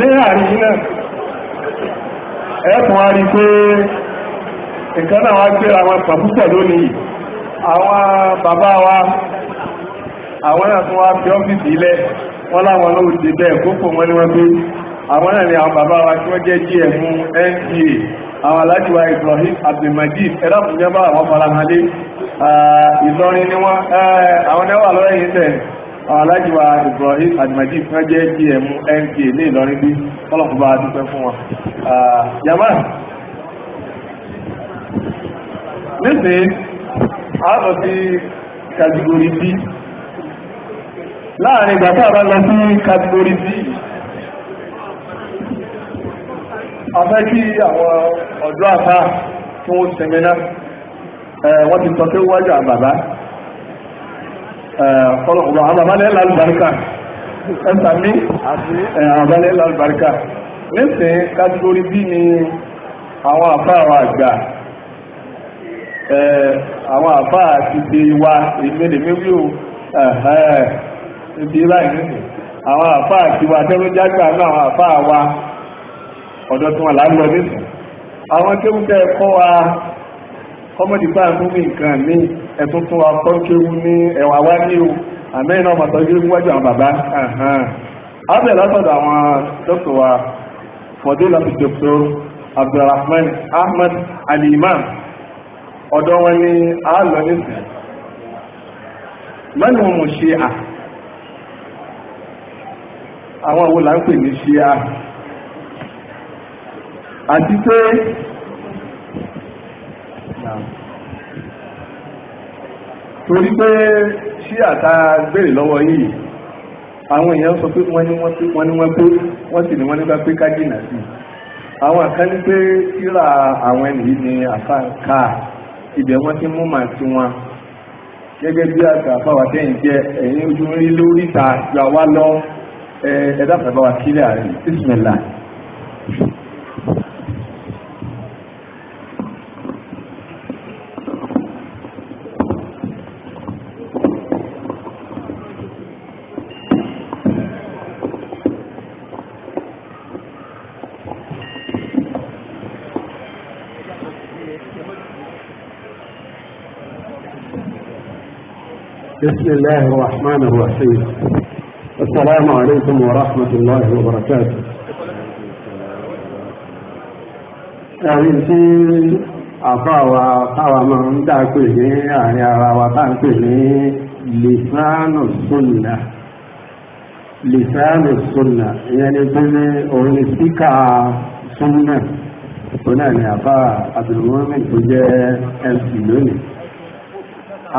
ní náà ẹ̀kùn a lónìí wa àwọn wọ́n láwọn ló ti bẹ́ẹ̀ kókò wọ́n ní wọ́n pé àwọn náà ni àwọn bàbá wa tí wọ́n jẹ́ gm fún nta àwọn alájíwá Ibrahim Abdulmajid ẹ̀dàkùnjẹ́bá àwọn faramálé Ìlọrin ni alájùwà Ibrahim Adimadi fún ẹjẹ́ gm nk ní Ìlọrin bí ọlọ́pàá dúpẹ́ fún wọn yàmá ah, nísìnyí àárọ̀ sí kàdìgórí bí láàrin ìgbà tá a bá lọ sí kàdìgórí bí a fẹ́ kí àwọn ọ̀dọ́ àfáà fún sẹ́mínà wọ́n ti sọ pé wájú àbàbá o ọlọ́pàá àwọn àbálẹ̀ lálùbáríkà ẹ̀ta mi àbálẹ̀ lálùbáríkà lẹ́sẹ̀ kájúlórí bí ni àwọn àfá àwọn àgbà àwọn àfá àti ti wa ìmẹ́lẹ̀mẹ́wí o ibi láìní àwọn àfá àti wa tẹ́lójágbà náà àwọn àfá wa ọ̀dọ́ tí wọ́n lágbọ́ nìsìn àwọn kéwúkẹ́ ẹ̀kọ́ wa kọ́mọ̀dìpá fún mi nǹkan míì ẹ̀tún tún wa tọ́ kéwu ní ẹ̀wà wá ní o àmẹ́yìn náà màtọ́ yé wájú àwọn bàbá abẹ́ látọ̀dọ̀ àwọn dókítà wa fọdé láti dókítà Abdulrahman Ahmed Al-Imam ọ̀dọ́ wọn ni àálọ́ nísìn mẹ́nu mo ṣe à àwọn àwọn là ń pè ní ṣe à àti pé. Yeah torí pé ṣí àta gbèrè lọ́wọ́ yìí àwọn èèyàn sọ pé wọ́n ní wọ́n pé wọ́n ní wọ́n pé wọ́n sì ní wọ́n nígbà pé ká jìnà sí àwọn kan ní pé kíra àwọn ẹnì yìí ni àfáǹkà ibẹ̀ wọ́n ti mú màá sí wọn gẹ́gẹ́ bí àgbà àfáwà tẹ́yìn jẹ́ ẹ̀yìn ojú rí lóríta gbà wá lọ ẹ̀ẹ́dàfẹ́ bá wa kílẹ̀ àrẹ bísímẹ́lá بسم الله الرحمن الرحيم السلام عليكم ورحمة الله وبركاته أهل سين أفاوى أفاوى من تاكلني أهلي لسان السنة لسان السنة يعني تني أولسكا سنة هنا يا عبد المؤمن تجاه السنوني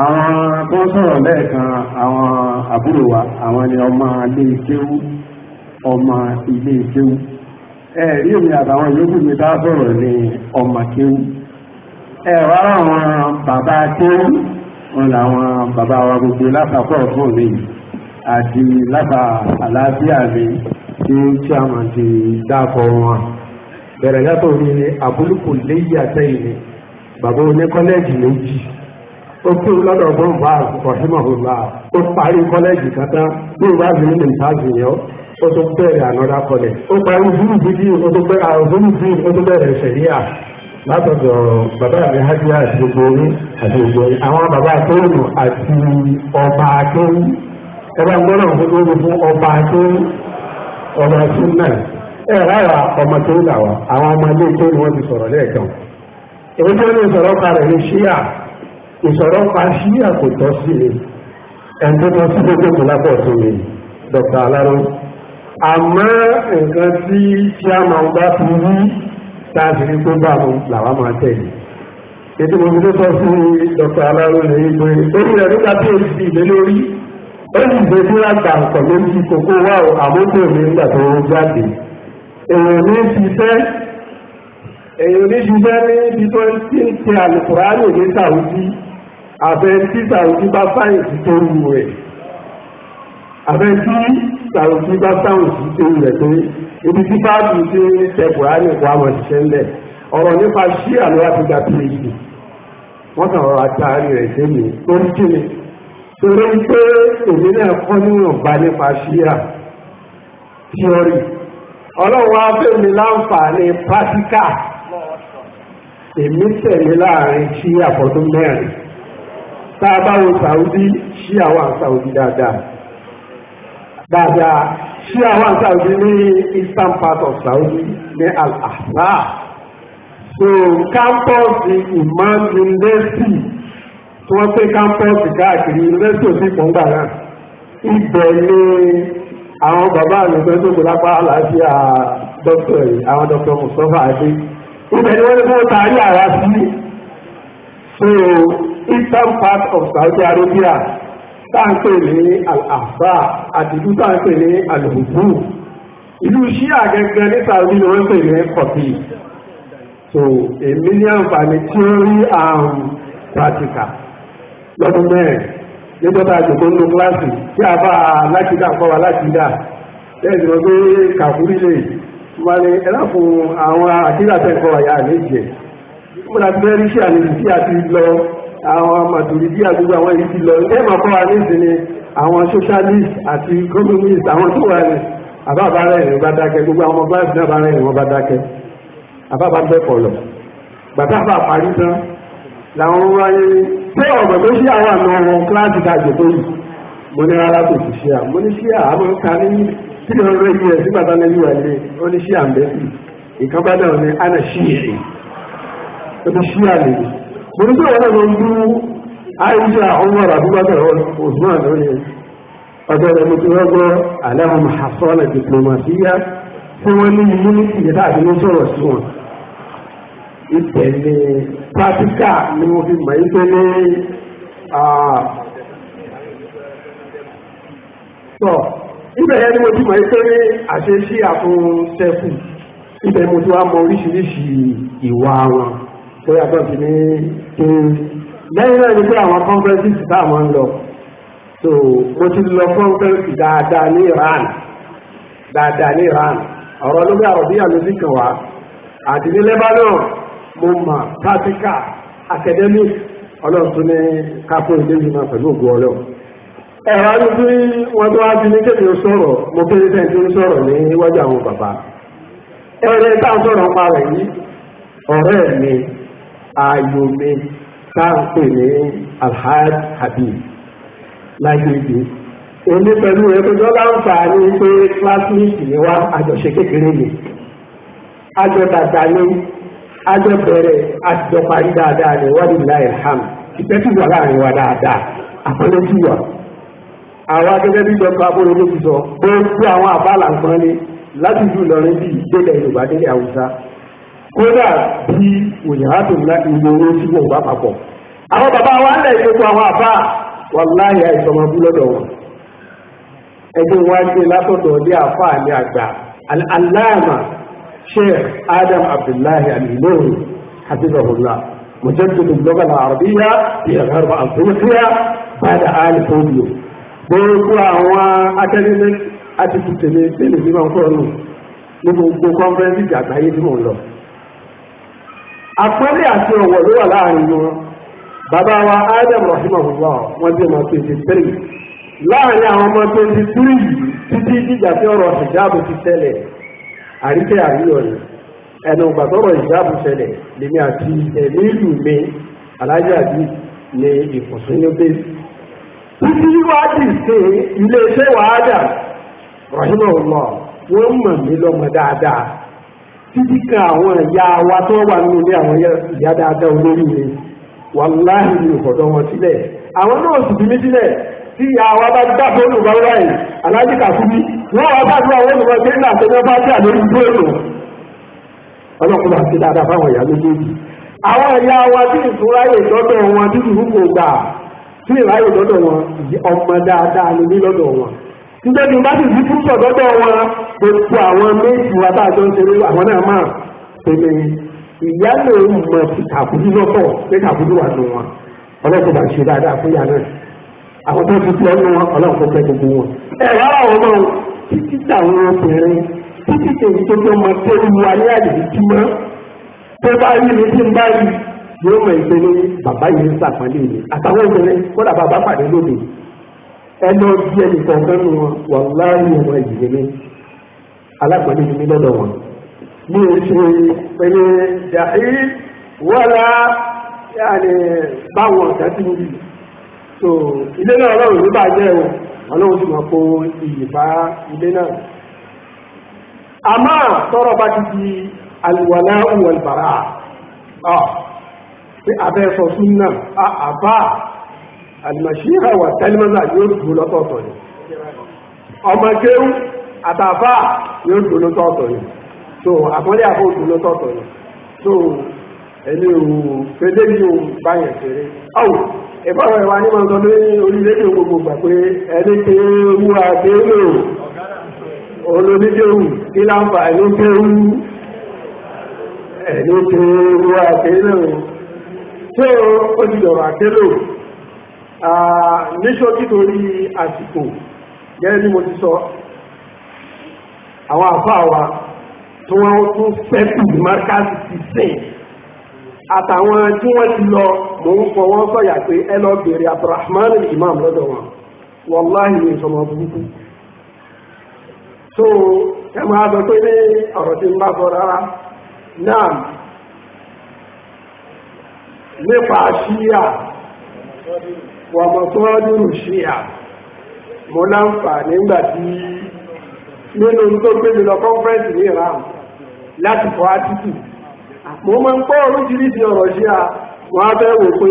àwọn tó sọ̀rọ̀ lẹ́ẹ̀kan àwọn àbúrò wa àwọn ni ọmọ ilé ìkéwú ọmọ ilé ìkéwú ẹ̀rí omi àtàwọn yòókù mi tá sọ̀rọ̀ ní ọmọ kéwú ẹ̀rọ àwọn bàbá kéwú wọn làwọn bàbá wa gbogbo látàkọ̀ fún mi àti látà àlàáfíà mi tí ó tí a máa ti dáàbọ̀ wọn bẹ̀rẹ̀ látọ̀ mi ni àbúlùkù léyìí àtẹ́yìn ni bàbá oní kọ́lẹ́ẹ̀jì méjì ó kí n lọ́dọ̀ bọ́n bá ọ̀ṣunmọ̀húnlá ó parí kọ́lẹ́jì kan tán bí ìwà àbílí lè ta àbíyàn ó tó bẹ̀rẹ̀ ànọ́dá kọ́lẹ̀ ó parí fúrufúdí ó tó bẹ̀rẹ̀ àfúrufúdí ó tó bẹ̀rẹ̀ ṣẹ̀yà látọ̀dọ̀ bàbá mi hájú àti gbogbo orí àti gbogbo orí àwọn bàbá akéwìnù àti ọba akéwì ẹgbẹ́ gbọ́dọ̀ gbogbo fún ọba akéwì ọba súnmẹ̀ ẹ rárá ọmọ tó ń là wá àwọn ọmọ ilé ìkéwì wọn ti sọ̀rọ̀ lẹ́ẹ̀kan èyí tó ń sọ̀rọ̀ kárẹ̀ ní ṣíà ìṣòro pa sí àkótọ́ sí i ẹni tó sí gbogbo kò lápọ̀ sí i dr aláró àmọ́ nǹkan tí tí a máa ń bá fi rí táàkiri tó bá mu làwa máa tẹ̀lé ètò ìmọ̀ tó sọ fún dr aláró lè yí pé orí rẹ̀ nígbà tí èyí ti ìlé lórí ó sì gbé sí àgbà nǹkan ló ti kókó wá àmójò mi nígbà tó jáde èèyàn ní ti fẹ́ èyí oníṣiṣẹ́ ní ibi tó ń tí ń tẹ àlùkùránì ní sàwùjí àfẹ́ tí sàrùkí bá sáyẹ̀sì tó rú rẹ̀ àfẹ́ tí sàrùkí bá sáyẹ̀sì tó rú rẹ̀ pé ibi tí báàbù tí ó ń tẹ kùránì kó àwọn òṣìṣẹ́ ńlẹ̀ ọ̀rọ̀ nípa ṣí àlọ́ àti gba phd wọ́n kàn rọra taari rẹ̀ sẹ́mi tó ń kí ni torí pé èmi náà kọ́ níwọ̀nba nípa ṣíà tíọ́rì ọlọ́run wá fẹ́ mi láǹfààní pátíkà èmi tẹ̀lé láàrin ṣíà fọ́dún mẹ́rin tá a bá wo Saudi ṣí àwọn Saudi dáadáa dáadáa ṣí àwọn Saudi ní eastern part of Saudi ní Al-Ahsa so kámpọ́ọ̀sì ìmáàmù lẹ́sì tí wọ́n pé kámpọ́ọ̀sì káàkiri lẹ́sì òsì pọ̀ngbà náà ibẹ̀ ni àwọn bàbá àlùfẹ́ tó kù lápá àlàáfíà dọ́kítọ̀ yìí àwọn dọ́kítọ̀ Mustapha Adé ibẹ̀ ni wọ́n ní kó taari àrà sí so eastern part of Saudi Arabia táǹpè ní al-ahsa àdìlú táǹpè ní al-hubu ìlú shia gẹ́gẹ́ ní Saudi ni wọ́n pè ní kọ̀bí so èmi ní àǹfààní theory and practical lọ́dún mẹ́rin nígbà tá a jòkó nínú kíláàsì tí a bá a lákìdá ń kọ́ wa lákìdá lẹ́yìn tí wọ́n gbé kàkúrí lè wọ́n ní ẹ̀rọ fún àwọn àkídà tẹ̀ ń kọ́ wa yà á lè jẹ́ wọ́n ti fẹ́ rí shia tí a ti lọ àwọn màtòrídì àdúgbò àwọn èyí ti lọ ẹ máa kọ́ wa ní ìsinmi àwọn socialist àti communist àwọn tó wà ní àbábá rẹ̀ ní bá dákẹ́ gbogbo àwọn ọmọ báyìí náà bá rẹ̀ ní wọ́n bá dákẹ́ àbábá bẹ́ẹ̀ kọ̀ lọ gbàtà bá parí tán làwọn ọmọ ayé pé ọ̀gbẹ̀ tó ṣí àwọn àna wọn kíláàsì dájọ́ tó yìí mo ní rárá kò sí ṣíà mo ní ṣíà àmọ́ ká ní three hundred years nígbà tá lẹ́yìn wà lé ó ní ṣíà ń bẹ́ẹ̀ ìkan bá náà ní ana ṣíà ó ní ṣíà lè mo ní pé wọ́n náà lọ ju àìsà ọmọ àbúgbàtà òṣùwọ̀n àtọ́lẹ̀ ọjọ́ ẹ̀mí tí wọ́n gbọ́ àlẹ́hùn àsọ́ọ̀lẹ̀ dìplomasiya tí wọ́n ní immunity yẹta àti ní sọ̀rọ̀ sí wọn ìtẹ̀lé pátíkà ni mo fi mọ̀ ìtẹ̀lé sọ ibẹ̀ ni mo ti mọ̀ ìtẹ̀lé àṣeṣí àfún sẹ́kù ibẹ̀ mo ti wá mọ oríṣiríṣi ìwà wọn tó yàtọ̀ sí ní kéwù lẹ́yìn náà ni pé àwọn conferences táwọn ń lọ so mo ti lọ conferences dáadáa ní Iran dáadáa ní Iran ọ̀rọ̀ lórí àròbíyà ló sì kàn wá àti ní Lebanon mo mọ̀ tactica academic ọlọ́run tún ní kápó ìdéjì náà pẹ̀lú ògùn ọlọ́run ẹ̀rọ ní bí wọ́n tó wá bí ní kéde sọ̀rọ̀ mo kéré tẹ́ tó ń sọ̀rọ̀ ní iwájú àwọn bàbá ẹ̀rẹ́ tá sọ̀rọ̀ ń parẹ̀ yìí ọ̀rẹ́ mi ààyò mi táàpù ní alhaj habib lágbègbè èmi pẹ̀lú ẹgbẹ́jọ́ láǹfààní pé kílásíìtì ni wá àjọṣe kékeré mi àjọ dàgbà ni àjọ bẹ̀rẹ̀ àjọ parí dáadáa ni wọ́n nílá ilham ìfẹ́ tí wà láàrin wa dáadáa àpọ́nlé tí wà. àwọn akẹ́kẹ́ bí dọ́kítà abúlé ló ti sọ gbogbo àwọn àbá làǹkan ni láti ìlú Ìlọrin bíi délẹ̀ Yorùbá délẹ̀ Haúsá kódà bí òyìnbó ńlá ìwé owó tí wọn bá papọ̀. àwọn bàbá wa ń lẹ̀ ìgbésọ àwọn àbá wàláyà ìsọmọbú lọ́dọ̀ wọn. ẹgbẹ́ wa ń látọ̀dọ̀ ní adam abdullahi alimori al-lugha al-arabiyya fi gharb afirika gbogbo àwọn akẹ́rẹ́mẹ́ àti tìtẹ̀lẹ́ kọ́ gbogbo àpọ́nlé àti ọ̀wọ̀ ló wà láàrin wọn bàbá wa adam rahimahullah wọn bí ọmọ twenty three láàrin àwọn ọmọ twenty three títí jíjà tí ọ̀rọ̀ ìjáàbù ti tẹ́lẹ̀ àríkẹ́ àríyọ̀ ni ẹnu gbàtọ́rọ̀ ìjáàbù tẹ́lẹ̀ lèmi àti ẹ̀mí ìlú mi alájàbí ní ìfọ̀sọ́nyọ́bẹ̀ títí wájú ṣe ilé iṣẹ́ wàhádà rahimahullah wọn mọ̀ mí lọ́mọ dáadáa. títí kan àwọn ẹ̀yà wa tó wà nínú ilé àwọn ìyá dáadáa olórí mi wàláhì ní ìkọ̀dọ̀ wọn sílẹ̀ àwọn náà sì fi sílẹ̀ tí àwa bá gbà fóònù bá wáyé aláàjì kàfúbí wọn wà bá tó àwọn olùkọ́ gbé bá dé àlórí fóònù ọlọ́kùnrin àti dáadáa fáwọn ìyá àwọn ẹ̀yà wa tí wọn fún nígbà bá sì rí púpọ̀ dọ́dọ̀ wọn gbogbo àwọn méjì wa bá jọ ń ṣeré àwọn náà máa ṣẹlẹ̀ ìyá lè mọ̀ sí kàkúrú lọ́tọ̀ pé kàkúrú wà nù wọn ọlọ́kùnrin bá ṣe dáadáa fún ìyá náà àwọn tó ti tẹ́ nù wọn ọlọ́kùnrin fẹ́ gbogbo wọn. ẹ wá àwọn ọmọ títí táwọn obìnrin títí tèmi tó tó mọ tó lu ayé àdìrí tí mọ́ tó bá rí mi tí ń bá rí yóò mọ̀ ìpele bàbá yìí ń sàpọ́nlé ẹnu ojú ẹni kọ̀ọ̀kan nù wọn wà láàyè ọmọ ìdílé mi alágbọ̀nlé mi lọ́dọ̀ wọn. mi ò pẹ̀lú dàí wọ́lá yàní báwọn ọ̀gá tí mo yìí. so ilé náà ọlọ́run ní bàjẹ́ o ọlọ́run sì máa kó iyì bá ilé náà. àmọ́ tọrọ bá ti di àlùwàlá wọ̀lbàrà ọ̀ ah, pé abẹ́ sọ fún náà ah, àbá àlùmọ̀ṣíhà wà tẹ́lẹ̀mọ́sà yóò dùn lọ́tọ̀ọ̀tọ̀ ni ọmọ kéwú àtàfà yóò dùn lọ́tọ̀ọ̀tọ̀ ni so àpọ́nlé àpò dùn lọ́tọ̀ọ̀tọ̀ ni so ẹni ò fẹ́lẹ́ ní o báyẹn fẹ́rẹ́ ọ̀hún ìfọ̀rọ̀ ìwà ní mọ̀tọ́ ní orílẹ̀-èdè gbogbo gbà pé ẹni kéwú àkéwú olóníkéwú kí láǹfà ẹni kéwú ẹni kéwú àkéwú so ó ti dọ̀rọ̀ àkéwú níṣọ́ títorí àsìkò gẹ́gẹ́ bí mo ti sọ àwọn àfáà wa tí wọ́n tún ti sìn àtàwọn tí wọ́n ti lọ mò fọ wọ́n sọ̀yà pé ẹ lọ Abdulrahman Imam lọ́dọ̀ wọn wàláhì ní ìsọmọ so ẹ máa sọ pé ní ọ̀rọ̀ tí ń bá wà mọ̀ tó wá dúró ṣe à mo láǹfààní nígbà tí nínú tó gbé mi lọ kọ́nfẹ́rẹ́nsì ní ìran láti kọ́ átìkù mo máa ń pọ́ oríṣiríṣi ọ̀rọ̀ ṣe à wọ́n á fẹ́ wò pé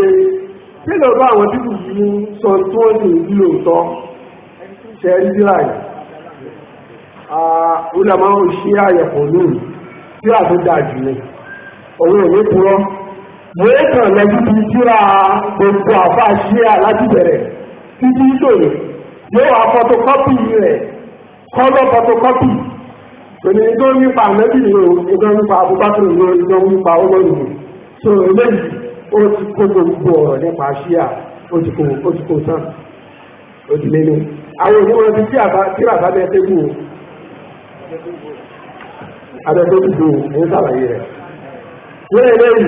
kí ló bá àwọn tí kù yìí ń sọ tí wọ́n sì ń bí lóòótọ́ ṣe rí síra yìí ó lè máa ń ṣe àyẹ̀kọ̀ lóòrùn tí àtúndà jù ní òun ò ní purọ́ wọ́n kàn lẹ́jú ti síra gbogbo àfa ṣíà láti bẹ̀rẹ̀ títí lòlò yóò wá fọtokọ́pì rẹ̀ kọ́lọ́ fọtokọ́pì òní tó ń nípa àmẹ́bí ni o ìdán nípa Abubakar ni o ìdán nípa olóyìn ni so eléyìí ó ti kó gbogbo ọ̀rọ̀ nípa ṣíà ó ti kó ó ti kó tán ó ti lé ní. àwọn òníwọ̀n ti tíra bá bẹ́ẹ̀ tẹ́gùn o abẹ́tẹ́gùn o ní sàlàyé rẹ̀. wọ́n eléyìí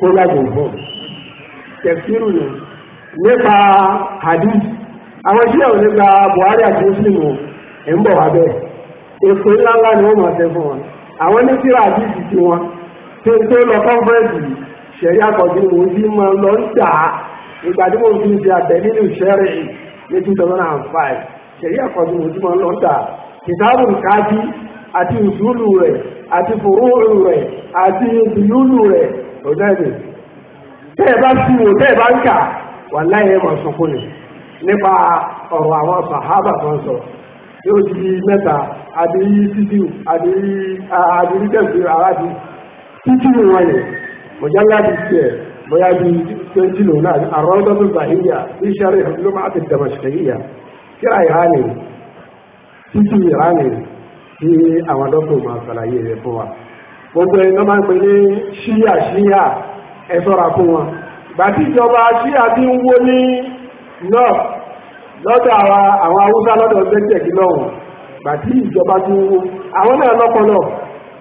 ó lágbòǹbọ̀ tẹ̀síìrù nù nípa hadith àwọn tí àwọn nípa Buhari àti Muslim ẹ̀ ń bọ̀ wá bẹ́ẹ̀ ni wọ́n máa tẹ fún wọn àwọn ti wọn n tó lọ kọ́ńfẹ́ǹsì ṣẹ̀rí àkọ́jú wo bí lọ ń tà ìgbà tí mo fi ń ṣe àtẹ̀lẹ́lù ṣẹ́rẹ̀ ní two lọ ń tà kìtàbù kájí àti rẹ̀ àti fòrúurù rẹ̀ àti rẹ̀ ọ̀dọ́ ẹ̀dẹ̀ tẹ́ ẹ bá sí wò tẹ́ ẹ bá ń kà wà láyé mọ̀ sọ́kún ni nípa ọ̀rọ̀ àwọn sàhábà tó ń sọ yóò di mẹ́ta àdéhí fídíò àdéhí àdéhí tẹ̀sí aráàdì fídíò wọn yẹn mọ̀jálá ti tiẹ̀ bóyá bí twenty lòun náà àrọ́dọ́ tó bí sẹ́rẹ̀ ló máa ti dàmàṣẹ́yìyà kí àyà ni títí ìrà ni tí àwọn dọ́kítọ̀ máa ṣàlàyé rẹ̀ fún wa gbogbo ẹ̀nà máa ń pè ní ṣíyà ṣíyà ẹ ṣọ́ra fún wọn gbàtí ìjọba ṣíyà bí ń wó ní north lọ́dọ̀ àwọn haúsá lọ́dọ̀ gbẹ́gbẹ̀gì lọ́wọ́ gbàtí ìjọba tí ń wó àwọn náà lọ́pọ̀lọ̀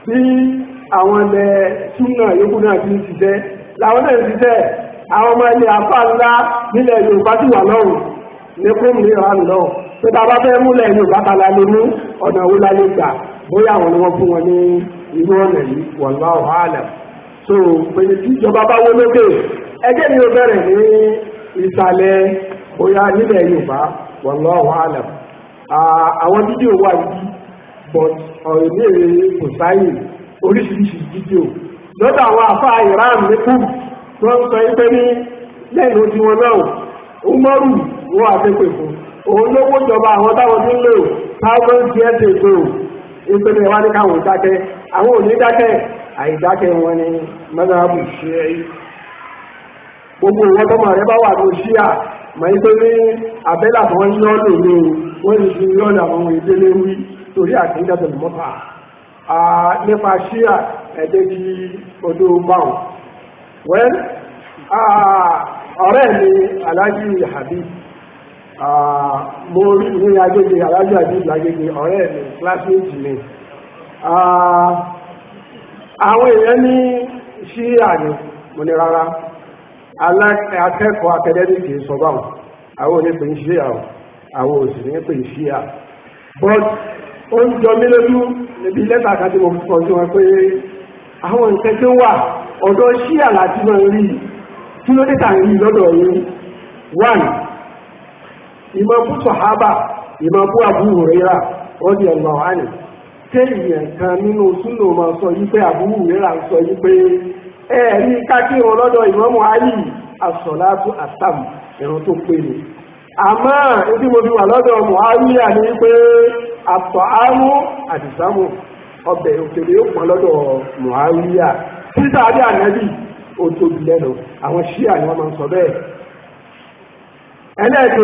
tí àwọn ilẹ̀ túnà yókù náà ti ń ṣiṣẹ́ làwọn náà ń ṣiṣẹ́ àwọn ọmọ ilẹ̀ àfà ńlá nílẹ̀ Yorùbá ti wà lọ́rùn ní kúrò ní ìhàn pé bàbá fẹ́ la lè mú ọ̀nà wo bóyá àwọn ni fún wọn ní ọ̀nà yìí so pẹ̀lú tí ìjọba bá wó lókè ẹgbẹ́ bẹ̀rẹ̀ ní ìsàlẹ̀ bóyá nílẹ̀ Yorùbá àwọn fídíò wà yìí but kò sáyè oríṣiríṣi fídíò lọ́dọ̀ àwọn Iran ń sọ ní lẹ́nu tí wọn náà Umaru ìjọba àwọn táwọn ń lò táwọn ìpele wa ní káwọn dákẹ́ àwọn ò ní dákẹ́ àìdákẹ́ wọn ni mọ́nàbù ṣe é gbogbo ìwọ́n tó mọ̀ rẹ bá wà ní ṣíà mọ̀ ní pé ní abẹ́là tó ń yọ́ lò ní wọ́n ní fi yọ́ lò àwọn ìdílé wí torí àtúndà tó mọ́fà nípa ṣíà ẹ̀dẹ́ kí odó bá wẹ́n ọ̀rẹ́ mi aláàjì habib mo rí ní agbègbè alájọ àdìgbò agbègbè ọ̀rẹ́ mi classmate mi àwọn èèyàn ní ṣíà ni mo ní rárá akẹ́kọ̀ọ́ akadẹ́mìkì sọ báwọn àwọn onípe ń ṣíà o àwọn òsì ní pè ń ṣíà but ó ń jọ mí lójú níbi lẹ́tà kan tí mo kọ sí wọn pé àwọn nǹkan tó wà ọ̀dọ̀ ṣíà láti máa rí kí ló dé tà ń rí lọ́dọ̀ yín one ìmọ̀ Sahaba sọ̀hábà ìmọ̀ bú Abu Huraira ọdí ọ̀nà ọ̀hánì ṣé ìyẹn nínú suno ma sọ yi, pé Abu sọ yí pé ẹ ní kákírun lọ́dọ̀ ìmọ̀mù Àlì àsọ̀látú àtàmù tó pé ni mo ọbẹ̀ òkèlè tóbi àwọn shia ni sọ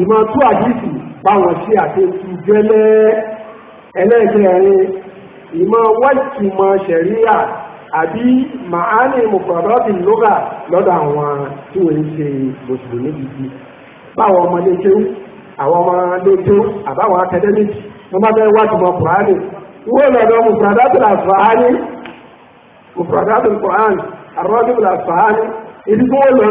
ìmọ̀ tó àdìsí báwọn ṣe àtẹ̀tù gẹ́lẹ́ ẹlẹ́gẹ̀rin ìmọ̀ wáìtìmọ̀ ṣẹ̀ríà àbí màánì mùfọ̀dọ́tì lóga lọ́dọ̀ àwọn tí wọ́n ṣe mùsùlùmí gidi báwọn ọmọdé kéwú àwọn ọmọdé kéwú àbáwọn akadẹ́míkì wọ́n bá fẹ́ wájúmọ̀ kùránì wọ́n lọ́dọ̀ mùfọ̀dọ́tì làfààní mùfọ̀dọ́tì kùránì àrọ́dún làfààní ìdígbò lọ́nà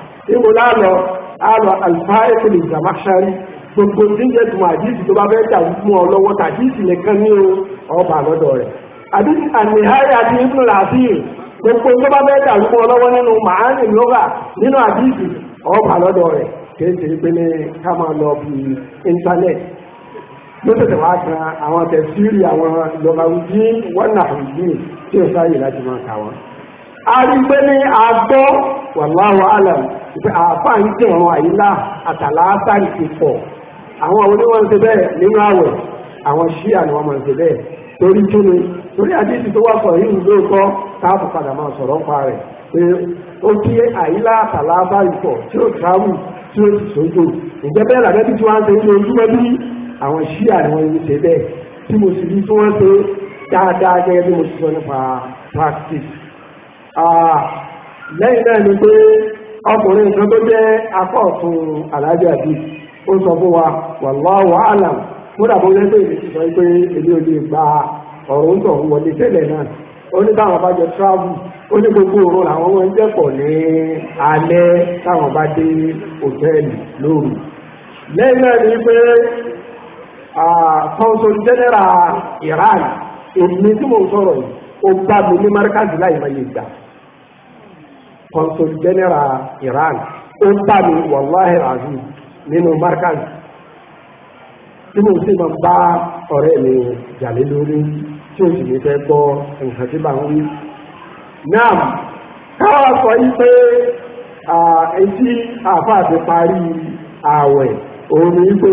níbo lálọ alọ àlùfáàkì lè gbà má sáré gbogbo díjẹ tó máa díìsì tó bá fẹ́ dà mú ọ lọ́wọ́ tàdíìsì nìkan ní ọba àlọ́dọ̀ rẹ̀ àbí àmìháyà àti ibùdó gbogbo tó bá fẹ́ dà mú ọ lọ́wọ́ nínú màánì lọ́gà nínú àdíìsì ọba ló wá kan àwọn arígbé ní agbọ́ wàláwà alam àfáà ń tí ọ̀rọ̀ àyílá àtàlásàrì ti pọ̀ àwọn oníwọ̀n ṣe bẹ́ẹ̀ nínú àwẹ̀ àwọn ṣíà ni wọ́n máa ṣe bẹ́ẹ̀ torí túnú torí àdéhùn tó wà pọ̀ yìí ló kọ́ káàbù padà máa sọ̀rọ̀ ń pa rẹ̀ pé ó kí àyílá àtàlásàrì pọ̀ tí ó travel tí ó sì sójú ìjẹ́ bẹ́ẹ̀ làbẹ́bí tí wọ́n ṣe ní ojúmọ́ bí àwọn ṣíà ni wọ́n ń ṣe bẹ́ẹ̀ tí mo sì rí tí wọ́n ṣe dáadáa gẹ́gẹ́ bí mo ti sọ nípa practice lẹ́yìn náà ni pé ọkùnrin kan tó jẹ́ apá ọ̀tún alájà bíi ó sọ fún wa wallahu alam kódà bó lẹ́gbẹ̀ẹ́ mi ti sọ pé èmi ò gba ọ̀rọ̀ ń tọ̀ wọlé tẹ́lẹ̀ náà gbogbo òru làwọn ọmọ ẹgbẹ́ pọ̀ ní alẹ́ bá dé lóru lẹ́yìn náà ni pé consul general Iran èmi consul general Iran ó bá mi wàláhì nínú markaz tí mo sì máa bá ọ̀rẹ́ mi lórí tí ó sì ní fẹ́ gbọ́ nǹkan tí bá ń wí. náà káwá sọ yìí pé etí àáfàá ti parí ààwẹ̀ òun ni wípé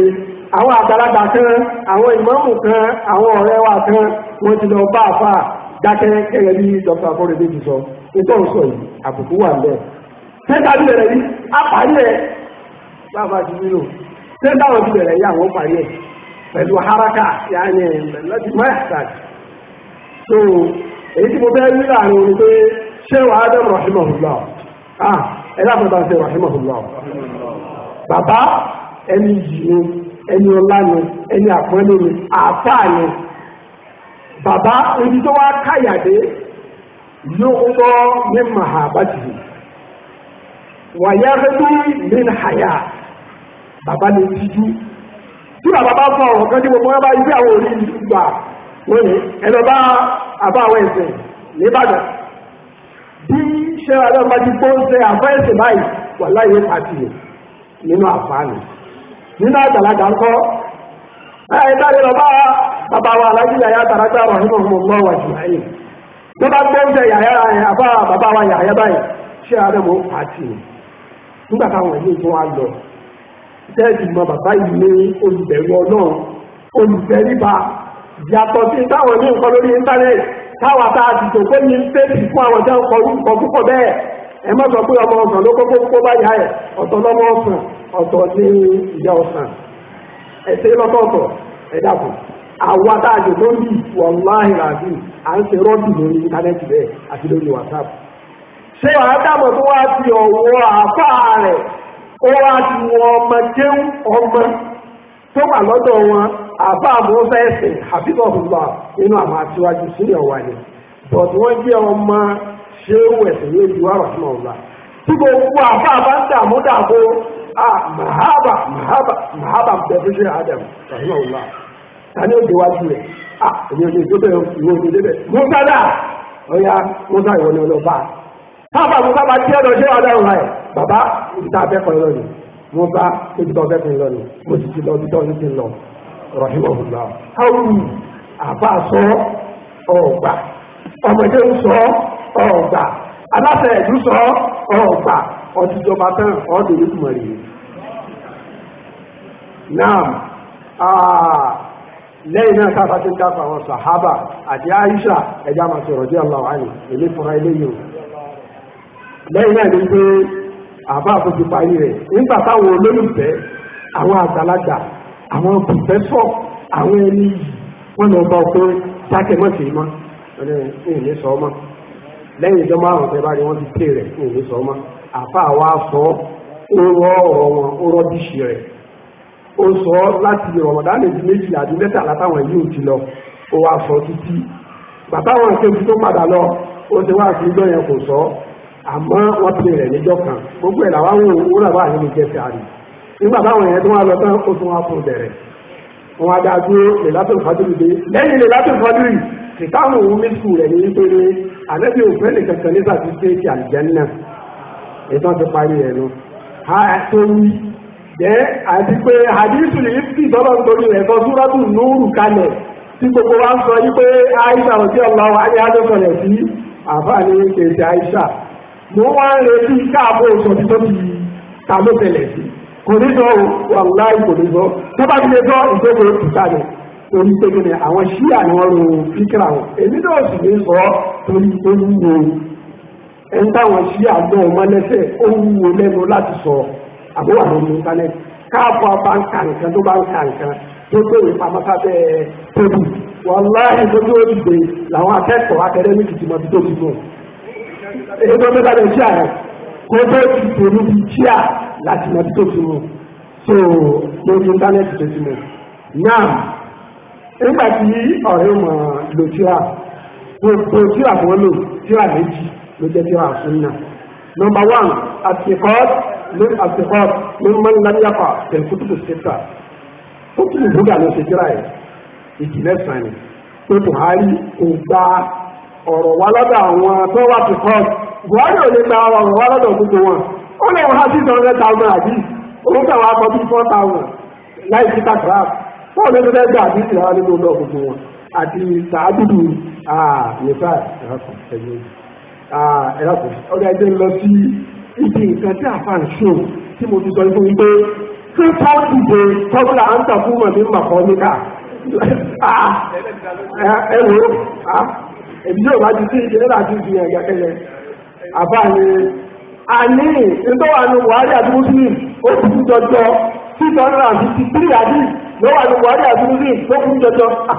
àwọn àgbàlagbà kan dákẹ́rẹ́kẹ́rẹ́ bí dr akọ́rẹ́ bèbí sọ ètò ọ̀sọ̀ yìí àbùkù wà ń bẹ̀. sẹ́ńtà bí bẹ̀rẹ̀ yìí àpárí ẹ̀ bàbá ti nílò sẹ́ńtà wọn bí bẹ̀rẹ̀ yìí àwọn parí ẹ̀ pẹ̀lú haraka yàní láti mọ́ ẹ̀sà. so èyí tí mo fẹ́ rí láàrin orin pé ṣé wàá dán rahimahullah ah ẹ láàbọ̀ bá ṣe rahimahullah bàbá ẹni yìí ni ẹni ọlá ni ẹni àpọ́nlé ni àáfàá ni bàbá ibi tó wá káyàdé yóò lọ ní mahabati wàyáhẹ́dú min haya bàbá lè tijú tí bàbá bá fún ọ̀rọ̀ kan tí gbogbo wọn bá ibi àwọn orí gbà wọ́n ní ẹ̀rọ bá àbá àwọn ẹ̀sìn nìbàdàn bí ṣẹ́ra lọ́wọ́ bá ti gbó ń ṣe àbá ẹ̀sìn báyìí wà láyé pàtì nínú àfáàní nínú àgbàlagbà ńkọ́ ẹ̀ dáre lọ bá bàbá wa alájú yàyà tàràtà rahimahumullah wa jùmọ̀ẹ́yìn tó bá gbọ́ oúnjẹ yaya rẹ̀ àbá bàbá báyìí ṣe àdẹ́mọ̀ àti nígbà táwọn ẹ̀yìn tó wá lọ tẹ́ẹ̀dì mọ bàbá yìí ní olùbẹ̀rù ọlọ́run olùfẹ́ríba yàtọ̀ sí táwọn ní nǹkan lórí íńtánẹ́ẹ̀tì táwọn àtà pé ní fún àwọn jẹ́ nǹkan púpọ̀ bẹ́ẹ̀ ẹ má sọ pé ọmọ ọsàn ló kókó bá yá ẹ ọ̀tọ̀ lọ́mọ ọsàn ọ̀tọ̀ ní ìyá ọsàn àwa tá a lè lórí wàláhì à ń ṣe rọ́bì lórí íńtánẹ́ẹ̀tì bẹ́ẹ̀ àti lórí wàsáàpù. ṣé àádámọ̀ tó wá ti ọ̀wọ́ àáfàá rẹ̀ ó wá ti wọ ọmọ jẹun ọmọ tó wà lọ́dọ̀ wọn àáfàá mọ́ fẹ́ẹ̀sì àbíbọ̀bùbà nínú àwọn àtiwájú sílẹ̀ wà ní. bọ̀dù wọ́n jẹ́ ọmọ ṣéwù ẹ̀sìn méjì wà rọ̀ fún ọ̀la. tí gbogbo àáfàá bá ń dààmú ah, mahaba mahaba mahaba tani ó déwájú rẹ̀ à ah, èmi ò lè débẹ̀ ìwọ ò lè débẹ̀ musa dà ọ̀ya musa ìwọ ni ọlọ́ba sábà musa bá tí ọ̀dọ̀ ṣé wà dáhùn láyé bàbá ìta abẹ́kọ̀ lọ ni musa ibi tó ọbẹ̀kọ̀ lọ ni mo sì ti lọ ibi tó ti lọ rọ̀hìmọ̀ ọ̀gbà káwù àbá sọ ọ̀gbà ọmọdé ń sọ ọ̀gbà aláṣẹ ìlú sọ ọ̀gbà ọtijọba tán ọ̀dọ̀ ìlú mọ̀rẹ̀ lẹ́yìn náà káfà tí ń káfà sàhábà àti àìṣà ẹjá máa sọ̀rọ̀ díẹ̀ lọ́wọ́ àní èlé fúnra ilé o lẹ́yìn náà ní pé àbá àkókò parí rẹ̀ nígbà táwọn olólùfẹ́ àwọn àgbàlagbà àwọn pòfẹ́sọ̀ àwọn ẹni yìí lọ bá pé sákẹ́ mọ́ sí mọ́ ẹni sọ lẹ́yìn bá ó sọ láti rọ̀mọ̀dánì di méjì àti mẹ́tàlá táwọn yìí ò ti lọ ó wá sọ títí bàbá àwọn akéwì tó padà lọ ó ti wá sí ijọ́ yẹn kò sọ àmọ́ wọ́n ti rẹ̀ níjọ́ kan gbogbo ẹ̀ làwọn wò ó làwọn àyè mi jẹ́ sáré nígbà táwọn yẹn tó wá lọ tán ó tún wá fún bẹ̀rẹ̀ wọn adá dúró lè látò fọdúrì dé lẹ́yìn lè látò fọdúrì kìtàmù òun mẹ́sùkù rẹ̀ ní wípé ní àlẹ́bí òfin nìkan kan nígbà tí ṣe é ti àlìjẹ́ náà ètò ti parí ẹ̀ lọ jẹ́ àti pé àdísù lè fi sọ́lọ́ nítorí rẹ̀ sọ súrọ́tù núrù kalẹ̀ tí gbogbo wa ń sọ yí pé Aisha òsì ọlọ́wọ́ ayé adókọ̀lẹ̀ sí àfáàní kèsì Aisha mo wá ń retí káàbọ̀ òsò tí tó ti ta ló tẹ̀lẹ̀ sí kò ní sọ wàláì kò ní sọ tó bá ti lè sọ ìgbégo ìta rẹ̀ torí pé kí ni àwọn ṣíà ni wọ́n ro fíkìrà wọn èmi náà sì ní sọ torí tó ń wo ẹni táwọn àbó wà lórí íńtánẹ́ẹ̀tì káàbọ̀ bá ń ka nǹkan tó bá ń ka nǹkan tó gbèrè pamọ́ sábẹ́ tóbi wọ́n láàyè tó tó dìde làwọn akẹ́kọ̀ọ́ akadẹ́mí ti mọ̀ tó tóbi fún un. èyí tó tó dábẹ́ sí àná kó tó ti tòlú bí jíà láti mọ̀ tó tóbi fún un tó lórí íńtánẹ́ẹ̀tì tó ti mọ̀. náà nígbà tí ọ̀rẹ́ mọ̀ lò tíra gbogbo tíra fún ọ lò tíra méjì ló jẹ́ tíra fún náà. nọ́mbà one àtìkọ́ للأصدقاء ممن لم يقع في الكتب الستة كتب الهدى ló ṣe kíra ẹ̀ ìjìnlẹ̀ sani pé Buhari kò gba ọ̀rọ̀ wá lọ́dọ̀ àwọn tó wà tó kọ́ Buhari ò lè gba ọ̀rọ̀ wá lọ́dọ̀ gbogbo wọn ó lè wá six hundred thousand àbí òun kà wá kọ́ bí four thousand láì sí takra fóònù ló fẹ́ gbà àbí ìlànà nínú ọ̀dọ̀ gbogbo wọn àti sàádùdù nìfà ẹ̀rọ kò ẹ̀yẹ ẹ̀rọ kò ọ̀dọ̀ ẹ̀jẹ̀ lọ sí ibi nǹkan tí àfa ń ṣó tí mo ti sọ fún yín pé ṣé pọ́ọ̀tù ṣe kọ́ńtà ń tà fún màmí màkọ́ níkà ẹ wò ó ah, èmi yóò bá ti sí ìṣe nígbà tí ìṣe yẹn gẹ́gẹ́ àbá ni àní ìtọ́wà ní Buhari àti Muslim ó ti kú jọjọ six hundred and fifty three Buhari àti Muslim ló jọjọ. Ah,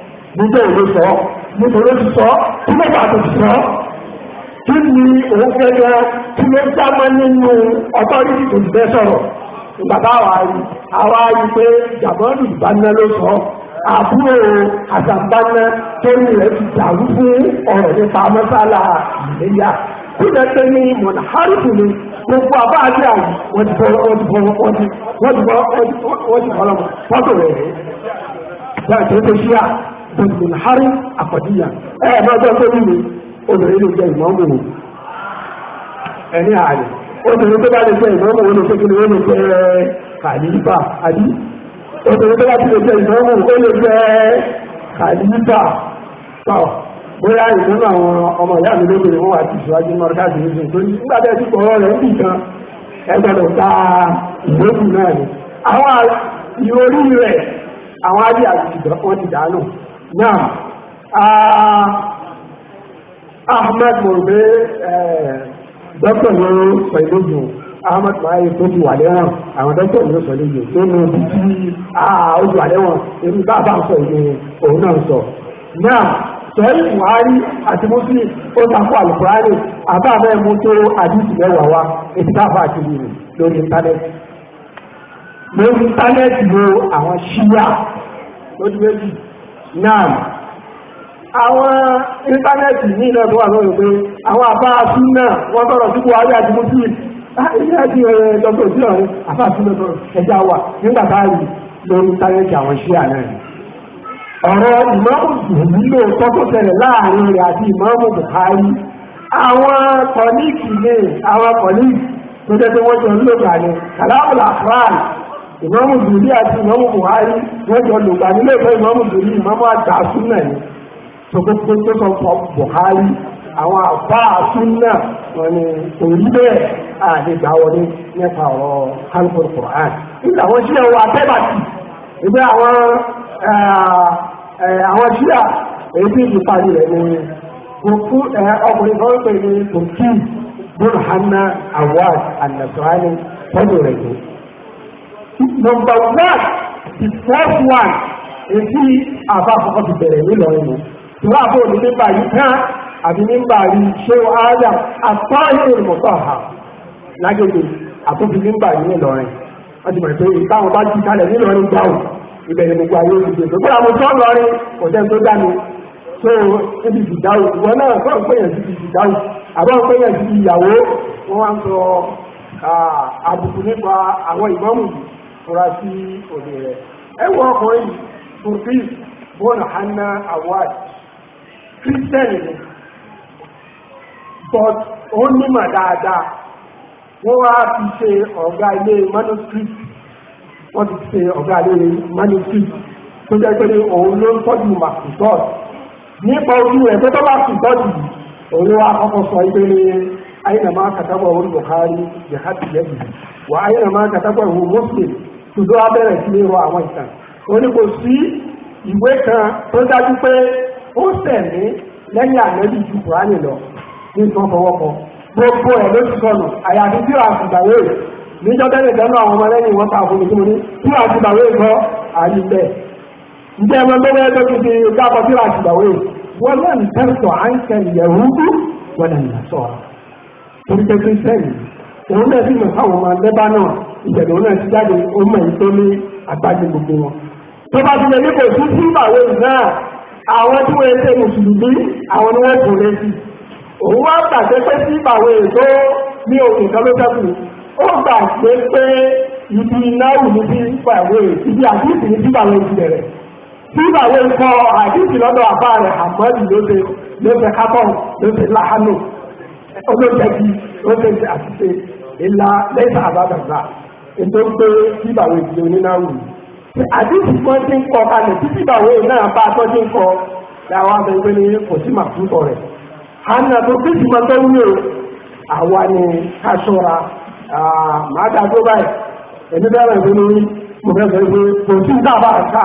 nígbà òwe sọ nígbà òwe sọ tí mo bá ti sọ kí ni òun gẹ́gẹ́ tí mo já mọ́ nínú ọ̀tọ́ yìí kò bẹ́ sọ̀rọ̀ bàbá wa rí àwa rí pé jàmọ́nù ìbáná ló sọ àbúrò àjàmbáná tó ní rẹ̀ ti dàrú fún ọ̀rọ̀ nípa mọ́sálà ìléyà kúndé pé ní mọ̀nà hárùkù ni gbogbo àbá àti àyè wọ́n ti bọ́ wọ́n ti bọ́ wọ́n ti bọ́ wọ́n ti bọ́ wọ́n ti bọ́ lọ́mọ fọ́tò rẹ̀ rẹ̀ bẹ́ẹ̀ tó tó ṣíà olùmọ̀nàhárí àpàdíyà ẹ̀ máa gbọ́ pé nínú obìnrin lè jẹ́ ìmọ̀ọ́mù wò ẹni ààrẹ obìnrin tó bá lè jẹ́ ìmọ̀ọ́mù wò ló pé kí ni wọ́n lè jẹ́ kàlífà àbí obìnrin tó bá ti lè jẹ́ ìmọ̀ọ́mù ó lè jẹ́ kàlífà pàwọ̀ bóyá ìdúró àwọn ọmọ ìyá mi lóbìnrin wọn wà ti ìṣíwájú mọ́ríkàsì nìyí tó ní nígbà rẹ̀ àwọn ìròrí àti ìjọ ti dànù náà ah, ahmed morbe dókítà ló pẹ̀lú jù ahmed maye tó ti wà lẹ́wọ̀n àwọn dókítà ló pẹ̀lú jù tó ní ibi tí ah, ó ti wà lẹ́wọ̀n èmi bá bá ń sọ ìyẹn òun náà sọ náà sọ́yìn buhari àti muslim ó takò alukurani àbáfẹ́ mú tó àdìsí mẹ́wàá wa ètí tá a bá ti rìn lórí íńtánẹ́ẹ̀tì lórí íńtánẹ́ẹ̀tì lo àwọn ṣíyà lójú méjì náà àwọn íńtánẹ́ẹ̀tì ní ilẹ̀ tó wà lọ́rọ̀ pé àwọn àbá súnà wọ́n tọrọ sípò ayé àti mú sílì ilé àti dr sílọ̀ rẹ̀ àbá súnà tọrọ ẹja wà nígbà táàrí lórí íńtánẹ́ẹ̀tì àwọn iṣẹ́ àná rẹ̀ ọ̀rọ̀ ìmáàmù ìlú tọ́tọ́ tẹ̀lẹ̀ láàrin rẹ̀ àti ìmáàmù Buhari àwọn kọ̀níkì ní àwọn kọ̀níkì tó jẹ́ pé wọ́n jọ ń lò kàní kàlámù làfáàlì ìmọ̀mù dùrí àti ìmọ̀mù buhari wọ́n jọ lògbà nílé ìfẹ́ ìmọ̀mù dùrí ìmọ̀mù àgbà súnà ni tòkòtò tó sọ fọ buhari àwọn àgbà súnà wọn ni òrí bẹ́ẹ̀ àdìgbà wọlé nípa ọ̀rọ̀ kálífọ̀n kùrán nígbà wọn ṣí ẹwọ abẹ́bàtì ìgbẹ́ àwọn àwọn ṣíà èyí tí ìparí rẹ̀ ni ọkùnrin kan pè ní tòkí bùrhánà awad ànàtúhánì nọmba one the first one èyí àbá àkọ́kọ́ ti bẹ̀rẹ̀ nílọrin mu ìwà àbò ní nípa yìí tán àbí nípa yìí ṣé adam àtọ́yìn olùmọ̀tọ́ ha lágbègbè àtúntì nípa yìí nílọrin wọ́n ti mọ̀ pé ìtàwọn bá ti kalẹ̀ nílọrin gbáwò ìbẹ̀rẹ̀ gbogbo ayé olùdíje tó gbọ́dọ̀ àwọn tó ń lọrin kò jẹ́ tó dá mi tó níbi ìdáwò ìwọ náà kọ́ ń pèyàn sí ìdáwò àbọ̀ ń pèyàn sí ìyàwó wọ́n wá ń sọ àbùkù nípa àwọn ìmọ̀mù yìí fura sí òde ọkùnrin turkis bọ́ọ̀nù hanna awad kírísítẹ́nì ni but ó nímọ̀ dáadáa wọ́n wá fi ṣe ọ̀gá ilé manuscript wọ́n ti ṣe ọ̀gá ilé manuscript tó jẹ́ pé òun ló ń tọ́jú nípa ojú rẹ̀ pé tó bá òun wá kọ́kọ́ sọ pé ma ma Muslim tùdó abẹ́rẹ̀ sí lè rọ àwọn ìtàn ó iwe kò sí kan tó dájú pé ó sẹ̀mí lẹ́yìn ànábì ju lọ ní nǹkan fọwọ́kọ gbogbo ẹ̀ ló ti sọnù àyàfi tí àtìgbàwé níjọ́ tẹ́lẹ̀ tẹ́lẹ̀ àwọn ọmọ lẹ́yìn wọn tààbò ní kíni tí àtìgbàwé gbọ́ àyè bẹ́ẹ̀ ǹjẹ́ àtìgbàwé náà ń tẹ́sọ̀ à ń tẹ ìyẹ̀wúdú wọn náà ń sọ̀rọ̀ torí pé kí sẹ́yìn òun náà sì ìṣẹ̀lẹ̀ náà ti jáde ó mọ̀ ní tó ní àgbájé gbogbo wọn. tó bá ti lè ní kò sí sí ìbàwé náà àwọn tí wọ́n ṣe mùsùlùmí àwọn ni wọ́n kò létí. òun wá gbàgbé pé sí ìbàwé tó ní òkè kan ló sẹ́kù ó gbàgbé pé ibi náírà ní sí ìbàwé ibi àdìsí ní sí ìbàwé ti bẹ̀rẹ̀. sí ìbàwé kọ àdìsí lọ́dọ̀ àbá rẹ̀ àmọ́dì ló ṣe ló ṣe kábọ̀ ló ṣe láhánù olóòjẹ́bí ló ṣe àṣìṣe ìlà lẹ́sà àbádàgbà ètò pé bíbàwé di onínáwó àdìsí kan ti ń kọ kalẹ̀ tí bíbàwé náà bá tọ́ ti ń kọ làwọn abẹ́gbẹ́ ni kò sí màtúntọ̀ rẹ̀ àna tó bí ti máa tẹ́wọ́ yóò àwa ni ká ṣọ́ra màá dá tó báyìí ẹni bẹ́ẹ̀ rẹ̀ ní mo fẹ́ fẹ́ pé kò sí ní àbá àká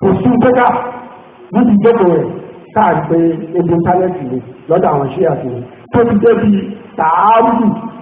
kò sí ní pẹ́ká ní ti jókòó rẹ̀ káà pé ebi íńtánẹ́ẹ̀tì lọ́dọ̀ àwọn ṣíyà sí tó ti débi tààrù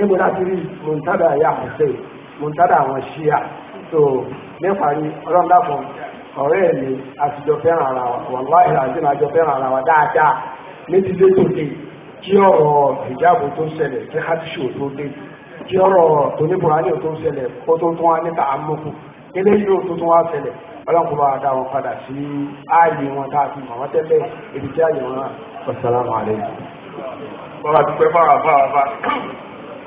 níbo láti rí mọ̀ntádà àyà àṣẹ mọ̀ntádà àwọn ṣíà tó nípa ní ọlọ́run dàpọ̀ ọ̀rẹ́ ẹ̀ ní àtijọ́ fẹ́ràn ara wa wàláhì àti àjọ fẹ́ràn ara wa dáadáa ní ti dé tó dé kí ọ̀rọ̀ ìjáàbò tó ṣẹlẹ̀ kí hádìṣò tó dé kí ọ̀rọ̀ tó ní buhari tó ṣẹlẹ̀ kó tó padà sí ààyè wọn tá mọ̀ wọ́n tẹ́lẹ̀ ibi tí ààyè wọn wà. Assalamu alaikum. wọ́n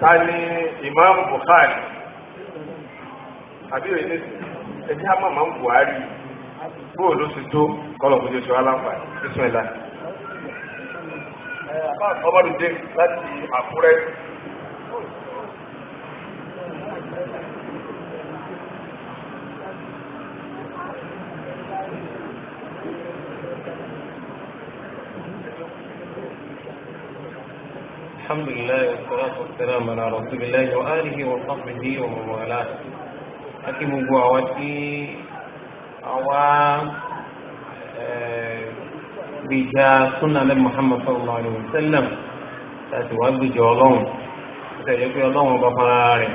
ta ni imam bukhari àbí òye ní ẹjẹ́ àmọ́ máa ń buhari bó ló ti tó kọlọ̀ kó jẹ́ sọ aláǹfààní bísí ẹ̀la ọmọdé láti àkúrẹ́ الحمد لله والصلاة والسلام على رسول الله وآله وصحبه ومن والاه أكيد مبوعوتي أوا بجا سنة محمد صلى الله عليه وسلم láti wá gbèjọ ọlọ́run ìtẹ̀lé pé ọlọ́run ọba fara rẹ̀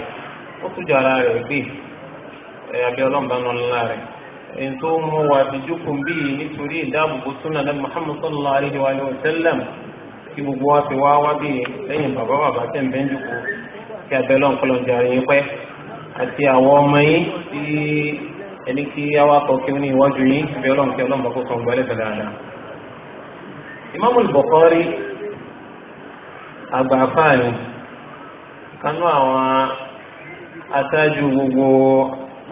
ó tújọ ara rẹ̀ gbé eh, abẹ́ ọlọ́run bá nọ ńlá rẹ̀ èyí tó mú wa fi jókòó bí nítorí ìdáàbòbò súnà náà Muhammad sallallahu alaihi wa sallam kí gbogbo wa fi wá wá bí lẹ́yìn bàbá bàbá tẹ̀ ń bẹ́ ń jòkó kí abẹ́ lọ́n kọ́ lọ́njà yín pẹ́ àti àwọn ọmọ yín tí ẹni kí awa kọ kí ó ní iwájú yín abẹ́ ọlọ́run kí ọlọ́run bá kó sọ̀gbọ́ ẹlẹ́fẹ̀ dáadáa. Ìmáàmù Bùkọ́rí àgbà afáàní kanú àwọn aṣáájú gbogbo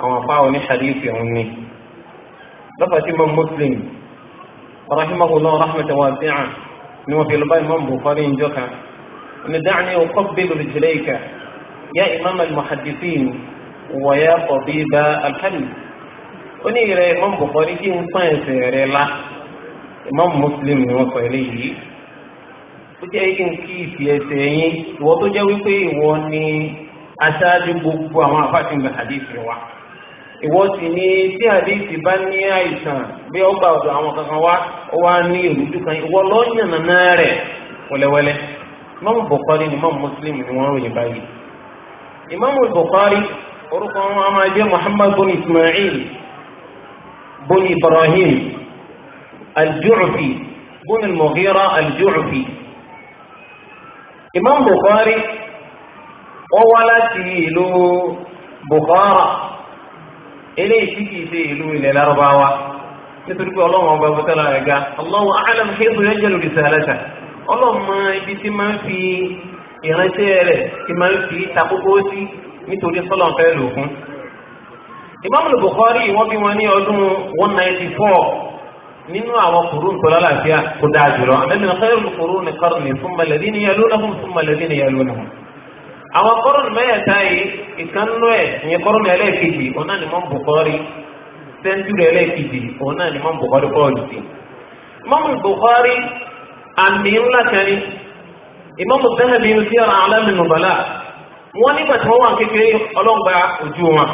àwọn afáà oní hadith ọ̀hún ni lọ́pàá tí mo Muslim rahimahullah rahmatan wasi'ah ni wọ́n fi lọ bá imam bukhari njọ́ kan ní da'ni uqabbilu rijlayka ya imam al-muhaddithin wa ya tabiba al-hadith ó ní ìrẹ̀ imam bukhari kí n sàn ẹsẹ̀ rẹ̀ la imam muslim ni wọ́n sọ eléyìí ó jẹ́ kí n kí ìfì ẹsẹ̀ yín ìwọ tó jẹ́ wípé ìwọ ni aṣáájú gbogbo àwọn àfáàfin bẹ̀ hadith rẹ̀ wa. ìwọ sì ni tí àdéhìsì bá ní àìsàn bí ó gba ọ̀dọ̀ àwọn kankan wá ó wá ní ìrújú kan ìwọ lọ yànnà náà rẹ̀ wẹ́lẹ́wẹ́lẹ́ Imam Bukhari ni Imam Muslim ni wọ́n ròyìn báyìí Imam Bukhari orúkọ wọn a máa jẹ́ eléyìí tí kìí ṣe ìlú ilẹ̀ lárúbáwá nítorí pé ọlọ́run ọba ọba tẹ́lá ẹ̀ga Allahu a'lam kéèkù yẹn jẹ́ lórí sàlẹ́sà ọlọ́mọ ibi tí máa ń fi ìránṣẹ́ rẹ̀ tí máa ń fi takókó sí nítorí sọ́lọ̀ fẹ́ lò fún. Imam Bukhari wọ́n bí wọn ní ọdún one ninety four nínú àwọn kùrú nǹkan lálàáfíà kó dáa jùlọ àmẹ́ni khairul quruni qarni thumma alladhina yalunahum thumma alladhina yalunahum àwọn kọ́rọ̀nù mẹ́yẹ̀ta yìí ìkànnú ẹ̀ ìyẹn kọ́rọ̀nù ẹlẹ́ẹ̀kejì òun náà ni mọ́ bùkọ́rí sẹ́ńtúrì ẹlẹ́ẹ̀kejì òun náà ni mọ́ bùkọ́rí kọ́ọ̀lù sí. mọ́mù bùkọ́rí àmì ńlá kẹni ìmọ̀mù sẹ́hẹ̀bí ń síra àlámì nùbàlà wọ́n nígbà tí wọ́n wà kékeré ọlọ́ngbà ojú wọn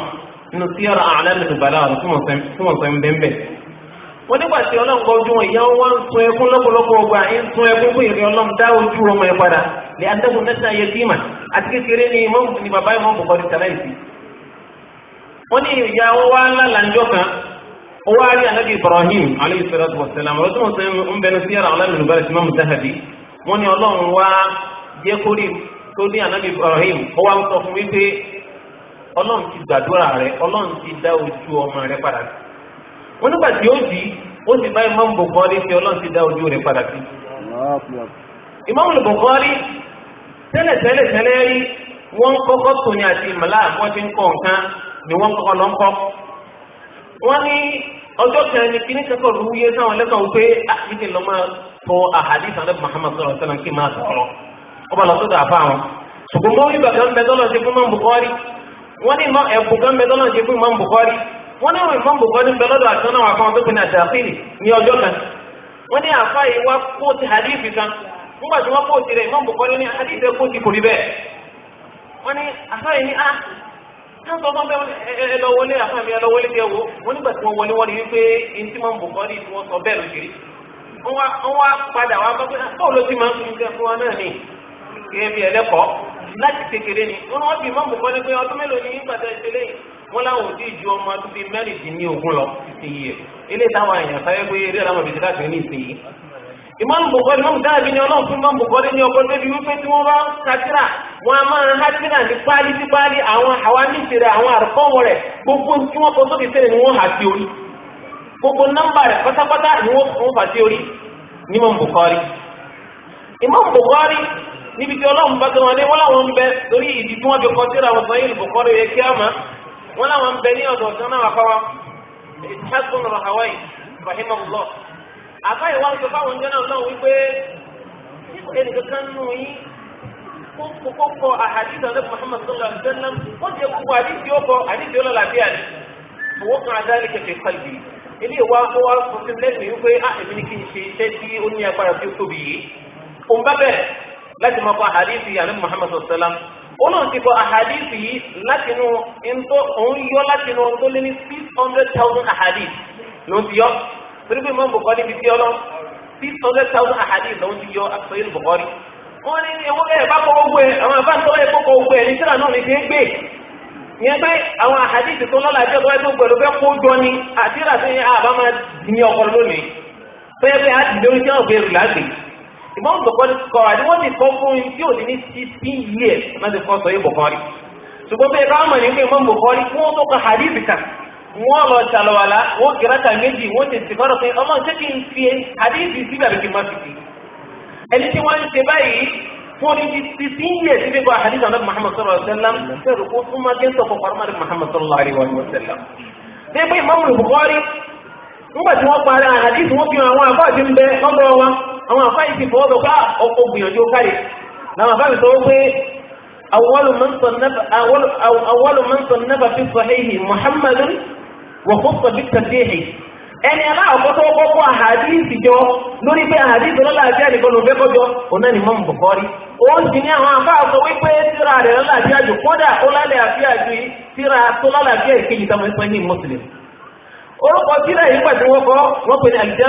nù síra àlámì nùbàlà tí wọ́n sọ ń bẹ́ẹ̀ wọ́n nígbà tí ọlọ́ngbà ojú wọn ìyá wọn ń sun لأنه نشأ يتيما أتكيري ni imam ni bàbá imam Bukhari sàlàyé wọ́n ní ìyá wa ya kan ó wá rí anabi Ibrahim alayhi salatu wa salam ọ̀rọ̀ tí ara imam Zahabi wọ́n ọlọ́run ti gbàdúrà rẹ ọlọ́run ti dá ojú ọmọ rẹ padà sí nígbà tí ó di ó sì bá fi ọlọ́run ti dá tẹ́lẹ̀ tẹ́lẹ̀ tẹ́lẹ̀ rí wọ́n kọ́kọ́ tóní àti ìmọ̀lá wọ́n ti ń kọ́ nǹkan ni wọ́n kọ́kọ́ lọ ń kọ́. wọ́n ní ọjọ́ kan ní kíní kẹ́kọ̀ọ́ ló wúyé sáwọn lẹ́kọ̀ọ́ wípé àtìkè ah, lọ́ máa tọ àhàdí sàlẹ̀ Muhammad sọ̀rọ̀ sẹ́nà kí máa sọ̀rọ̀ ọba lọ sọ́dọ̀ Imam Bukhari wọ́n ní ẹ̀bùn kan bẹ tọ́lọ̀ Imam Bukhari wọ́n ní Imam Bukhari bẹ lọ́dọ̀ àtọ́nà àwọn akọ́wọn tó pinnu àtàkìlì ní ọjọ́ kan wọ́n ní àfa yìí nígbà tí wọ́n pòsì rẹ̀ ìmọ̀ bùkọ́ ní àdìsẹ́ pòsì kò rí bẹ́ẹ̀. wọ́n ní àfáà ní a ah, wọ́n sọ fún bẹ́ẹ̀ ẹ lọ wọlé àfáà mi ẹ lọ wọlé tiẹ̀ wò wọ́n nígbà tí wọ́n wọlé wọ́n rí wípé ẹni tí wọ́n bùkọ́ ní ìtumọ̀ sọ bẹ́ẹ̀ ló kiri. wọ́n wá padà wá bá pé ah, bọ́ọ̀lù ti máa ń fún iṣẹ́ fún wa náà ni kébí ẹlẹ́kọ̀ọ́ láti kékeré ni wọ́n wá bí mọ́mù kọ́ ni pé ọdún mélòó ni yín gbàtà ìṣẹ̀lẹ̀ yìí wọ́n láwọn òdì ju ọmọ tó fi mẹ́rìndínlógún lọ ìsinyìí eléyìí táwọn èèyàn sáyẹ́ pé eré làwọn òbí láti ní ìsinyìí ìmọ̀n bùkọ́rí wọn dáàbí ni ọlọ́run fún ìmọ̀n bùkọ́rí ní ọkọ débi wípé tí wọ́n bá kátìrà wọn a máa ń hátìrà ní páálí sí páálí àwọn àwa níṣẹ́ rẹ̀ àwọn àrùkọ́wọ̀ rẹ̀ gbogbo tí wọ́n kọ sókè sílẹ̀ ni wọ́n hà sí orí gbogbo nọ́mbà rẹ̀ pátápátá ni wọ́n fà sí orí ní ìmọ̀n bùkọ́rí. ìmọ̀n bùkọ́rí níbi tí ọlọ́run bá tó wọn àbá ìwà ń sọ fáwọn jẹ́ náà lọ́wọ́ wípé ẹnìkankan nù yín kókó kọ àhàdìsí ọ̀dọ́ Muhammad sallallahu alaihi wa sallam ó jẹ́ gbogbo àdìsí ó kọ àdìsí ọlọ́lá bí àdì owó kan adáyé kẹfẹ́ kọ́lì ilé ìwà ó wá fún sí lẹ́nu wípé á ah, èmi ni kí n ṣe iṣẹ́ tí ó ní agbára tí ó tóbi yìí òun bá bẹ̀rẹ̀ láti máa kọ àhàdìsí àdìsí Muhammad sallallahu olóòn ti kọ àhàdìsí yìí látinú ntọ́ òun yọ látinú ntọ́ lé ní six hundred thousand àhàdìsí ló ti yọ torí pé mọ́ bùkọ́lì fi fi ọlọ́ six hundred thousand àhàdí ìlọ́wọ́ ti yọ àtọ́yìn bùkọ́lì. wọ́n ní ewu ẹ̀ bá kọ́kọ́ gbé àwọn àbá tó ẹ̀ kọ́kọ́ gbé ẹ̀ ní sílà náà ní fi ń gbé. ìyẹn pé àwọn àhàdí ìtìtò lọ́la jẹ́ tó ẹ̀ tó gbẹ̀rù fẹ́ kó jọ ni àti ìràsí àbá máa ní ọkọ̀ lónìí. bẹ́ẹ̀ bẹ́ẹ̀ á ti lórí tí wọ́n fi rìlá gbé. ìmọ̀n bùkọ́lì kọ́ àdéhùn ti kọ́ fún yín tí ò ní ní sixteen years láti kọ́ sọ yín bùkọ́lì wọ́n lọ ṣàlọ́wàlá wọ́n kìrọ́tà méjì wọ́n ti sì fọ́rọ̀ pé ọmọ ṣé kí n fi àdéhìí sí bàbá kí n má fi sí. ẹni tí wọ́n ń ṣe báyìí fún ní ti sí ń yẹ síbi bá àdéhìí ọ̀nà Muhammad sallallahu alaihi wasallam fẹ́rù kó fún máa gẹ́sọ̀ kọ̀ pàrọ̀ máa Muhammad sallallahu alaihi wasallam. débí Imam Bukhari nígbà tí wọ́n parí àdéhìí wọ́n fi àwọn àbá àti ńbẹ lọ́dọ̀ wa àwọn àbá yìí ti fọwọ́ bá ọkọ̀ ah, gbìyànjú káyè làwọn àbá mi sọ wípé أول من صنف أول أو أول من صنف في الصحيح محمد wọ̀kọ́sọ̀ dìkítà déhì ẹni aláàkọ́ tó kọ́kọ́ àhàdíìsì jọ lórí pé àhàdíìsì lọ́làájá nìkan ló fẹ́ kọjọ ọ̀nà ni mọ́mù bọ̀kọ́rí ó sì ní àwọn afáàsọ wípé tíra rẹ̀ lọ́làájá jù kódà ó lálẹ́ àfíà ju tíra tó lálàájá ìkejì tàbí pé ní mùsùlùm orúkọ tíra yìí pàtó wọ́n kọ́ wọ́n pè ní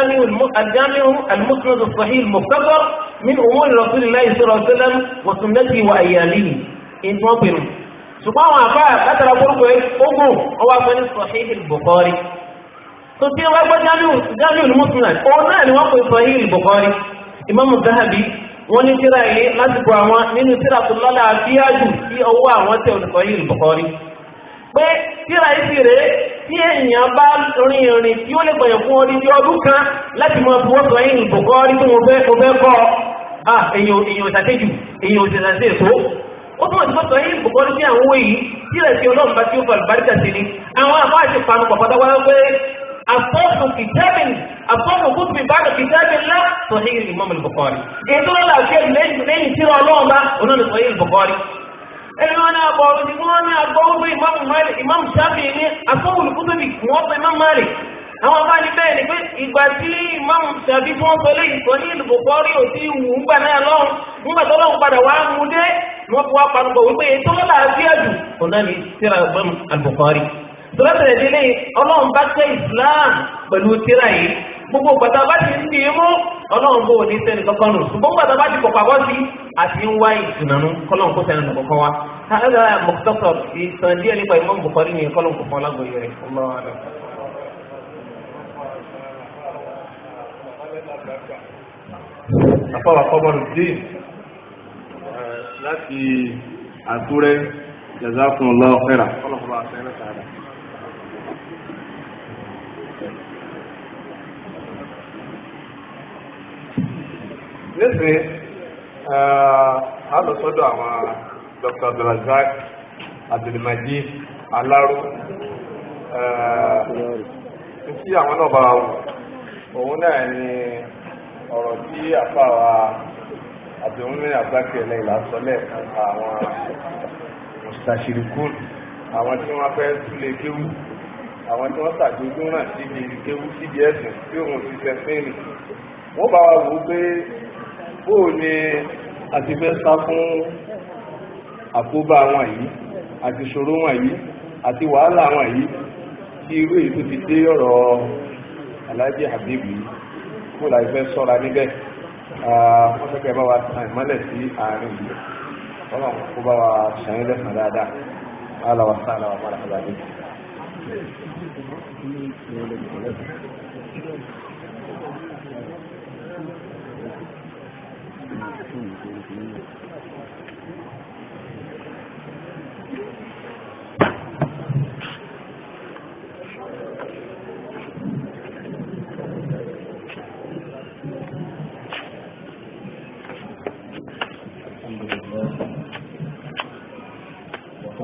aljamiu almusnad ṣùgbọ́n àwọn àfáà látara gbogbo ogun ọwá pẹ́ ní sọ̀híhì bùkọ́rí tó tí wọ́n gbọ́ jamiu muslim òun náà ni wọ́n pè sọ̀híhì bùkọ́rí imamu zahabi wọ́n ní tíra ilé lásìkò àwọn nínú tíra tó lọ́la àbíyájú sí ọwọ́ àwọn tẹ̀ sọ̀híhì bùkọ́rí pé tíra ìsì rèé tí èèyàn bá rin ìrìn tí ó lè gbọ̀yàn fún kan láti mọ fún mo fẹ́ kọ́ ah, èèyàn èèyàn ó túnmọ̀ sí pọ́tọ̀ yìí kò bọ́lú sí àwọn owó yìí tí rẹ̀ sí ọlọ́run bá tí ó fa àlùbáríkà sí ni àwọn àbá àti panu pàpàtà wá pé àfọ́ọ̀mù kìtẹ́bìn àfọ́ọ̀mù kó fi bá kìtẹ́bìn lá sọ yìí ní mọ́mù Bukhari èyí tó lọ́la ṣe lẹ́yìn tí ọlọ́run bá onáni sọ yìí Bukhari ẹni wọn náà bọ̀ ọ̀rọ̀ ti wọ́n Imam Malik Imam Shafi'i ní àfọ́ọ̀mù kútóbi wọ́n pe Imam Malik àwọn bá ní bẹ́ẹ̀ ni pé ìgbà tí ìmáàmù tàbí fún ọ́sọ lè ìsọ ní ìlú bọ̀kọ́rí ò sí ìwù ńgbà náà lọ́rùn nígbà tó lọ́rùn padà wá mú dé wọ́n fi wá panupọ̀ wípé ètò wọn là á bí ẹ̀dù kò náà ní tíra ìmáàmù àlùbọ̀kọ́rí. tọ́lọ́tẹ̀lẹ̀ délé ọlọ́run bá tẹ Islam pẹ̀lú tíra yìí gbogbo gbàtà bá ti ń dì í mú ọlọ́run bó ní sẹ́ni kankan nù ṣùgbọ́n gbàtà bá ti kọ̀pọ̀ àbọ̀ sí àti ń wá ìtùnànú kọ́lọ́run kó sẹ́ni kankan wá. káàdà mọ̀tọ́sọ̀ ìsàn díẹ̀ nípa ìmọ̀ bùkọ́rí ni kọ́lọ́run kò fọ́ lágbóyè rẹ̀ ọlọ́run àpáwà kọmọrù dín láti àtúrẹ́ jazakun eh, lọ ẹ̀rà nísìn alọ́sọ́dọ̀ àwọn Dr. Abdulrazak Abdulmajid Aláró eh, tí àwọn náà bá wù òun náà ni ọ̀rọ̀ tí àfàwà àbẹ̀wọ́nmẹ́rin àgbákẹ́ ilẹ̀ ìlàsọ lẹ́ẹ̀kan àwọn mùsàṣìrìkún àwọn tí wọ́n fẹ́ túlé kéwú àwọn tí wọ́n sàdójú náà síbi kéwú síbi ẹ̀sìn tí òun ti fẹ́ fẹ́ẹ̀nì wọ́n bá wa wò ó pé bóò ni a ti fẹ́ sá fún àkóbá wọn yìí àti ṣòro wọn yìí àti wàhálà wọn yìí tí irú èyí tó ti dé ọ̀rọ̀ aláàjì Habibu yìí kó láì fẹ́ sọ́ra níbẹ̀ wọ́n fẹ́ kẹ́ bá wa tàn ìmọ́lẹ̀ sí àárín yìí ọlọ́run kó bá wa ṣàyìn lẹ́sàn dáadáa aláwa sá aláwa padà padà dé. Thank you.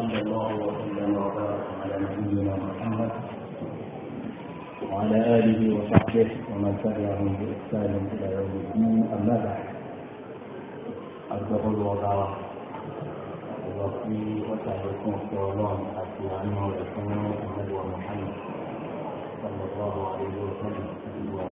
وصلى الله وسلم وبارك على نبينا محمد وعلى آله وصحبه ومن تبعهم بإحسان إلى يوم الدين أما بعد أرجو الوضع وفي وسعيكم في الله حتى أنه يكون محمد صلى الله عليه وسلم